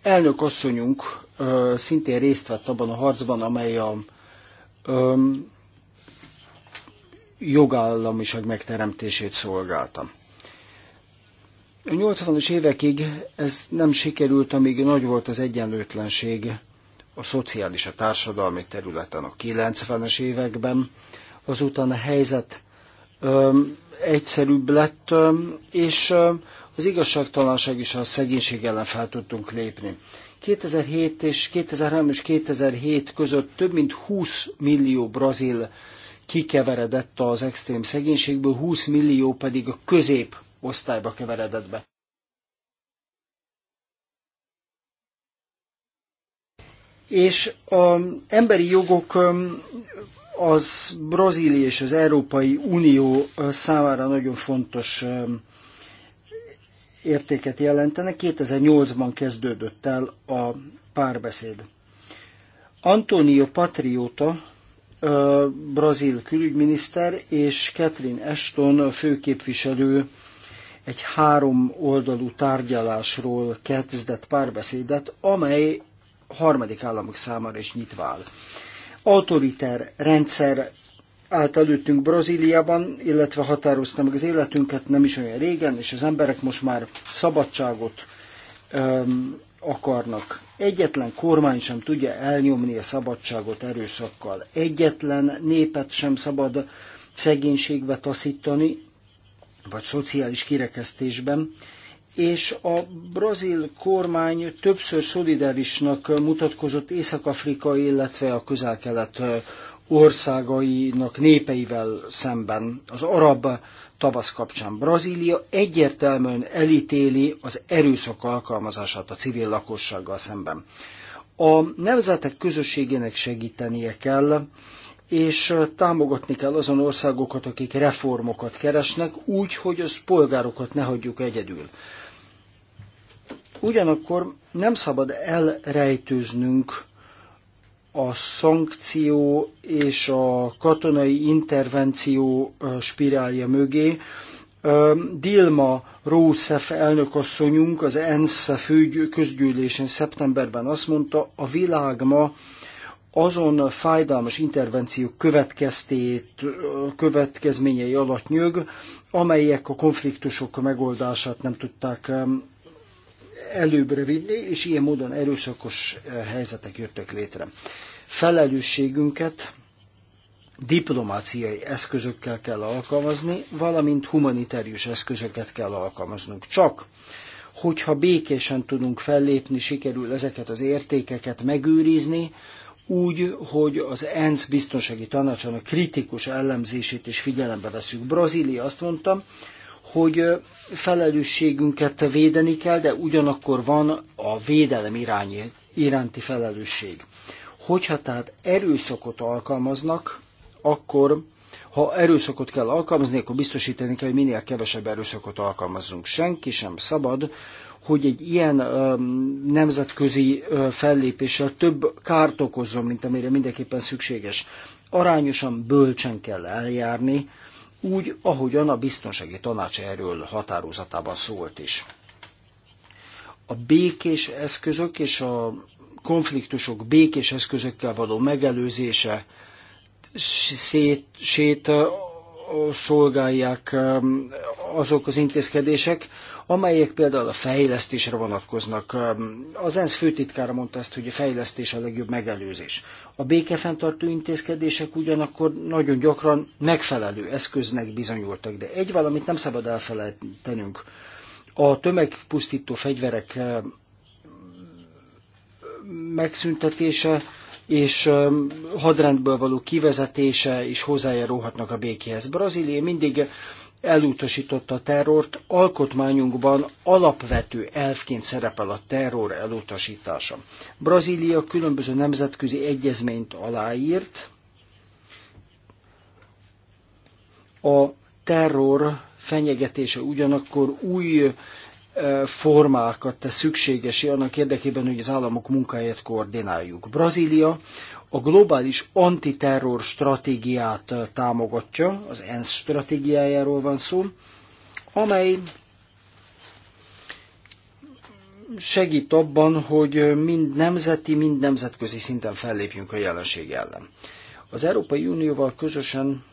[SPEAKER 2] Elnök asszonyunk szintén részt vett abban a harcban, amely a öm, jogállamiság megteremtését szolgálta. A 80-as évekig ez nem sikerült, amíg nagy volt az egyenlőtlenség a szociális, a társadalmi területen a 90-es években. Azután a helyzet egyszerűbb lett, és az igazságtalanság és a szegénység ellen fel tudtunk lépni. 2007 és 2003 és 2007 között több mint 20 millió brazil kikeveredett az extrém szegénységből, 20 millió pedig a közép osztályba keveredett be. És az um, emberi jogok um, az Brazília és az Európai Unió uh, számára nagyon fontos um, értéket jelentenek. 2008-ban kezdődött el a párbeszéd. Antonio Patriota, brazil külügyminiszter, és Catherine Ashton főképviselő egy három oldalú tárgyalásról kezdett párbeszédet, amely harmadik államok számára is nyitva áll. Autoriter rendszer állt előttünk Brazíliában, illetve határozta meg az életünket nem is olyan régen, és az emberek most már szabadságot öm, akarnak. Egyetlen kormány sem tudja elnyomni a szabadságot erőszakkal. Egyetlen népet sem szabad szegénységbe taszítani, vagy szociális kirekesztésben, és a brazil kormány többször szolidárisnak mutatkozott Észak-Afrika, illetve a közel-kelet országainak népeivel szemben az arab tavasz kapcsán. Brazília egyértelműen elítéli az erőszak alkalmazását a civil lakossággal szemben. A nemzetek közösségének segítenie kell, és támogatni kell azon országokat, akik reformokat keresnek, úgy, hogy az polgárokat ne hagyjuk egyedül. Ugyanakkor nem szabad elrejtőznünk a szankció és a katonai intervenció spirálja mögé. Dilma Rousseff elnökasszonyunk az ENSZ közgyűlésén szeptemberben azt mondta, a világ ma azon fájdalmas intervenciók következtét, következményei alatt nyög, amelyek a konfliktusok megoldását nem tudták előbbre vinni, és ilyen módon erőszakos eh, helyzetek jöttek létre. Felelősségünket diplomáciai eszközökkel kell alkalmazni, valamint humanitárius eszközöket kell alkalmaznunk. Csak hogyha békésen tudunk fellépni, sikerül ezeket az értékeket megőrizni, úgy, hogy az ENSZ biztonsági tanácsának kritikus ellenzését is figyelembe veszük. Brazília azt mondta, hogy felelősségünket védeni kell, de ugyanakkor van a védelem irányi, iránti felelősség. Hogyha tehát erőszakot alkalmaznak, akkor ha erőszakot kell alkalmazni, akkor biztosítani kell, hogy minél kevesebb erőszakot alkalmazzunk. Senki sem szabad, hogy egy ilyen ö, nemzetközi ö, fellépéssel több kárt okozzon, mint amire mindenképpen szükséges. Arányosan, bölcsen kell eljárni, úgy, ahogyan a biztonsági tanács erről határozatában szólt is. A békés eszközök és a konfliktusok békés eszközökkel való megelőzése szét, szét szolgálják um, azok az intézkedések, amelyek például a fejlesztésre vonatkoznak. Az ENSZ főtitkára mondta ezt, hogy a fejlesztés a legjobb megelőzés. A békefenntartó intézkedések ugyanakkor nagyon gyakran megfelelő eszköznek bizonyultak, de egy valamit nem szabad elfelejtenünk. A tömegpusztító fegyverek megszüntetése és hadrendből való kivezetése is hozzájárulhatnak a békéhez. Brazília mindig elutasította a terrort, alkotmányunkban alapvető elfként szerepel a terror elutasítása. Brazília különböző nemzetközi egyezményt aláírt, a terror fenyegetése ugyanakkor új e, formákat tesz szükségesé annak érdekében, hogy az államok munkáját koordináljuk. Brazília a globális antiterror stratégiát támogatja, az ENSZ stratégiájáról van szó, amely segít abban, hogy mind nemzeti, mind nemzetközi szinten fellépjünk a jelenség ellen. Az Európai Unióval közösen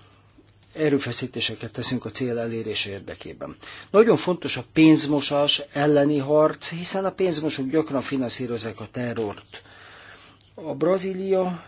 [SPEAKER 2] erőfeszítéseket teszünk a cél elérése érdekében. Nagyon fontos a pénzmosás elleni harc, hiszen a pénzmosok gyakran finanszírozzák a terrort, a Brazília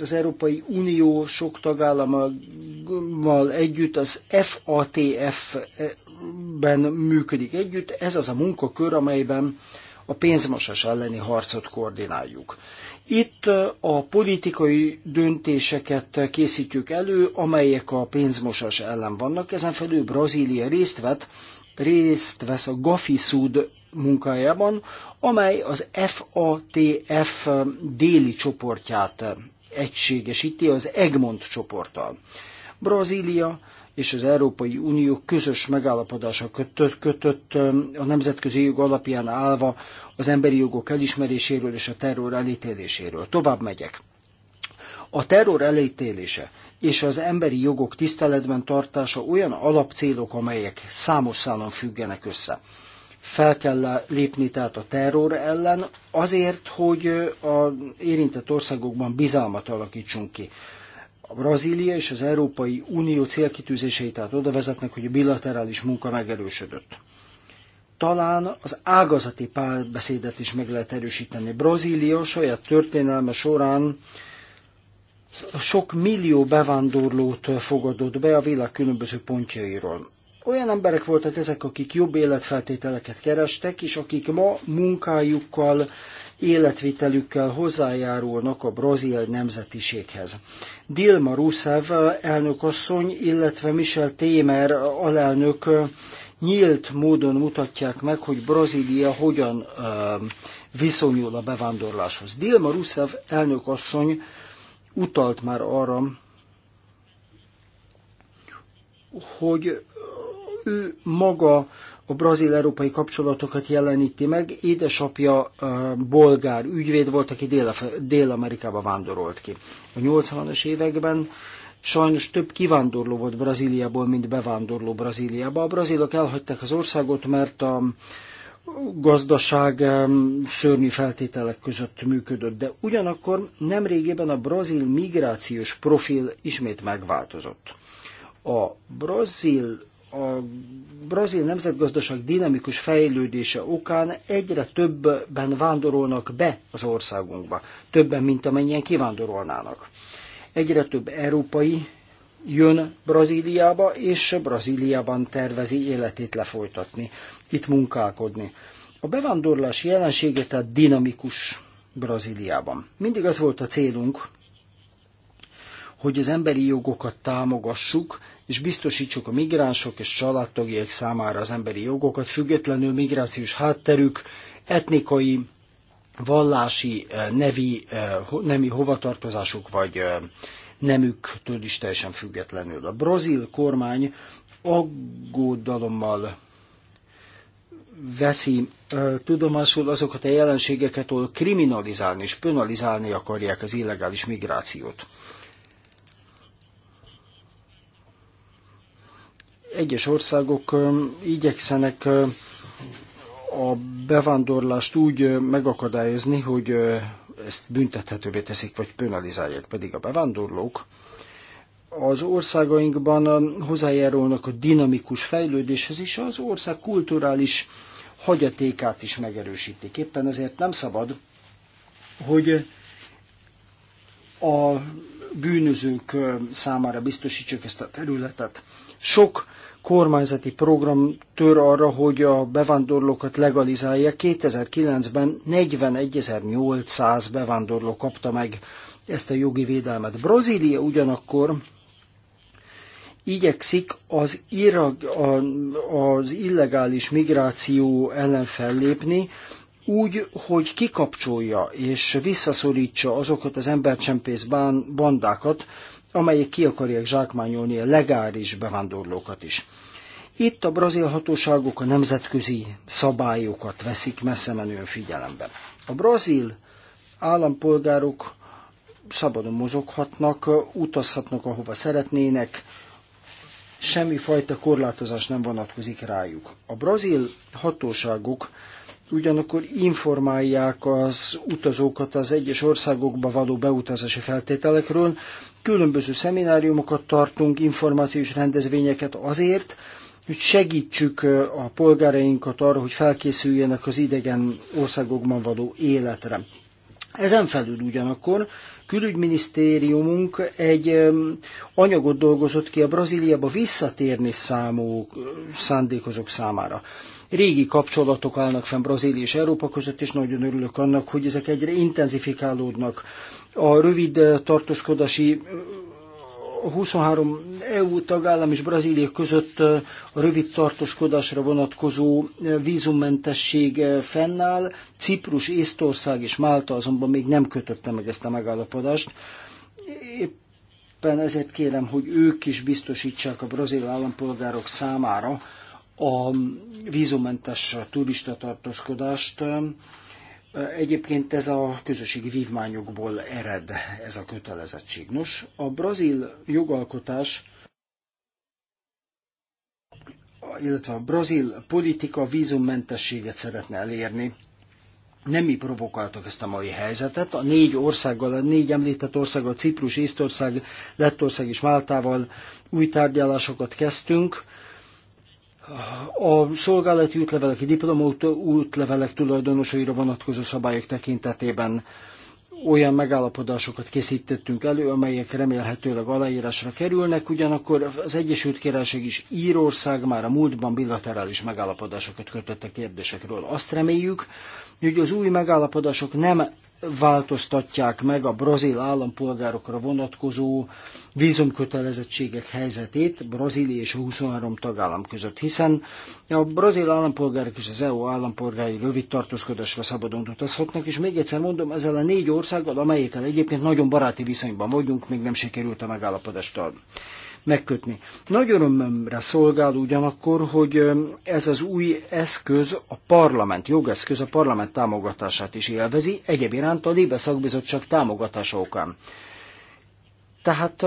[SPEAKER 2] az Európai Unió sok tagállammal együtt az FATF-ben működik együtt. Ez az a munkakör, amelyben a pénzmosás elleni harcot koordináljuk. Itt a politikai döntéseket készítjük elő, amelyek a pénzmosás ellen vannak. Ezen felül Brazília részt vett, részt vesz a Gafi Sud munkájában, amely az FATF déli csoportját egységesíti az Egmont csoporttal. Brazília és az Európai Unió közös megállapodása kötött, kötött a nemzetközi jog alapján állva az emberi jogok elismeréséről és a terror elítéléséről. Tovább megyek. A terror elítélése és az emberi jogok tiszteletben tartása olyan alapcélok, amelyek számos szálon függenek össze fel kell lépni tehát a terror ellen, azért, hogy a érintett országokban bizalmat alakítsunk ki. A Brazília és az Európai Unió célkitűzései tehát oda vezetnek, hogy a bilaterális munka megerősödött. Talán az ágazati párbeszédet is meg lehet erősíteni. Brazília saját történelme során sok millió bevándorlót fogadott be a világ különböző pontjairól. Olyan emberek voltak ezek, akik jobb életfeltételeket kerestek, és akik ma munkájukkal, életvitelükkel hozzájárulnak a brazil nemzetiséghez. Dilma Rousseff elnökasszony, illetve Michel Témer alelnök nyílt módon mutatják meg, hogy Brazília hogyan viszonyul a bevándorláshoz. Dilma Rousseff elnökasszony utalt már arra, hogy ő maga a brazil-európai kapcsolatokat jeleníti meg. Édesapja bolgár ügyvéd volt, aki Dél-Amerikába vándorolt ki. A 80-as években sajnos több kivándorló volt Brazíliából, mint bevándorló Brazíliába. A brazilok elhagyták az országot, mert a gazdaság szörnyű feltételek között működött, de ugyanakkor nemrégében a brazil migrációs profil ismét megváltozott. A brazil a brazil nemzetgazdaság dinamikus fejlődése okán egyre többen vándorolnak be az országunkba, többen, mint amennyien kivándorolnának. Egyre több európai jön Brazíliába, és Brazíliában tervezi életét lefolytatni, itt munkálkodni. A bevándorlás jelensége tehát dinamikus Brazíliában. Mindig az volt a célunk, hogy az emberi jogokat támogassuk, és biztosítsuk a migránsok és családtagjaik számára az emberi jogokat, függetlenül migrációs hátterük, etnikai, vallási, eh, nevi, eh, nemi hovatartozásuk vagy eh, nemüktől is teljesen függetlenül. A brazil kormány aggódalommal veszi tudomásul azokat a jelenségeket, ahol kriminalizálni és penalizálni akarják az illegális migrációt. Egyes országok igyekszenek a bevándorlást úgy megakadályozni, hogy ezt büntethetővé teszik, vagy penalizálják pedig a bevándorlók, az országainkban hozzájárulnak a dinamikus fejlődéshez, és az ország kulturális hagyatékát is megerősítik. Éppen ezért nem szabad, hogy a bűnözők számára biztosítsuk ezt a területet. Sok kormányzati program tör arra, hogy a bevándorlókat legalizálja. 2009-ben 41.800 bevándorló kapta meg ezt a jogi védelmet. Brazília ugyanakkor igyekszik az, irag, a, az illegális migráció ellen fellépni, úgy, hogy kikapcsolja és visszaszorítsa azokat az embercsempész bandákat, amelyek ki akarják zsákmányolni a legális bevándorlókat is. Itt a brazil hatóságok a nemzetközi szabályokat veszik messze menően figyelembe. A brazil állampolgárok szabadon mozoghatnak, utazhatnak ahova szeretnének, Semmi fajta korlátozás nem vonatkozik rájuk. A brazil hatóságok ugyanakkor informálják az utazókat az egyes országokba való beutazási feltételekről, Különböző szemináriumokat tartunk, információs rendezvényeket azért, hogy segítsük a polgárainkat arra, hogy felkészüljenek az idegen országokban való életre. Ezen felül ugyanakkor külügyminisztériumunk egy anyagot dolgozott ki a Brazíliába visszatérni számú szándékozók számára. Régi kapcsolatok állnak fenn Brazília és Európa között, és nagyon örülök annak, hogy ezek egyre intenzifikálódnak. A rövid eh, tartózkodási 23 eh, EU tagállam és Brazília között eh, a rövid tartózkodásra vonatkozó vízummentesség fennáll. Ciprus, Észtország és Málta azonban még nem kötötte meg ezt a megállapodást. Éppen ezért kérem, hogy ők is biztosítsák a brazil állampolgárok számára, a vízumentes turista tartózkodást. Egyébként ez a közösségi vívmányokból ered ez a kötelezettség. Nos, a brazil jogalkotás, illetve a brazil politika vízummentességet szeretne elérni. Nem mi provokáltuk ezt a mai helyzetet. A négy országgal, a négy említett országgal, Ciprus, Észtország, Lettország és Máltával új tárgyalásokat kezdtünk a szolgálati útlevelek, a diplomóta útlevelek tulajdonosaira vonatkozó szabályok tekintetében olyan megállapodásokat készítettünk elő, amelyek remélhetőleg aláírásra kerülnek, ugyanakkor az Egyesült Királyság és Írország már a múltban bilaterális megállapodásokat kötött a kérdésekről. Azt reméljük, hogy az új megállapodások nem változtatják meg a brazil állampolgárokra vonatkozó vízumkötelezettségek helyzetét Brazília és a 23 tagállam között, hiszen a brazil állampolgárok és az EU állampolgári rövid tartózkodásra szabadon utazhatnak, és még egyszer mondom, ezzel a négy országgal, amelyekkel egyébként nagyon baráti viszonyban vagyunk, még nem sikerült a megállapodást megkötni. Nagy örömömre szolgál ugyanakkor, hogy ez az új eszköz a parlament, jogeszköz a parlament támogatását is élvezi, egyéb iránt a Libe szakbizottság támogatásokán. Tehát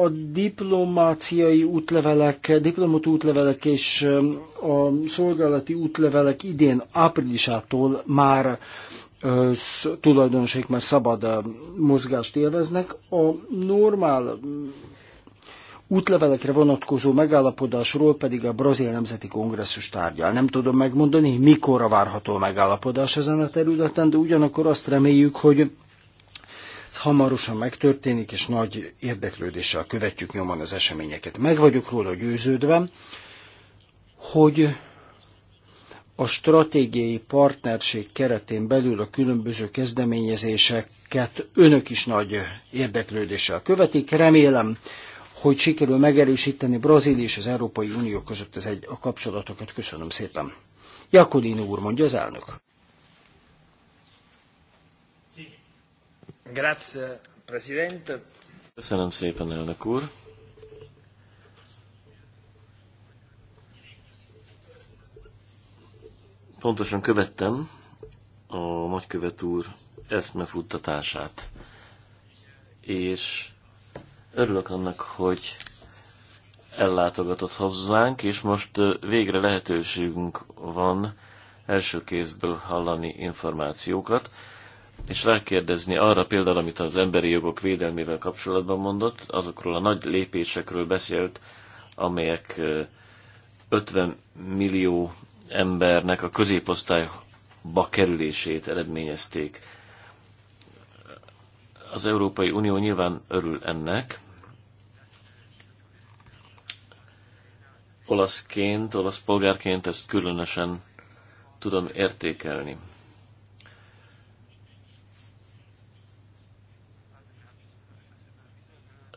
[SPEAKER 2] a diplomáciai útlevelek, diplomat útlevelek és a szolgálati útlevelek idén áprilisától már tulajdonosok már szabad mozgást élveznek. A normál útlevelekre vonatkozó megállapodásról pedig a Brazil Nemzeti Kongresszus tárgyal. Nem tudom megmondani, mikorra várható megállapodás ezen a területen, de ugyanakkor azt reméljük, hogy ez hamarosan megtörténik, és nagy érdeklődéssel követjük nyomon az eseményeket. Meg vagyok róla győződve, hogy a stratégiai partnerség keretén belül a különböző kezdeményezéseket önök is nagy érdeklődéssel követik. Remélem, hogy sikerül megerősíteni Brazília és az Európai Unió között az egy, a kapcsolatokat. Köszönöm szépen. Jakolino úr, mondja az elnök.
[SPEAKER 1] Grazie, Presidente.
[SPEAKER 4] Köszönöm szépen, elnök úr. Pontosan követtem a nagykövet úr eszmefuttatását, és Örülök annak, hogy ellátogatott hozzánk, és most végre lehetőségünk van első kézből hallani információkat, és rákérdezni arra például, amit az emberi jogok védelmével kapcsolatban mondott, azokról a nagy lépésekről beszélt, amelyek 50 millió embernek a középosztályba kerülését eredményezték az Európai Unió nyilván örül ennek. Olaszként, olasz polgárként ezt különösen tudom értékelni.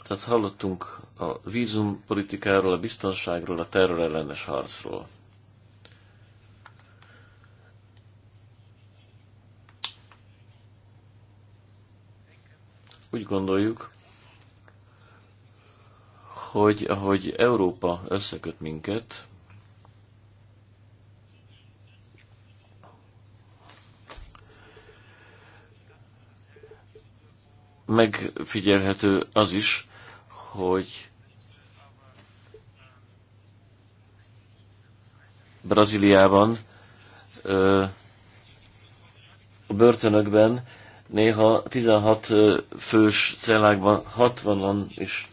[SPEAKER 4] Tehát hallottunk a vízumpolitikáról, a biztonságról, a terrorellenes harcról. Úgy gondoljuk, hogy ahogy Európa összeköt minket, megfigyelhető az is, hogy Brazíliában a börtönökben Néha 16 fős cellákban 60-an is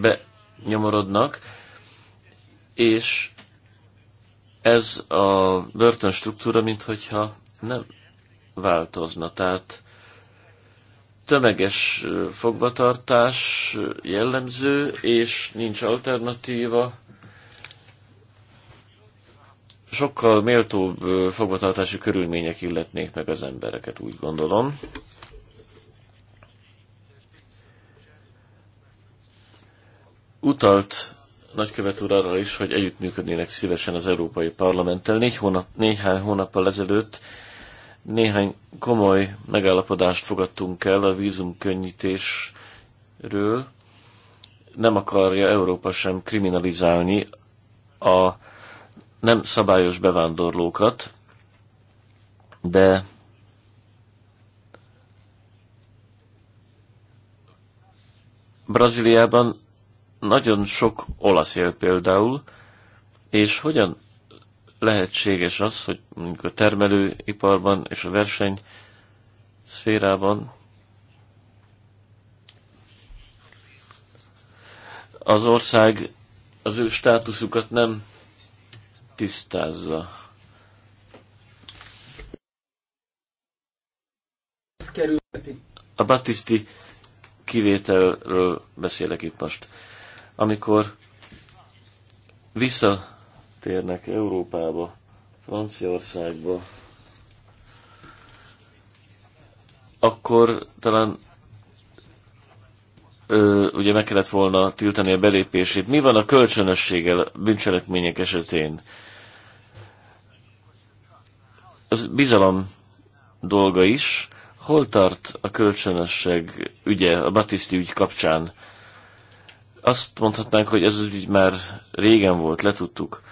[SPEAKER 4] benyomorodnak, és ez a börtönstruktúra, minthogyha nem változna. Tehát tömeges fogvatartás jellemző, és nincs alternatíva sokkal méltóbb fogvatartási körülmények illetnék meg az embereket, úgy gondolom. Utalt nagykövet úr arra is, hogy együttműködnének szívesen az Európai Parlamenttel. Négy hónap, néhány hónappal ezelőtt néhány komoly megállapodást fogadtunk el a vízumkönnyítésről. Nem akarja Európa sem kriminalizálni a nem szabályos bevándorlókat, de Brazíliában nagyon sok olasz él például, és hogyan lehetséges az, hogy mondjuk a termelőiparban és a verseny szférában az ország az ő státuszukat nem tisztázza. A batiszti kivételről beszélek itt most. Amikor visszatérnek Európába, Franciaországba, akkor talán ö, ugye meg kellett volna tiltani a belépését. Mi van a kölcsönösséggel bűncselekmények esetén? az bizalom dolga is. Hol tart a kölcsönösség ügye a Batiszti ügy kapcsán? Azt mondhatnánk, hogy ez az ügy már régen volt, letudtuk.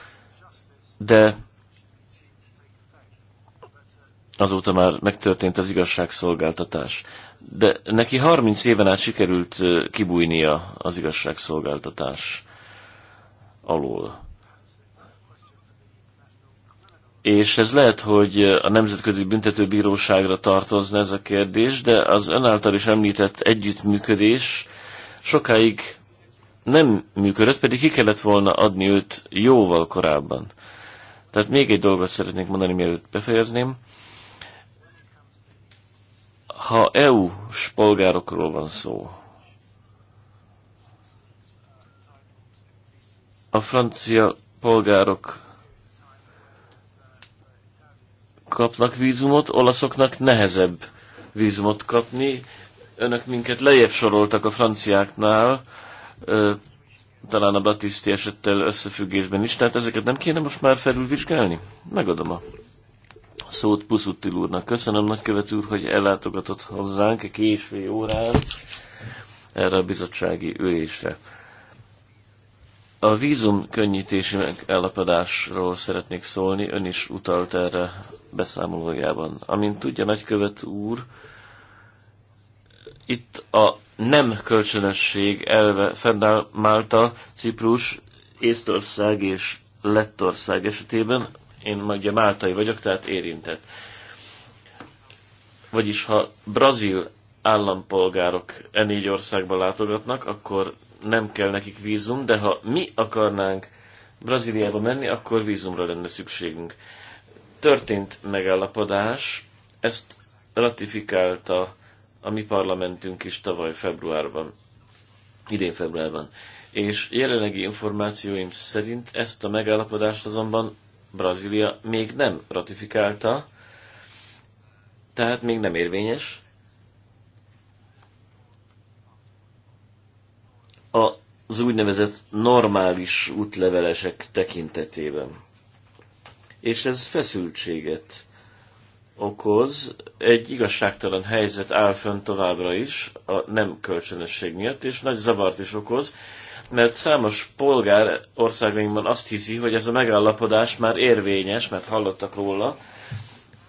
[SPEAKER 4] De azóta már megtörtént az igazságszolgáltatás. De neki 30 éven át sikerült kibújnia az igazságszolgáltatás alól és ez lehet, hogy a Nemzetközi Büntetőbíróságra tartozna ez a kérdés, de az ön által is említett együttműködés sokáig nem működött, pedig ki kellett volna adni őt jóval korábban. Tehát még egy dolgot szeretnék mondani, mielőtt befejezném. Ha EU-s polgárokról van szó, a francia polgárok kapnak vízumot, olaszoknak nehezebb vízumot kapni. Önök minket lejjebb soroltak a franciáknál, talán a Batiszti esettel összefüggésben is, tehát ezeket nem kéne most már felülvizsgálni? Megadom a szót Puszuttil úrnak. Köszönöm, nagykövet úr, hogy ellátogatott hozzánk a késői órán erre a bizottsági ülésre. A vízum könnyítési megállapodásról szeretnék szólni, ön is utalt erre beszámolójában. Amint tudja, nagykövet úr, itt a nem kölcsönösség elve fennáll Málta, Ciprus, Észtország és Lettország esetében. Én ugye máltai vagyok, tehát érintett. Vagyis ha brazil állampolgárok e négy országba látogatnak, akkor nem kell nekik vízum, de ha mi akarnánk Brazíliába menni, akkor vízumra lenne szükségünk. Történt megállapodás, ezt ratifikálta a mi parlamentünk is tavaly februárban, idén februárban. És jelenlegi információim szerint ezt a megállapodást azonban Brazília még nem ratifikálta, tehát még nem érvényes, az úgynevezett normális útlevelesek tekintetében. És ez feszültséget okoz, egy igazságtalan helyzet áll fönn továbbra is, a nem kölcsönösség miatt, és nagy zavart is okoz, mert számos polgár országainkban azt hiszi, hogy ez a megállapodás már érvényes, mert hallottak róla,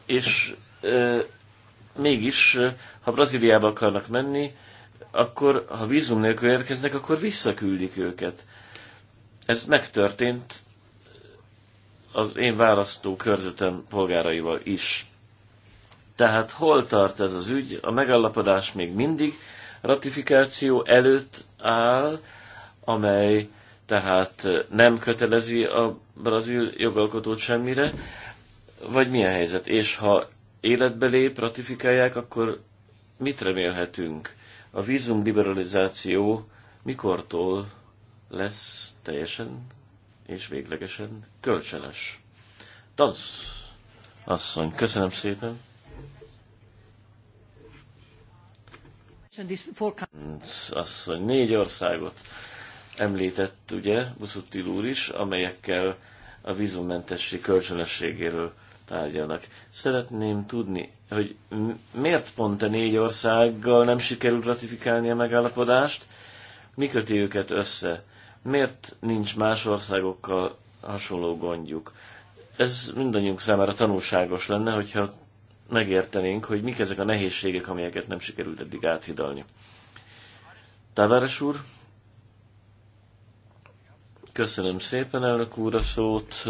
[SPEAKER 4] és e, mégis, ha Brazíliába akarnak menni, akkor ha vízum nélkül érkeznek, akkor visszaküldik őket. Ez megtörtént az én választó körzetem polgáraival is. Tehát hol tart ez az ügy? A megállapodás még mindig ratifikáció előtt áll, amely tehát nem kötelezi a brazil jogalkotót semmire, vagy milyen helyzet? És ha életbe lép, ratifikálják, akkor mit remélhetünk? a vízum liberalizáció mikortól lesz teljesen és véglegesen kölcsönös. Tansz asszony, köszönöm szépen. Asszony, négy országot említett, ugye, Buszutil úr is, amelyekkel a vízummentesség kölcsönösségéről tárgyalnak. Szeretném tudni, hogy miért pont a négy országgal nem sikerült ratifikálni a megállapodást, mi köti őket össze, miért nincs más országokkal hasonló gondjuk. Ez mindannyiunk számára tanulságos lenne, hogyha megértenénk, hogy mik ezek a nehézségek, amelyeket nem sikerült eddig áthidalni. Tavares úr, köszönöm szépen elnök úr a szót.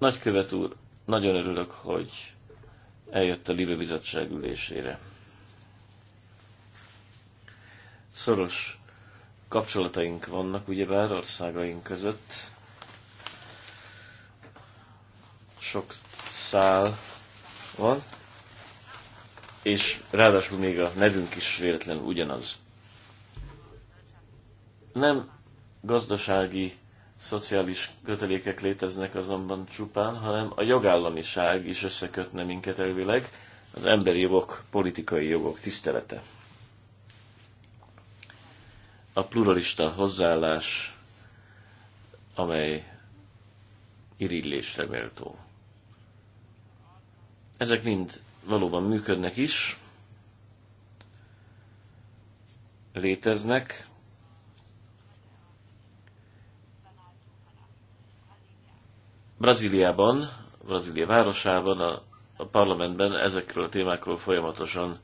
[SPEAKER 4] Nagykövet úr, nagyon örülök, hogy eljött a Libe Bizottság ülésére. Szoros kapcsolataink vannak ugyebár országaink között. Sok szál van, és ráadásul még a nevünk is véletlenül ugyanaz. Nem gazdasági szociális kötelékek léteznek azonban csupán, hanem a jogállamiság is összekötne minket elvileg, az emberi jogok, politikai jogok tisztelete. A pluralista hozzáállás, amely irigylésre méltó. Ezek mind valóban működnek is, léteznek, Brazíliában, Brazília városában, a, a parlamentben ezekről a témákról folyamatosan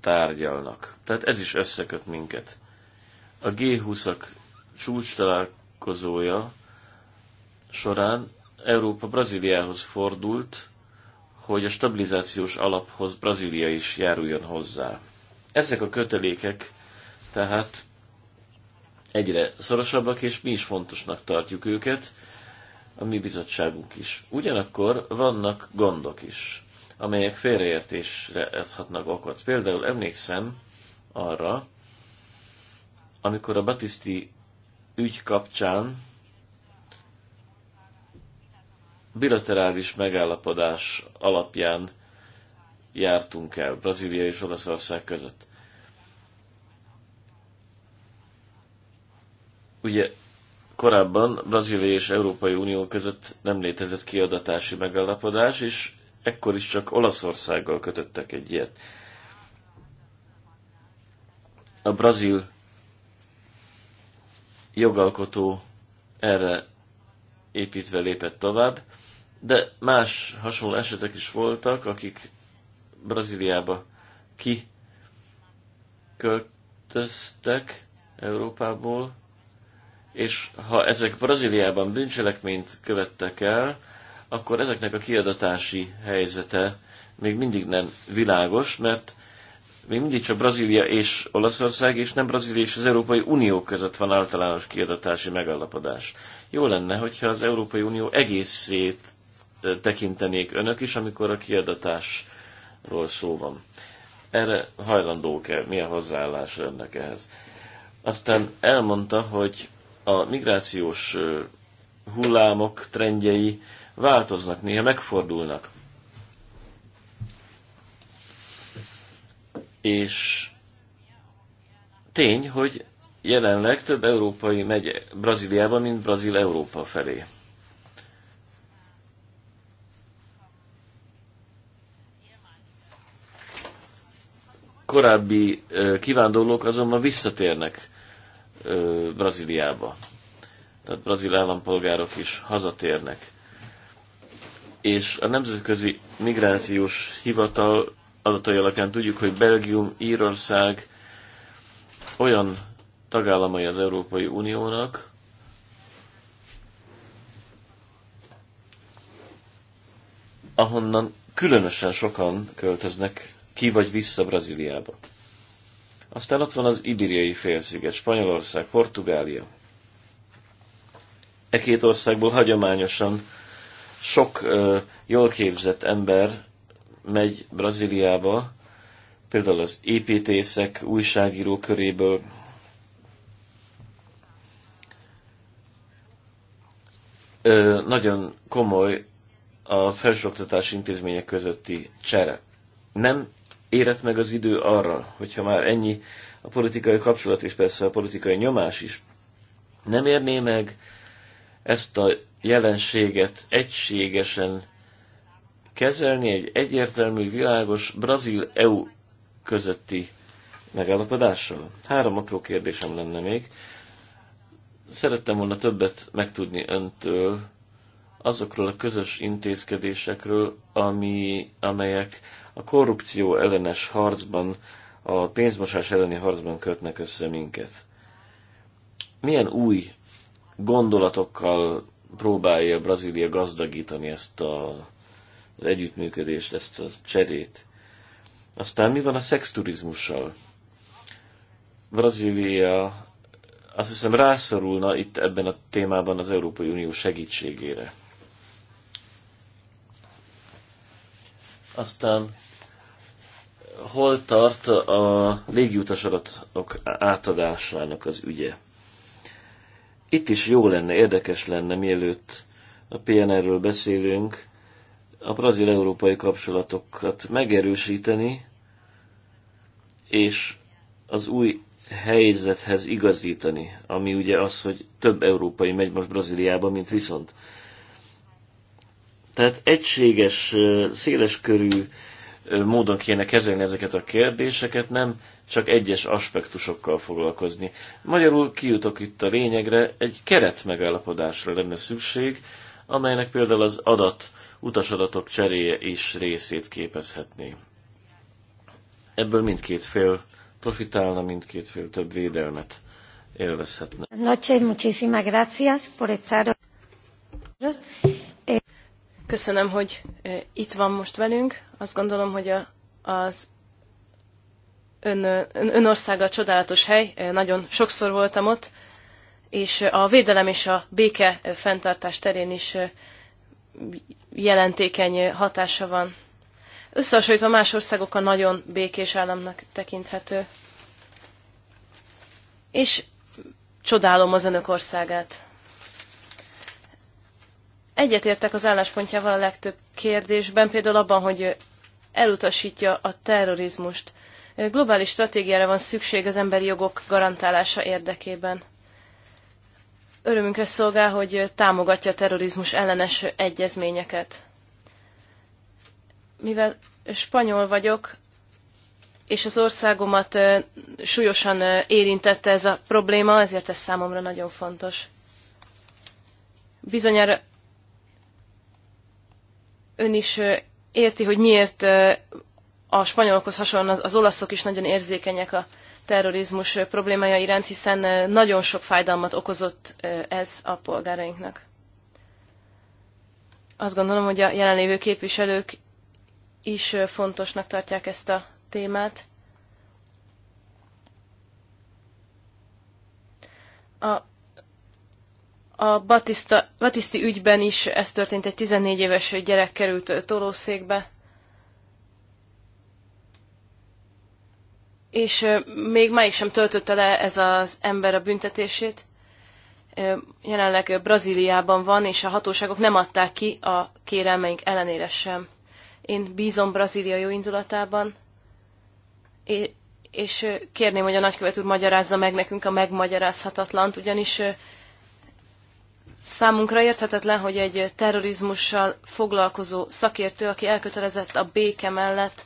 [SPEAKER 4] tárgyalnak. Tehát ez is összeköt minket. A G20-ak csúcs találkozója során Európa Brazíliához fordult, hogy a stabilizációs alaphoz Brazília is járuljon hozzá. Ezek a kötelékek tehát egyre szorosabbak, és mi is fontosnak tartjuk őket, a mi bizottságunk is. Ugyanakkor vannak gondok is, amelyek félreértésre adhatnak okot. Például emlékszem arra, amikor a Batiszti ügy kapcsán bilaterális megállapodás alapján jártunk el Brazília és Olaszország között. Ugye korábban Brazília és Európai Unió között nem létezett kiadatási megállapodás, és ekkor is csak Olaszországgal kötöttek egy ilyet. A brazil jogalkotó erre építve lépett tovább, de más hasonló esetek is voltak, akik Brazíliába ki költöztek Európából, és ha ezek Brazíliában bűncselekményt követtek el, akkor ezeknek a kiadatási helyzete még mindig nem világos, mert még mindig csak Brazília és Olaszország, és nem Brazília és az Európai Unió között van általános kiadatási megállapodás. Jó lenne, hogyha az Európai Unió egészét tekintenék önök is, amikor a kiadatásról szó van. Erre hajlandók-e? Mi a hozzáállás önnek ehhez? Aztán elmondta, hogy a migrációs hullámok trendjei változnak, néha megfordulnak. És tény, hogy jelenleg több európai megy Brazíliába, mint Brazil Európa felé. Korábbi kivándorlók azonban visszatérnek ö, Brazíliába. Tehát brazil állampolgárok is hazatérnek. És a Nemzetközi Migrációs Hivatal adatai alapján tudjuk, hogy Belgium, Írország olyan tagállamai az Európai Uniónak, ahonnan különösen sokan költöznek ki vagy vissza Brazíliába. Aztán ott van az Ibériai félsziget, Spanyolország, Portugália. E két országból hagyományosan sok ö, jól képzett ember megy Brazíliába, például az építészek, újságíró köréből. Ö, nagyon komoly a felsőoktatási intézmények közötti csere. Nem érett meg az idő arra, hogyha már ennyi a politikai kapcsolat és persze a politikai nyomás is, nem érné meg ezt a jelenséget egységesen kezelni egy egyértelmű, világos Brazil-EU közötti megállapodással? Három apró kérdésem lenne még. Szerettem volna többet megtudni öntől azokról a közös intézkedésekről, ami, amelyek a korrupció ellenes harcban, a pénzmosás elleni harcban kötnek össze minket. Milyen új gondolatokkal próbálja Brazília gazdagítani ezt a, az együttműködést, ezt a cserét? Aztán mi van a szexturizmussal? Brazília azt hiszem rászorulna itt ebben a témában az Európai Unió segítségére. Aztán hol tart a légiutas adatok átadásának az ügye? Itt is jó lenne, érdekes lenne, mielőtt a PNR-ről beszélünk, a brazil-európai kapcsolatokat megerősíteni, és az új helyzethez igazítani, ami ugye az, hogy több európai megy most Brazíliába, mint viszont tehát egységes, széleskörű módon kéne kezelni ezeket a kérdéseket, nem csak egyes aspektusokkal foglalkozni. Magyarul kijutok itt a lényegre, egy keret megállapodásra lenne szükség, amelynek például az adat, utasadatok cseréje is részét képezhetné. Ebből mindkét fél profitálna, mindkét fél több védelmet élvezhetne.
[SPEAKER 5] Noche, muchísimas gracias por estar... Köszönöm, hogy itt van most velünk. Azt gondolom, hogy a, az ön, ön, önországa csodálatos hely, nagyon sokszor voltam ott, és a védelem és a béke fenntartás terén is jelentékeny hatása van. Összehasonlítva más országokkal nagyon békés államnak tekinthető. És csodálom az önök országát. Egyetértek az álláspontjával a legtöbb kérdésben, például abban, hogy elutasítja a terrorizmust. Globális stratégiára van szükség az emberi jogok garantálása érdekében. Örömünkre szolgál, hogy támogatja a terrorizmus ellenes egyezményeket. Mivel spanyol vagyok, és az országomat súlyosan érintette ez a probléma, ezért ez számomra nagyon fontos. Bizonyára ön is érti, hogy miért a spanyolokhoz hasonlóan az, az olaszok is nagyon érzékenyek a terrorizmus problémája iránt, hiszen nagyon sok fájdalmat okozott ez a polgárainknak. Azt gondolom, hogy a jelenlévő képviselők is fontosnak tartják ezt a témát. A a Batista, Batiszti ügyben is ez történt, egy 14 éves gyerek került tolószékbe. És még is sem töltötte le ez az ember a büntetését. Jelenleg Brazíliában van, és a hatóságok nem adták ki a kérelmeink ellenére sem. Én bízom Brazília jó indulatában, és kérném, hogy a nagykövet úr magyarázza meg nekünk a megmagyarázhatatlant, ugyanis Számunkra érthetetlen, hogy egy terrorizmussal foglalkozó szakértő, aki elkötelezett a béke mellett,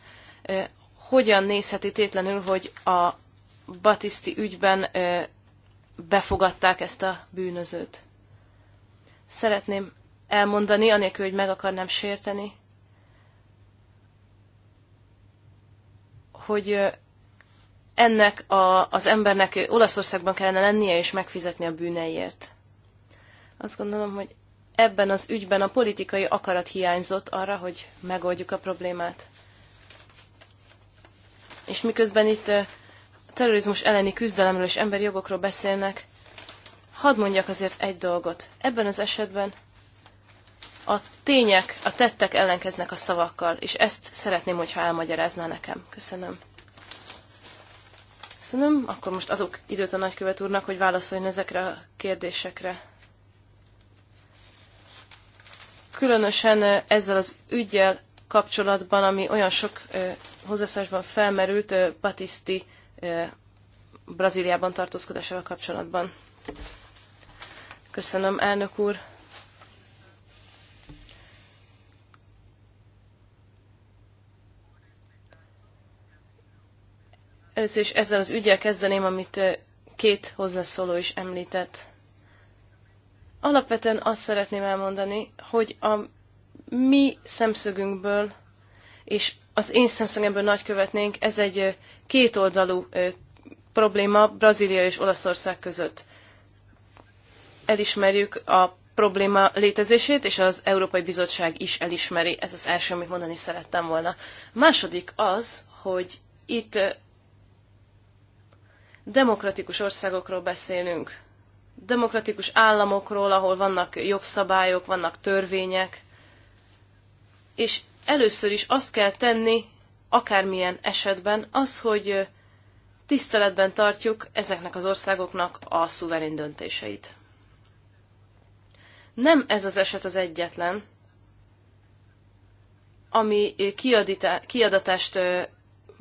[SPEAKER 5] hogyan nézheti tétlenül, hogy a Batiszti ügyben befogadták ezt a bűnözőt. Szeretném elmondani, anélkül, hogy meg akarnám sérteni, hogy ennek a, az embernek Olaszországban kellene lennie és megfizetni a bűneiért. Azt gondolom, hogy ebben az ügyben a politikai akarat hiányzott arra, hogy megoldjuk a problémát. És miközben itt a terrorizmus elleni küzdelemről és emberi jogokról beszélnek, hadd mondjak azért egy dolgot. Ebben az esetben a tények, a tettek ellenkeznek a szavakkal, és ezt szeretném, hogyha elmagyarázná nekem. Köszönöm. Köszönöm. Akkor most adok időt a nagykövet úrnak, hogy válaszoljon ezekre a kérdésekre különösen ezzel az ügyel kapcsolatban, ami olyan sok hozzászásban felmerült, Batisti Brazíliában tartózkodásával kapcsolatban. Köszönöm, elnök úr. Először is ezzel az ügyel kezdeném, amit két hozzászóló is említett. Alapvetően azt szeretném elmondani, hogy a mi szemszögünkből, és az én szemszögemből nagykövetnénk, ez egy kétoldalú probléma Brazília és Olaszország között. Elismerjük a probléma létezését, és az Európai Bizottság is elismeri. Ez az első, amit mondani szerettem volna. A második az, hogy itt demokratikus országokról beszélünk demokratikus államokról, ahol vannak jogszabályok, vannak törvények, és először is azt kell tenni, akármilyen esetben, az, hogy tiszteletben tartjuk ezeknek az országoknak a szuverén döntéseit. Nem ez az eset az egyetlen, ami kiadatást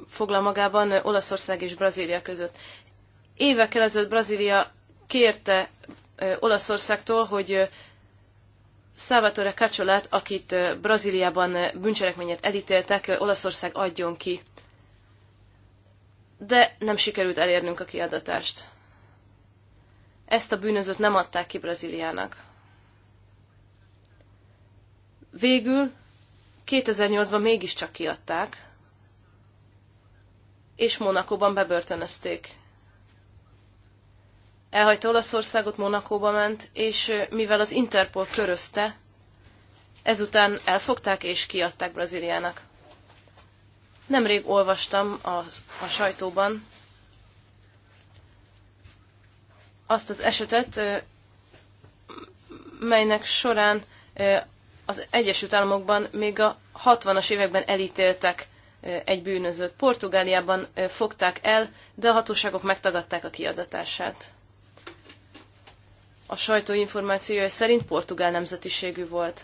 [SPEAKER 5] foglal magában Olaszország és Brazília között. Évekkel ezelőtt Brazília kérte Olaszországtól, hogy Salvatore Cacciolát, akit Brazíliában bűncselekményet elítéltek, Olaszország adjon ki. De nem sikerült elérnünk a kiadatást. Ezt a bűnözőt nem adták ki Brazíliának. Végül 2008-ban mégiscsak kiadták, és Monakóban bebörtönözték elhagyta Olaszországot, Monakóba ment, és mivel az Interpol körözte, ezután elfogták és kiadták Brazíliának. Nemrég olvastam a, a sajtóban azt az esetet, melynek során az Egyesült Államokban még a 60-as években elítéltek egy bűnözőt. Portugáliában fogták el, de a hatóságok megtagadták a kiadatását a sajtó információja szerint portugál nemzetiségű volt.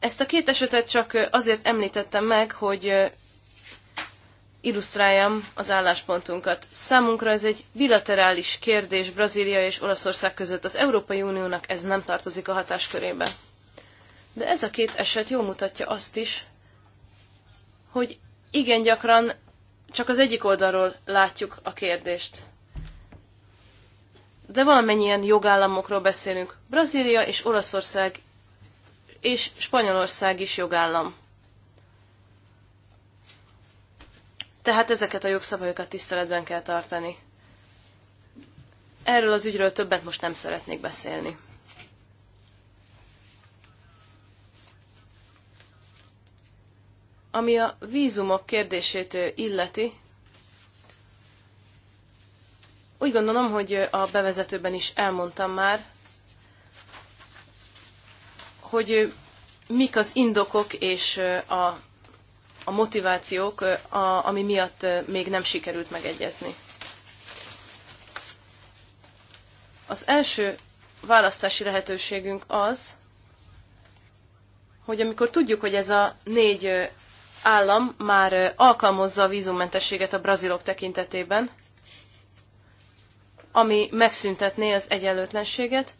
[SPEAKER 5] Ezt a két esetet csak azért említettem meg, hogy illusztráljam az álláspontunkat. Számunkra ez egy bilaterális kérdés Brazília és Olaszország között. Az Európai Uniónak ez nem tartozik a hatáskörébe. De ez a két eset jól mutatja azt is, hogy igen gyakran csak az egyik oldalról látjuk a kérdést. De valamennyien jogállamokról beszélünk. Brazília és Olaszország és Spanyolország is jogállam. Tehát ezeket a jogszabályokat tiszteletben kell tartani. Erről az ügyről többet most nem szeretnék beszélni. Ami a vízumok kérdését illeti, úgy gondolom, hogy a bevezetőben is elmondtam már, hogy mik az indokok és a, a motivációk, a, ami miatt még nem sikerült megegyezni. Az első választási lehetőségünk az, hogy amikor tudjuk, hogy ez a négy állam már alkalmazza a vízummentességet a brazilok tekintetében, ami megszüntetné az egyenlőtlenséget,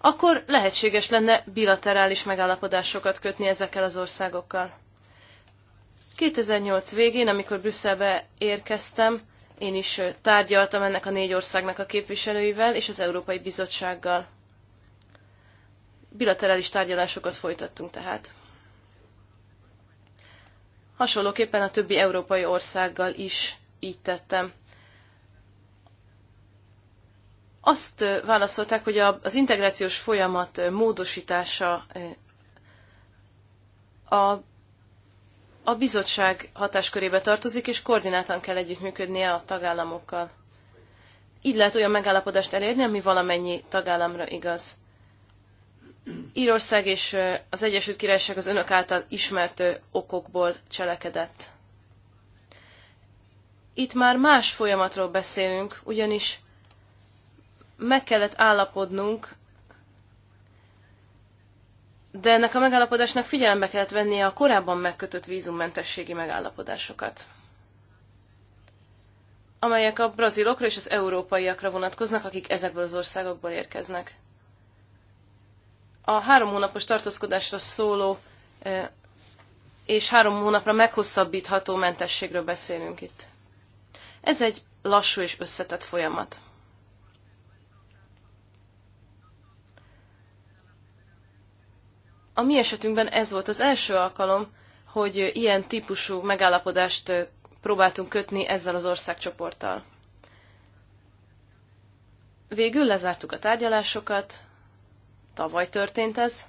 [SPEAKER 5] akkor lehetséges lenne bilaterális megállapodásokat kötni ezekkel az országokkal. 2008 végén, amikor Brüsszelbe érkeztem, én is tárgyaltam ennek a négy országnak a képviselőivel és az Európai Bizottsággal. Bilaterális tárgyalásokat folytattunk tehát. Hasonlóképpen a többi európai országgal is így tettem. Azt válaszolták, hogy az integrációs folyamat módosítása a, a bizottság hatáskörébe tartozik, és koordináltan kell együttműködnie a tagállamokkal. Így lehet olyan megállapodást elérni, ami valamennyi tagállamra igaz. Írország és az Egyesült Királyság az önök által ismert okokból cselekedett. Itt már más folyamatról beszélünk, ugyanis meg kellett állapodnunk, de ennek a megállapodásnak figyelembe kellett vennie a korábban megkötött vízummentességi megállapodásokat, amelyek a brazilokra és az európaiakra vonatkoznak, akik ezekből az országokból érkeznek a három hónapos tartózkodásra szóló és három hónapra meghosszabbítható mentességről beszélünk itt. Ez egy lassú és összetett folyamat. A mi esetünkben ez volt az első alkalom, hogy ilyen típusú megállapodást próbáltunk kötni ezzel az országcsoporttal. Végül lezártuk a tárgyalásokat, Tavaly történt ez.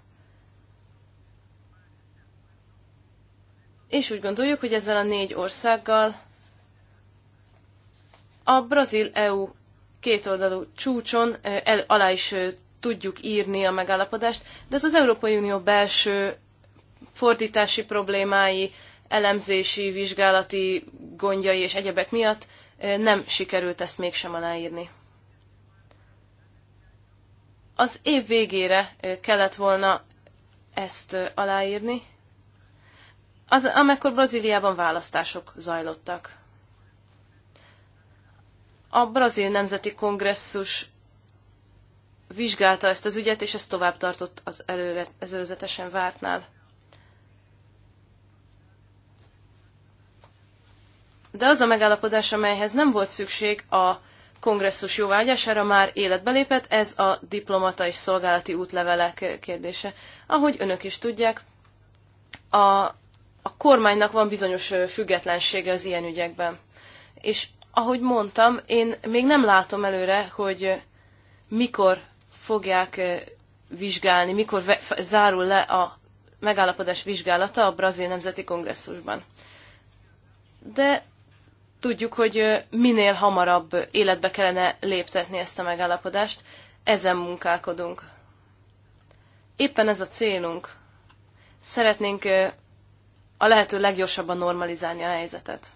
[SPEAKER 5] És úgy gondoljuk, hogy ezzel a négy országgal a Brazil-EU kétoldalú csúcson el, alá is tudjuk írni a megállapodást, de ez az Európai Unió belső fordítási problémái, elemzési, vizsgálati gondjai és egyebek miatt nem sikerült ezt mégsem aláírni. Az év végére kellett volna ezt aláírni, az, amikor Brazíliában választások zajlottak. A brazil nemzeti kongresszus vizsgálta ezt az ügyet, és ez tovább tartott az előre, előzetesen vártnál. De az a megállapodás, amelyhez nem volt szükség a kongresszus jóvágyására már életbe lépett, ez a diplomata és szolgálati útlevelek kérdése. Ahogy önök is tudják, a, a kormánynak van bizonyos függetlensége az ilyen ügyekben. És ahogy mondtam, én még nem látom előre, hogy mikor fogják vizsgálni, mikor zárul le a megállapodás vizsgálata a brazil nemzeti kongresszusban. De tudjuk, hogy minél hamarabb életbe kellene léptetni ezt a megállapodást, ezen munkálkodunk. Éppen ez a célunk. Szeretnénk a lehető leggyorsabban normalizálni a helyzetet.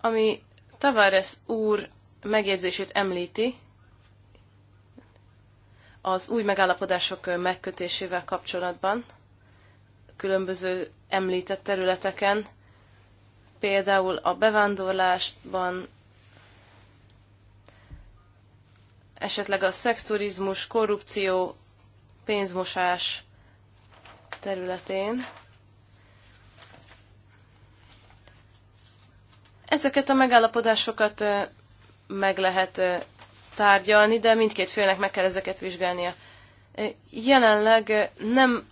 [SPEAKER 5] Ami Tavares úr megjegyzését említi az új megállapodások megkötésével kapcsolatban, különböző említett területeken, például a bevándorlásban, esetleg a szexturizmus, korrupció, pénzmosás területén. Ezeket a megállapodásokat meg lehet tárgyalni, de mindkét félnek meg kell ezeket vizsgálnia. Jelenleg nem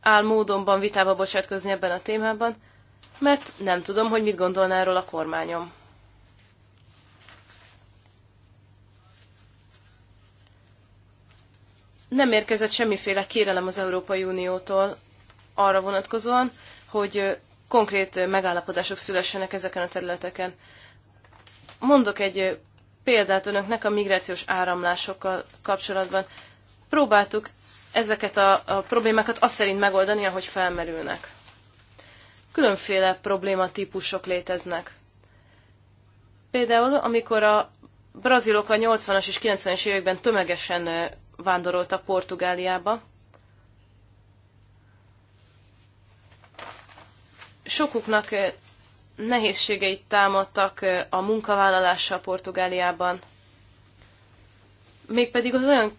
[SPEAKER 5] áll módonban vitába bocsátkozni ebben a témában, mert nem tudom, hogy mit gondolná erről a kormányom. Nem érkezett semmiféle kérelem az Európai Uniótól arra vonatkozóan, hogy konkrét megállapodások szülessenek ezeken a területeken. Mondok egy példát önöknek a migrációs áramlásokkal kapcsolatban. Próbáltuk ezeket a, a problémákat azt szerint megoldani, ahogy felmerülnek. Különféle problématípusok léteznek. Például, amikor a brazilok a 80-as és 90-es években tömegesen vándoroltak Portugáliába, sokuknak nehézségeit támadtak a munkavállalással Portugáliában. Mégpedig az olyan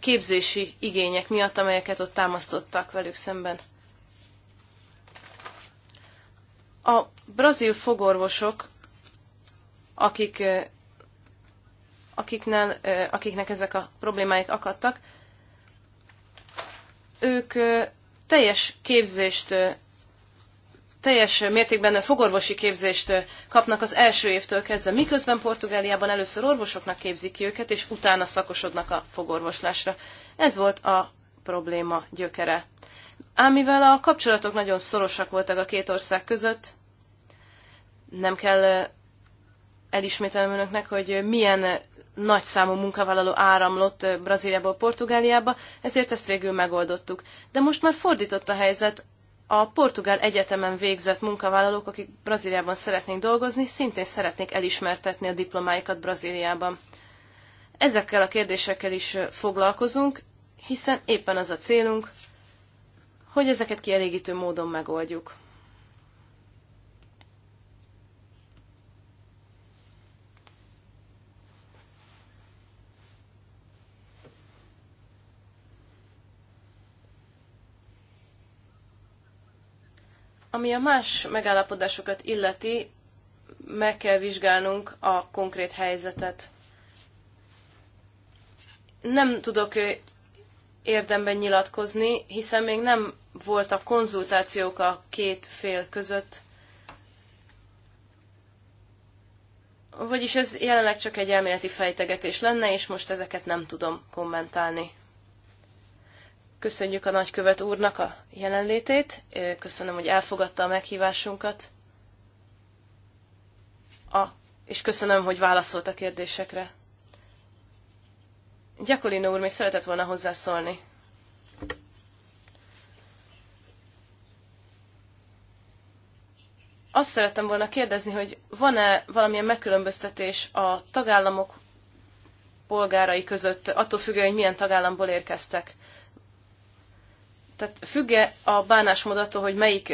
[SPEAKER 5] képzési igények miatt, amelyeket ott támasztottak velük szemben. A brazil fogorvosok, akik, akiknál, akiknek ezek a problémáik akadtak, ők teljes képzést teljes mértékben fogorvosi képzést kapnak az első évtől kezdve, miközben Portugáliában először orvosoknak képzik ki őket, és utána szakosodnak a fogorvoslásra. Ez volt a probléma gyökere. Ám mivel a kapcsolatok nagyon szorosak voltak a két ország között, nem kell eh, elismételnem önöknek, hogy milyen nagy számú munkavállaló áramlott eh, Brazíliából Portugáliába, ezért ezt végül megoldottuk. De most már fordított a helyzet, a Portugál Egyetemen végzett munkavállalók, akik Brazíliában szeretnék dolgozni, szintén szeretnék elismertetni a diplomáikat Brazíliában. Ezekkel a kérdésekkel is foglalkozunk, hiszen éppen az a célunk, hogy ezeket kielégítő módon megoldjuk. Ami a más megállapodásokat illeti, meg kell vizsgálnunk a konkrét helyzetet. Nem tudok érdemben nyilatkozni, hiszen még nem voltak konzultációk a két fél között. Vagyis ez jelenleg csak egy elméleti fejtegetés lenne, és most ezeket nem tudom kommentálni. Köszönjük a nagykövet úrnak a jelenlétét, köszönöm, hogy elfogadta a meghívásunkat, a, és köszönöm, hogy válaszolt a kérdésekre. Gyakolino úr még szeretett volna hozzászólni. Azt szerettem volna kérdezni, hogy van-e valamilyen megkülönböztetés a tagállamok polgárai között, attól függően, hogy milyen tagállamból érkeztek. Tehát függe a bánásmód attól, hogy melyik,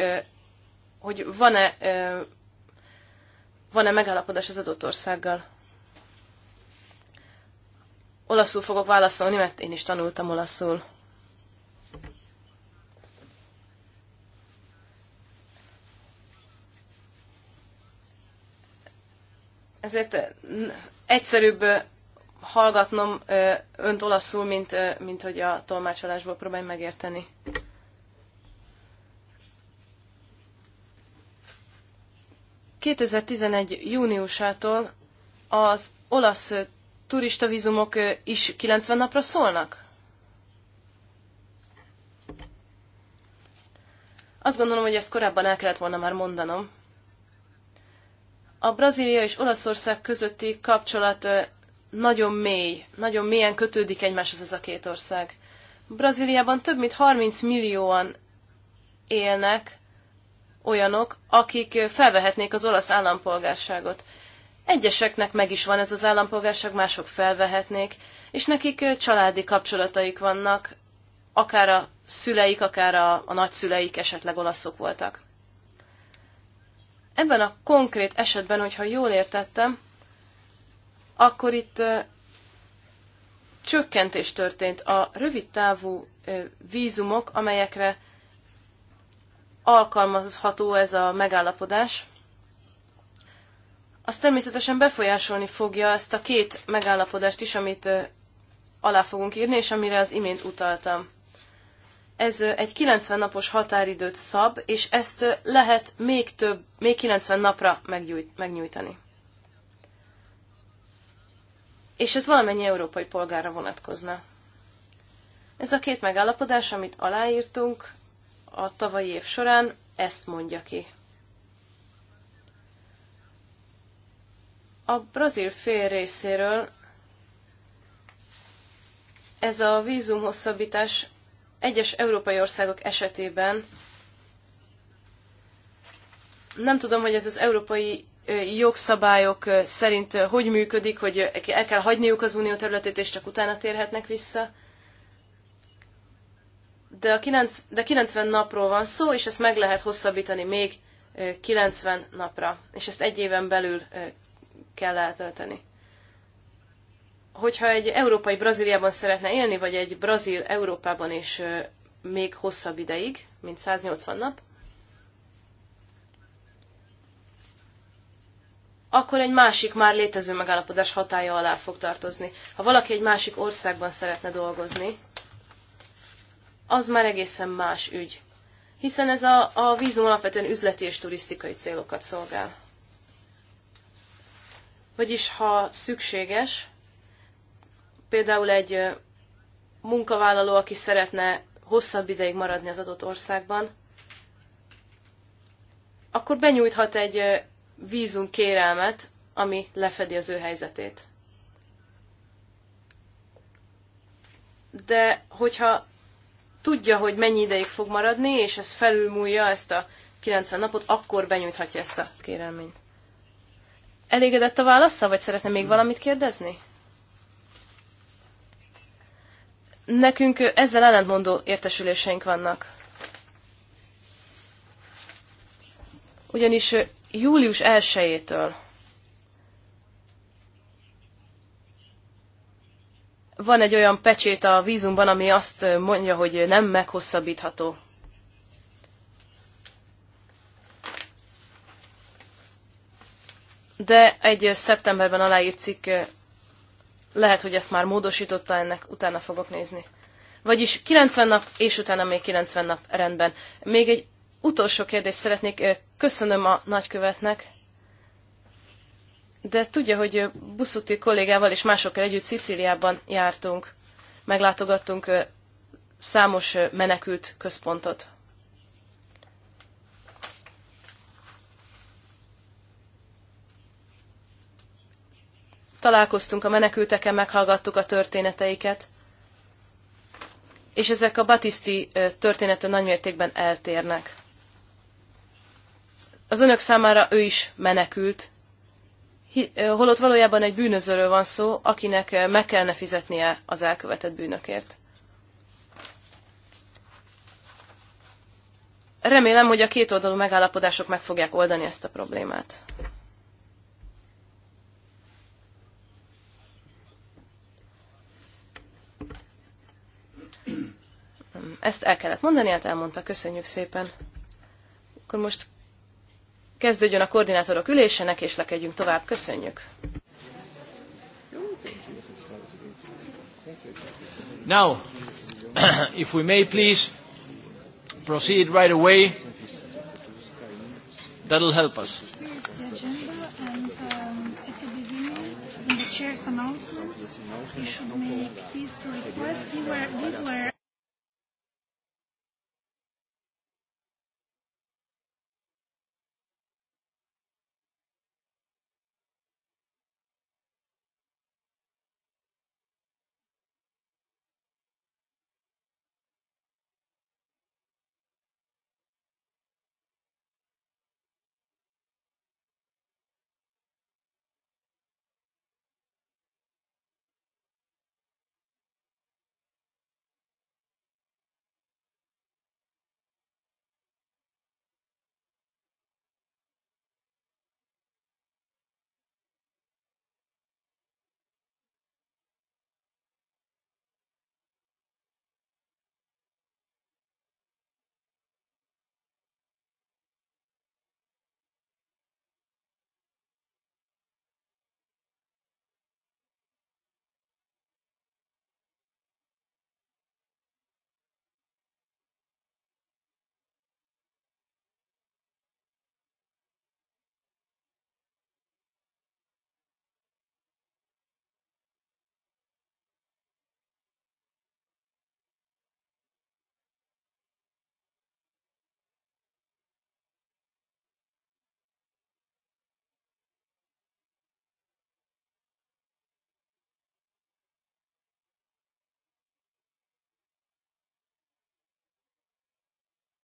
[SPEAKER 5] hogy van-e van-e megállapodás az adott országgal? Olaszul fogok válaszolni, mert én is tanultam olaszul. Ezért egyszerűbb hallgatnom önt olaszul, mint, mint hogy a tolmácsolásból próbálj megérteni. ...2011 júniusától az olasz turistavizumok is 90 napra szólnak? Azt gondolom, hogy ezt korábban el kellett volna már mondanom. A Brazília és Olaszország közötti kapcsolat nagyon mély, nagyon mélyen kötődik egymáshoz ez a két ország. Brazíliában több mint 30 millióan élnek olyanok, akik felvehetnék az olasz állampolgárságot. Egyeseknek meg is van ez az állampolgárság, mások felvehetnék, és nekik családi kapcsolataik vannak, akár a szüleik, akár a, a nagyszüleik esetleg olaszok voltak. Ebben a konkrét esetben, hogyha jól értettem, akkor itt csökkentés történt. A rövid távú vízumok, amelyekre alkalmazható ez a megállapodás, az természetesen befolyásolni fogja ezt a két megállapodást is, amit alá fogunk írni, és amire az imént utaltam. Ez egy 90 napos határidőt szab, és ezt lehet még több, még 90 napra megnyújtani és ez valamennyi európai polgára vonatkozna. Ez a két megállapodás, amit aláírtunk a tavalyi év során, ezt mondja ki. A brazil fél részéről ez a vízum hosszabbítás egyes európai országok esetében nem tudom, hogy ez az Európai jogszabályok szerint hogy működik, hogy el kell hagyniuk az unió területét, és csak utána térhetnek vissza. De, a 9, de 90 napról van szó, és ezt meg lehet hosszabbítani még 90 napra, és ezt egy éven belül kell eltölteni. Hogyha egy európai Brazíliában szeretne élni, vagy egy brazil Európában is még hosszabb ideig, mint 180 nap, akkor egy másik már létező megállapodás hatája alá fog tartozni. Ha valaki egy másik országban szeretne dolgozni, az már egészen más ügy. Hiszen ez a, a vízum alapvetően üzleti és turisztikai célokat szolgál. Vagyis, ha szükséges, például egy munkavállaló, aki szeretne hosszabb ideig maradni az adott országban, akkor benyújthat egy vízum kérelmet, ami lefedi az ő helyzetét. De hogyha tudja, hogy mennyi ideig fog maradni, és ez felülmúlja ezt a 90 napot, akkor benyújthatja ezt a kérelményt. Elégedett a válasza, vagy szeretne még valamit kérdezni? Nekünk ezzel ellentmondó értesüléseink vannak. Ugyanis július 1-től van egy olyan pecsét a vízumban, ami azt mondja, hogy nem meghosszabbítható. De egy szeptemberben aláírt cikk, lehet, hogy ezt már módosította, ennek utána fogok nézni. Vagyis 90 nap, és utána még 90 nap rendben. Még egy utolsó kérdést szeretnék. Köszönöm a nagykövetnek, de tudja, hogy Buszuti kollégával és másokkal együtt Szicíliában jártunk. Meglátogattunk számos menekült központot. Találkoztunk a menekülteken, meghallgattuk a történeteiket, és ezek a Batiszti történetől nagymértékben eltérnek az önök számára ő is menekült, holott valójában egy bűnözőről van szó, akinek meg kellene fizetnie az elkövetett bűnökért. Remélem, hogy a két oldalú megállapodások meg fogják oldani ezt a problémát. Ezt el kellett mondani, hát elmondta. Köszönjük szépen. Akkor most kezdődjön a koordinátorok ülésének, és lekedjünk tovább. Köszönjük!
[SPEAKER 1] Now, if we may please proceed right away,
[SPEAKER 3] that'll help us. Um, you should make these two requests. These were, these were